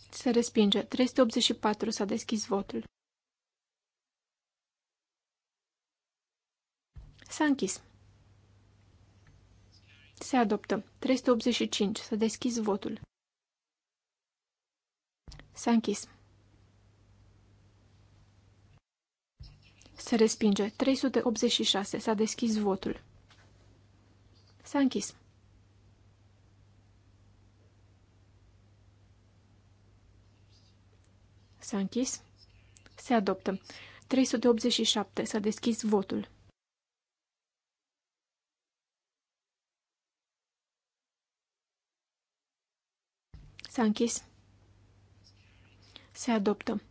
Se respinge. 384. S-a deschis votul. S-a închis. Se adoptă. 385. Să deschizi votul. S-a închis. Se respinge. 386. S-a deschis votul. S-a închis. S-a închis. Se adoptă. 387. S-a deschis votul. S-a închis. Se adoptă.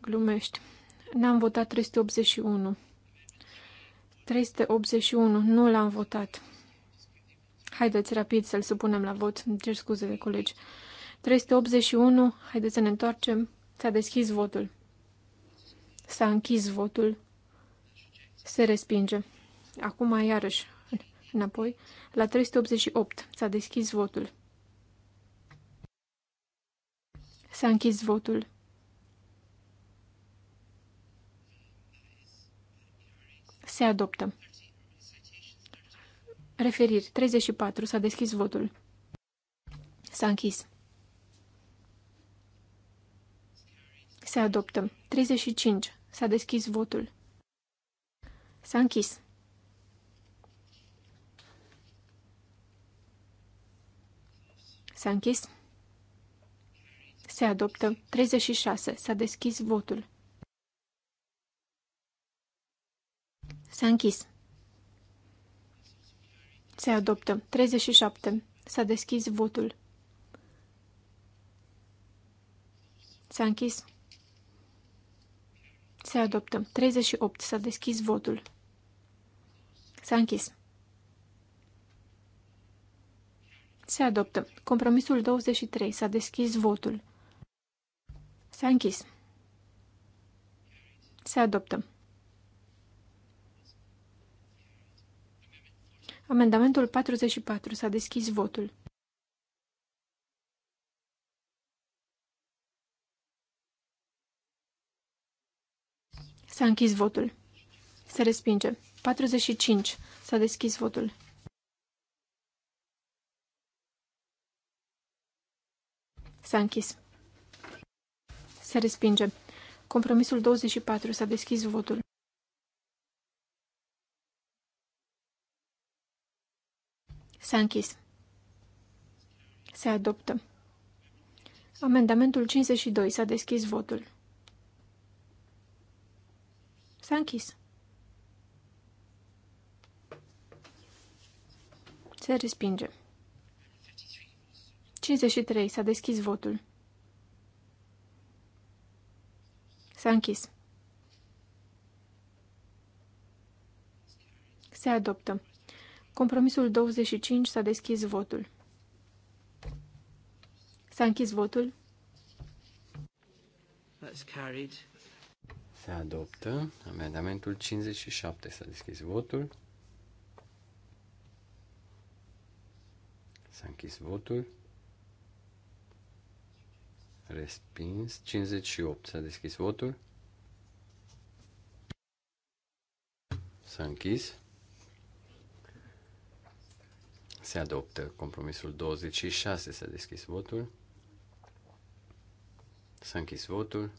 Glumești. N-am votat 381. 381. Nu l-am votat. Haideți rapid să-l supunem la vot. Îmi cer scuze de colegi. 381. Haideți să ne întoarcem. S-a deschis votul. S-a închis votul. Se respinge. Acum iarăși înapoi. La 388 s-a deschis votul. S-a închis votul. Se adoptă. Referiri 34. S-a deschis votul. S-a închis. Se adoptă. 35. S-a deschis votul. S-a închis. S-a închis. Se adoptă. 36. S-a deschis votul. S-a închis. Se adoptă. 37. S-a deschis votul. S-a închis. Se adoptă. 38. S-a deschis votul. S-a închis. Se adoptă. Compromisul 23. S-a deschis votul. S-a închis. Se adoptă. Amendamentul 44. S-a deschis votul. S-a închis votul. Se respinge. 45. S-a deschis votul. S-a închis. Se respinge. Compromisul 24. S-a deschis votul. S-a închis. Se adoptă. Amendamentul 52. S-a deschis votul. S-a închis. Se respinge. 53. S-a deschis votul. S-a închis. Se adoptă. Compromisul 25 s-a deschis votul. S-a închis votul. That's carried. Se adoptă. Amendamentul 57. S-a deschis votul. S-a închis votul. Respins. 58. S-a deschis votul. S-a închis. Se adoptă compromisul 26. S-a deschis votul. S-a închis votul.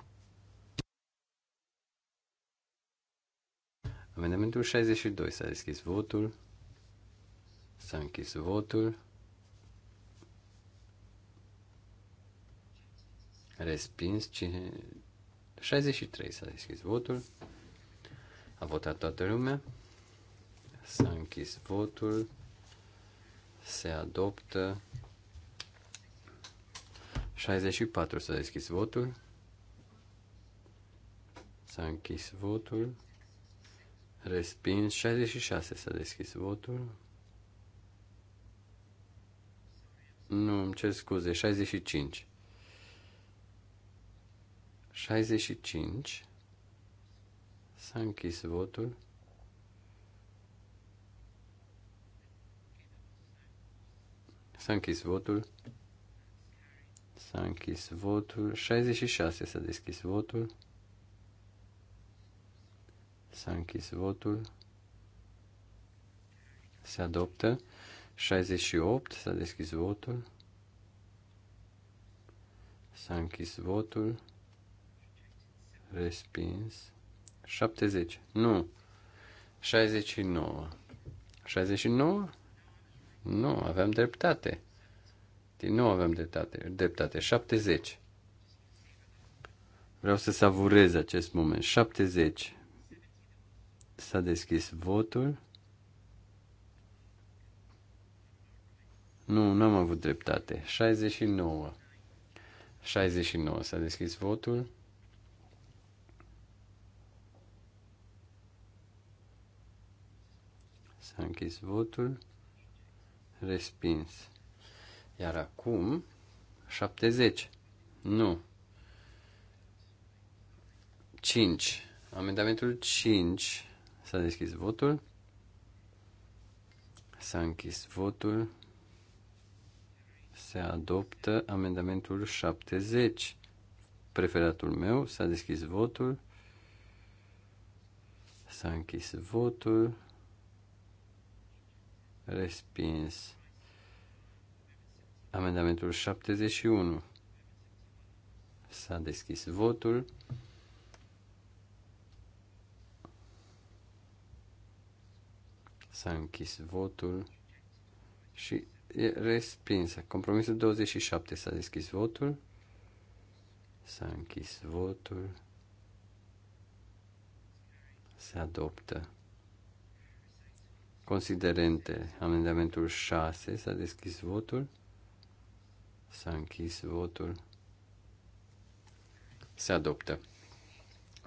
Amendamentul 62. S-a deschis votul. S-a închis votul. Respins. 63. S-a deschis votul. A votat toată lumea. S-a închis votul. Se adoptă. 64. S-a deschis votul. S-a închis votul. Respins 66. S-a deschis votul. Nu, îmi cer scuze. 65. 65. S-a închis votul. S-a închis votul. S-a închis votul. 66 s-a deschis votul. S-a închis votul. Se adoptă. 68. S-a deschis votul. S-a închis votul. Respins. 70. Nu. 69. 69? Nu, avem dreptate. Din nou avem dreptate. dreptate. 70. Vreau să savurez acest moment. 70. S-a deschis votul. Nu, n-am avut dreptate. 69. 69. S-a deschis votul. S-a închis votul. Respins. Iar acum, 70. Nu. 5. Amendamentul 5 S-a deschis votul. S-a închis votul. Se adoptă amendamentul 70. Preferatul meu. S-a deschis votul. S-a închis votul. Respins. Amendamentul 71. S-a deschis votul. S-a închis votul și e respinsă. Compromisul 27 s-a deschis votul. S-a închis votul. Se adoptă. Considerente. Amendamentul 6 s-a deschis votul. S-a închis votul. Se adoptă.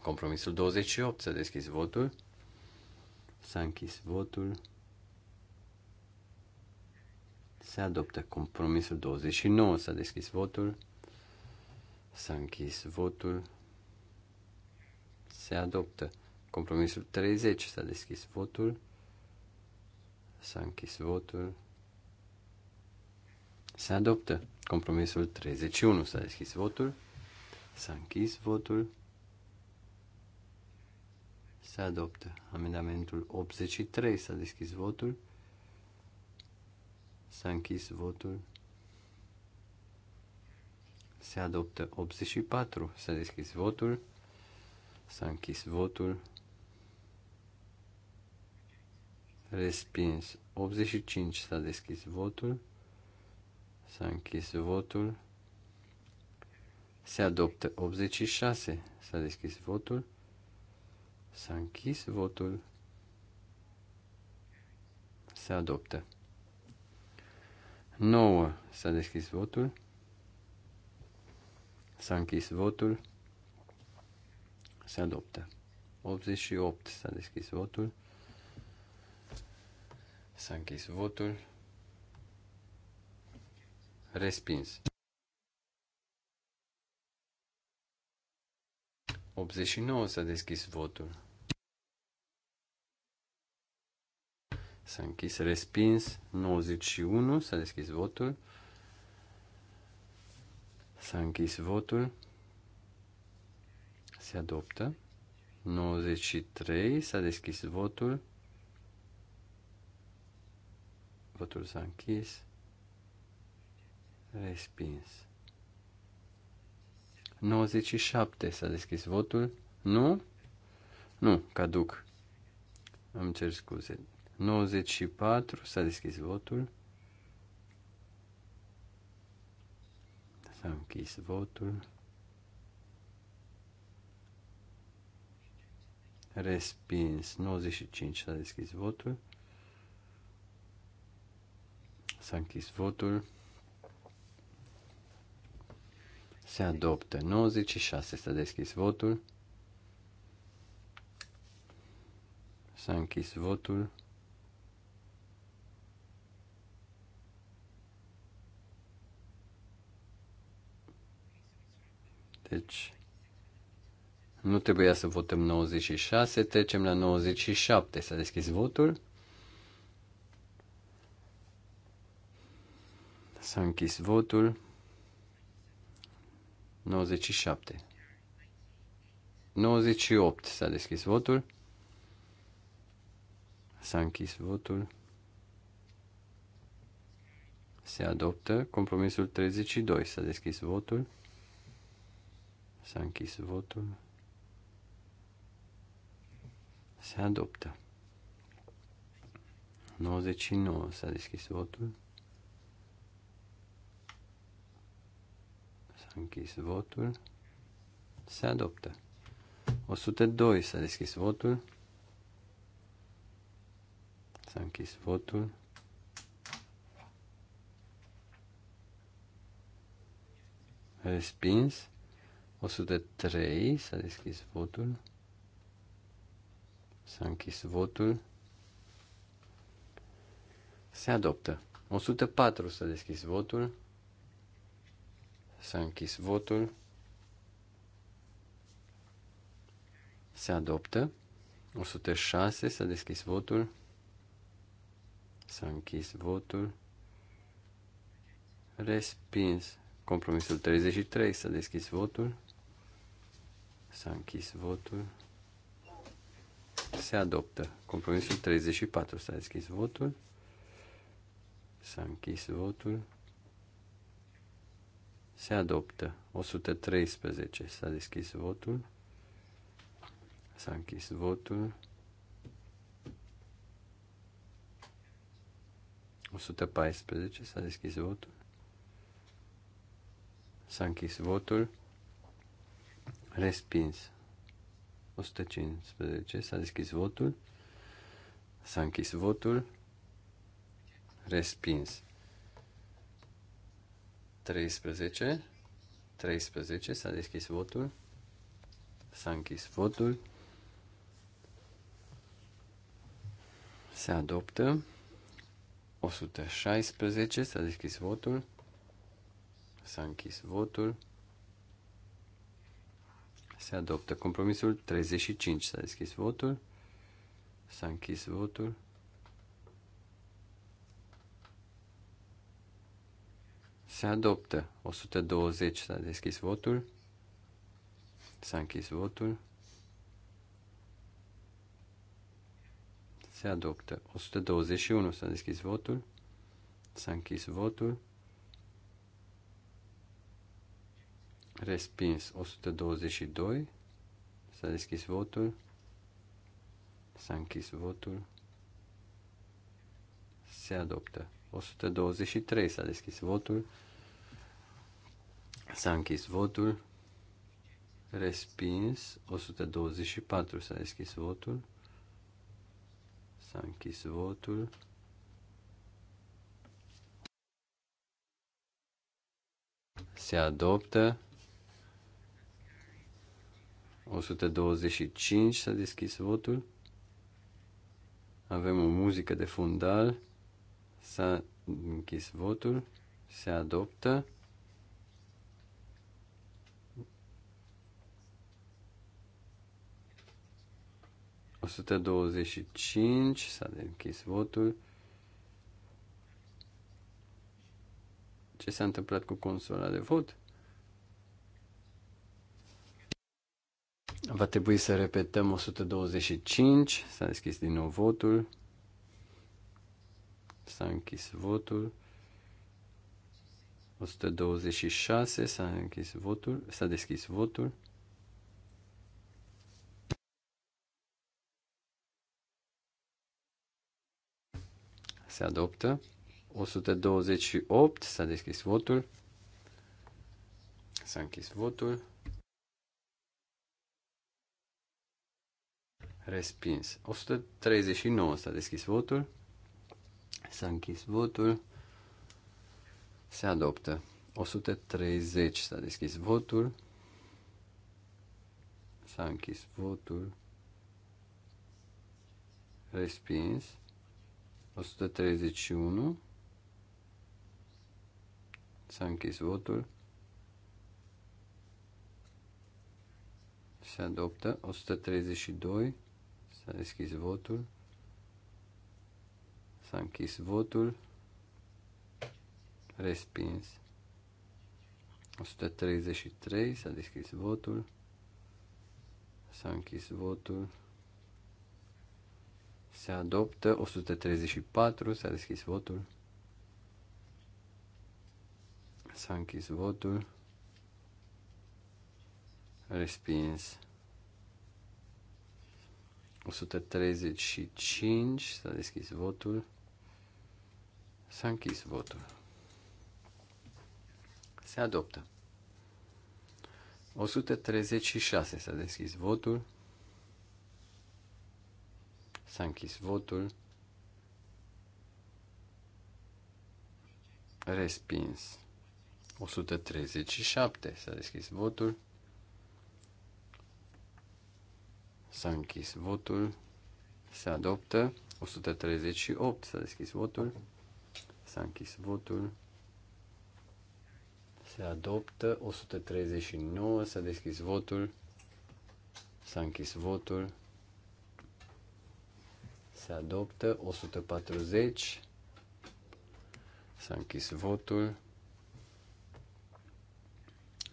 Compromisul 28 s-a deschis votul. S-a închis votul. Se adoptă compromisul 29. S-a deschis votul. S-a închis votul. Se adoptă compromisul 30. S-a deschis votul. S-a închis votul. Se adoptă compromisul 31. S-a deschis votul. S-a închis votul. Se adoptă. Amendamentul 83. S-a deschis votul. S-a închis votul. Se adoptă 84. S-a deschis votul. S-a închis votul. Respins 85. S-a deschis votul. S-a închis votul. Se adoptă 86. S-a deschis votul. S-a închis votul. Se adoptă. 9. S-a deschis votul. S-a închis votul. Se adoptă. 88. S-a deschis votul. S-a închis votul. Respins. 89 s-a deschis votul. S-a închis respins. 91 s-a deschis votul. S-a închis votul. Se adoptă. 93 s-a deschis votul. Votul s-a închis. Respins. 97. S-a deschis votul? Nu? Nu, caduc. Îmi cer scuze. 94. S-a deschis votul. S-a închis votul. Respins. 95. S-a deschis votul. S-a închis votul. se adoptă. 96 s-a deschis votul. S-a închis votul. Deci nu trebuia să votăm 96, trecem la 97. S-a deschis votul. S-a închis votul. 97. 98 s-a deschis votul. S-a închis votul. Se adoptă compromisul 32. S-a deschis votul. S-a închis votul. Se adoptă. 99. S-a deschis votul. închis votul. Se adoptă. 102 s-a deschis votul. S-a închis votul. Respins. 103 s-a deschis votul. S-a închis votul. Se adoptă. 104 s-a deschis votul. S-a închis votul. Se adoptă. 106. S-a deschis votul. S-a închis votul. Respins. Compromisul 33. S-a deschis votul. S-a închis votul. Se adoptă. Compromisul 34. S-a deschis votul. S-a închis votul. Se adoptă. 113. S-a deschis votul. S-a închis votul. 114. S-a deschis votul. S-a închis votul. Respins. 115. S-a deschis votul. S-a închis votul. Respins. 13. 13. S-a deschis votul. S-a închis votul. Se adoptă. 116. S-a deschis votul. S-a închis votul. Se adoptă. Compromisul 35. S-a deschis votul. S-a închis votul. Se adoptă. 120 s-a deschis votul. S-a închis votul. Se adoptă. 121 s-a deschis votul. S-a închis votul. Respins 122. S-a deschis votul. S-a închis votul. Se adoptă. 123 s-a deschis votul. S-a închis votul. Respins. 124 s-a deschis votul. S-a închis votul. Se adoptă. 125 s-a deschis votul. Avem o muzică de fundal. S-a închis votul. Se adoptă. 125, s-a închis votul. Ce s-a întâmplat cu consola de vot? Va trebui să repetăm 125, s-a deschis din nou votul. S-a închis votul. 126, s-a închis votul, s-a deschis votul. se adoptă. 128, s-a deschis votul. S-a închis votul. Respins. 139 s-a deschis votul. S-a închis votul. Se adoptă. 130 s-a deschis votul. S-a închis votul. Respins. 131. S-a închis votul. Se adoptă. 132. S-a deschis votul. S-a închis votul. Respins. 133. S-a deschis votul. S-a închis votul. Se adoptă 134, s-a deschis votul. S-a închis votul. Respins. 135, s-a deschis votul. S-a închis votul. Se adoptă. 136 s-a deschis votul. S-a închis votul. Respins. 137. S-a deschis votul. S-a închis votul. Se adoptă. 138. S-a deschis votul. S-a închis votul. Se adoptă. 139. S-a deschis votul. S-a închis votul se adoptă. 140. S-a închis votul.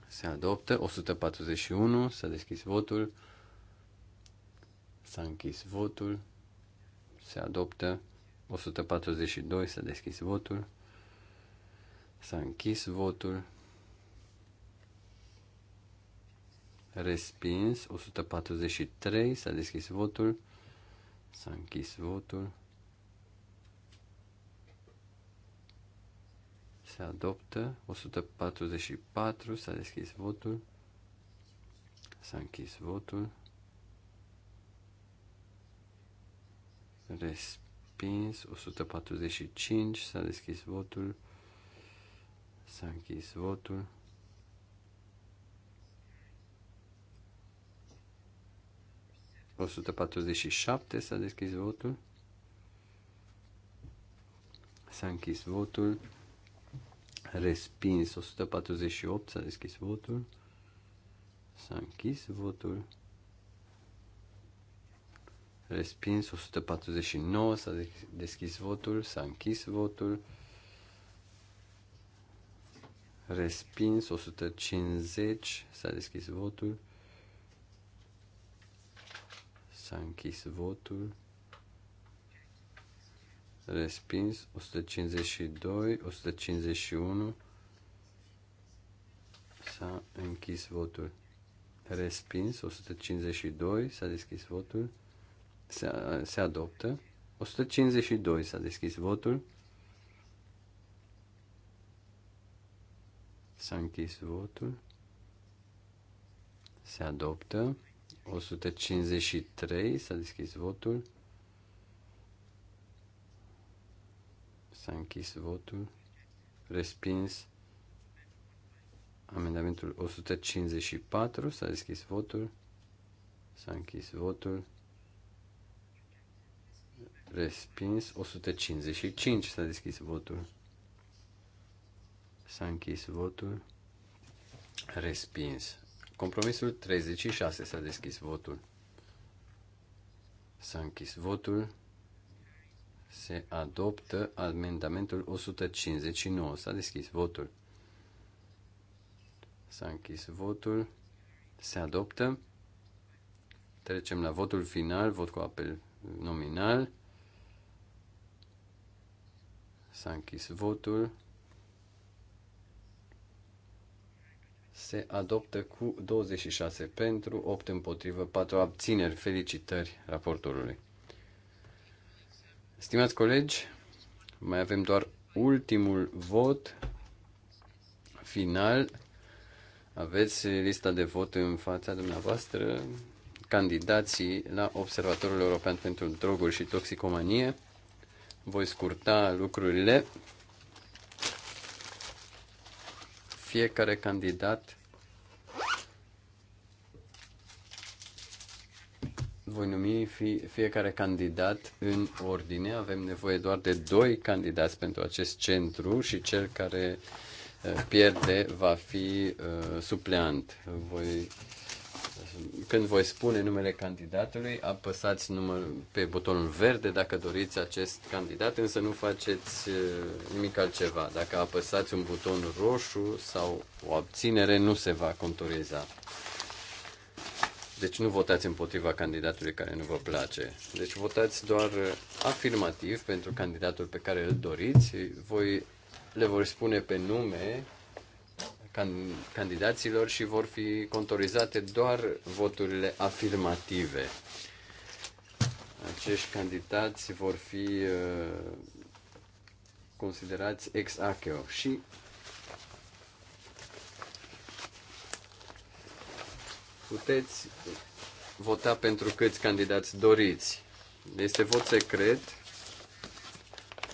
Se adoptă. 141. S-a deschis votul. S-a închis votul. Se adoptă. 142. S-a deschis votul. S-a închis votul. Respins. 143. S-a deschis votul. S-a închis votul. Se adoptă. 144. S-a deschis votul. S-a închis votul. Respins. 145. S-a deschis votul. S-a închis votul. 147 s-a deschis votul. S-a închis votul. Respins 148 s-a deschis votul. S-a închis votul. Respins 149 s-a deschis votul. S-a închis votul. Respins 150 s-a deschis votul. S-a închis votul. Respins 152, 151. S-a închis votul. Respins 152, s-a deschis votul. Se, se adoptă. 152 s-a deschis votul. S-a închis votul. Se adoptă. 153 s-a deschis votul. S-a închis votul. Respins. Amendamentul 154 s-a deschis votul. S-a închis votul. Respins. 155 s-a deschis votul. S-a închis votul. Respins. Compromisul 36 s-a deschis votul. S-a închis votul. Se adoptă amendamentul 159. S-a deschis votul. S-a închis votul. Se adoptă. Trecem la votul final, vot cu apel nominal. S-a închis votul. se adoptă cu 26 pentru, 8 împotrivă, 4 abțineri. Felicitări raportorului. Stimați colegi, mai avem doar ultimul vot final. Aveți lista de vot în fața dumneavoastră, candidații la Observatorul European pentru Droguri și Toxicomanie. Voi scurta lucrurile fiecare candidat voi numi fiecare candidat în ordine. Avem nevoie doar de doi candidați pentru acest centru și cel care eh, pierde va fi eh, supleant. Voi când voi spune numele candidatului, apăsați număr, pe butonul verde dacă doriți acest candidat, însă nu faceți uh, nimic altceva. Dacă apăsați un buton roșu sau o abținere, nu se va contoriza. Deci nu votați împotriva candidatului care nu vă place. Deci votați doar uh, afirmativ pentru candidatul pe care îl doriți. Voi le vor spune pe nume candidaților și vor fi contorizate doar voturile afirmative. Acești candidați vor fi uh, considerați ex acheo și puteți vota pentru câți candidați doriți. Este vot secret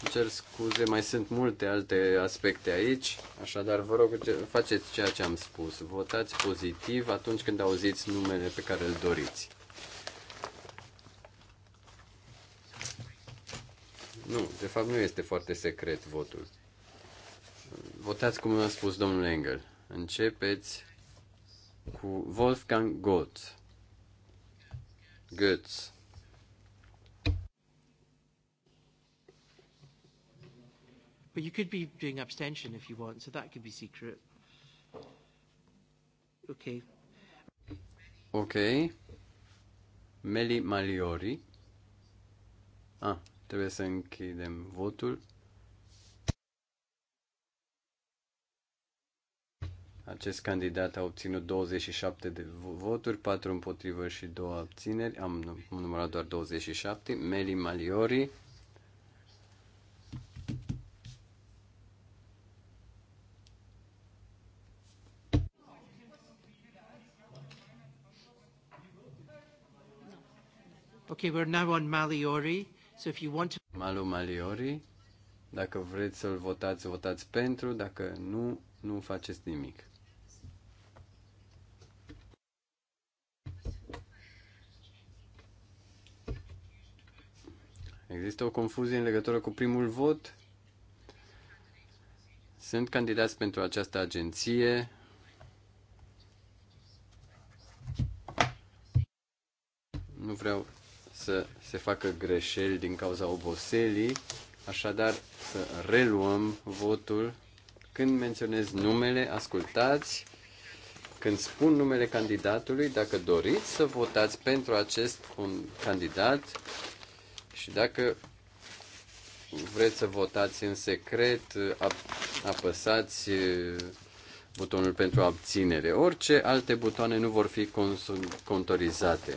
cer scuze, mai sunt multe alte aspecte aici, așadar vă rog, faceți ceea ce am spus. Votați pozitiv atunci când auziți numele pe care îl doriți. Nu, de fapt nu este foarte secret votul. Votați cum a spus domnul Engel. Începeți cu Wolfgang Goetz. Goetz. But you could be doing abstention if you want, so that could be secret. Okay. Okay. Meli Maliori. Ah, trebuie să închidem votul. Acest candidat a obținut 27 de voturi, 4 împotrivă și 2 abțineri. Am numărat doar 27. Meli Maliori. Okay, we're now on Maliori. So if you want to... Malu Maliori. Dacă vreți să-l votați, votați pentru. Dacă nu, nu faceți nimic. Există o confuzie în legătură cu primul vot. Sunt candidați pentru această agenție. Nu vreau să se facă greșeli din cauza oboselii, așadar să reluăm votul. Când menționez numele, ascultați. Când spun numele candidatului, dacă doriți să votați pentru acest un candidat și dacă vreți să votați în secret, apăsați eh, butonul pentru abținere. Orice alte butoane nu vor fi contorizate.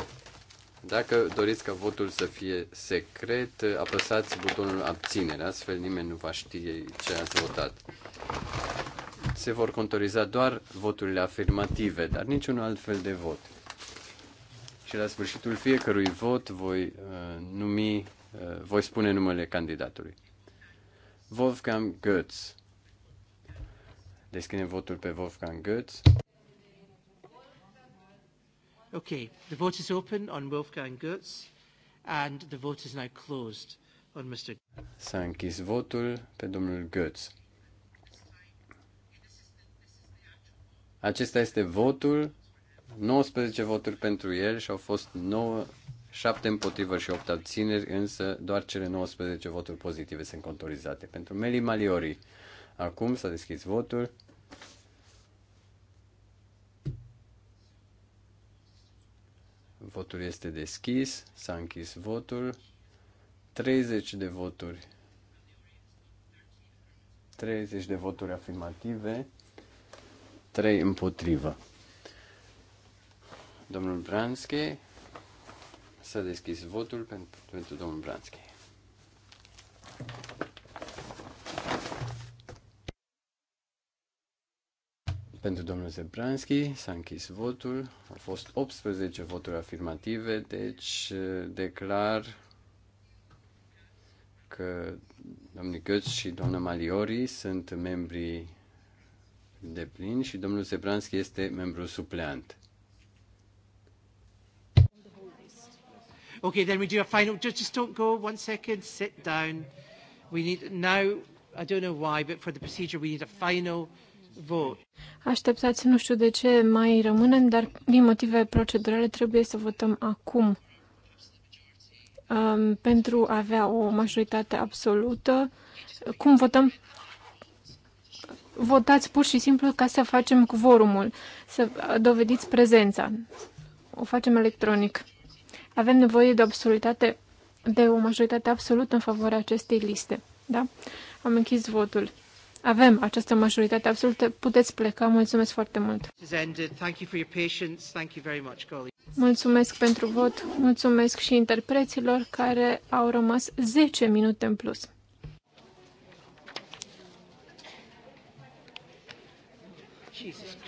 Dacă doriți ca votul să fie secret, apăsați butonul abținere, astfel nimeni nu va ști ce ați votat. Se vor contoriza doar voturile afirmative, dar niciun alt fel de vot. Și la sfârșitul fiecărui vot voi uh, numi, uh, voi spune numele candidatului. Wolfgang Götz. Deschidem votul pe Wolfgang Götz. Okay, the vote is open on Wolfgang Goetz and the vote is now closed on Mr. S-a închis votul pe domnul Goetz. Acesta este votul, 19 voturi pentru el și au fost 9, 7 împotrivă și 8 abțineri, însă doar cele 19 voturi pozitive sunt contorizate. Pentru Meli Maliori, acum s-a deschis votul. Votul este deschis. S-a închis votul. 30 de voturi. 30 de voturi afirmative. 3 împotrivă. Domnul Branske s-a deschis votul pentru, pentru domnul Branske. Pentru domnul Zebranski s-a închis votul. Au fost 18 voturi afirmative, deci uh, declar că domnul Găț și doamna Maliori sunt membri de plin și domnul Zebranski este membru supleant. Okay, then we do a final. Just, just don't go. One second. Sit down. We need now. I don't know why, but for the procedure, we need a final Așteptați, nu știu de ce mai rămânem, dar din motive procedurale trebuie să votăm acum. Um, pentru a avea o majoritate absolută, cum votăm? Votați pur și simplu ca să facem cuvorumul, să dovediți prezența. O facem electronic. Avem nevoie de absolutate, de o majoritate absolută în favoarea acestei liste. Da? Am închis votul avem această majoritate absolută, puteți pleca. Mulțumesc foarte mult. Mulțumesc pentru vot, mulțumesc și interpreților care au rămas 10 minute în plus. Jesus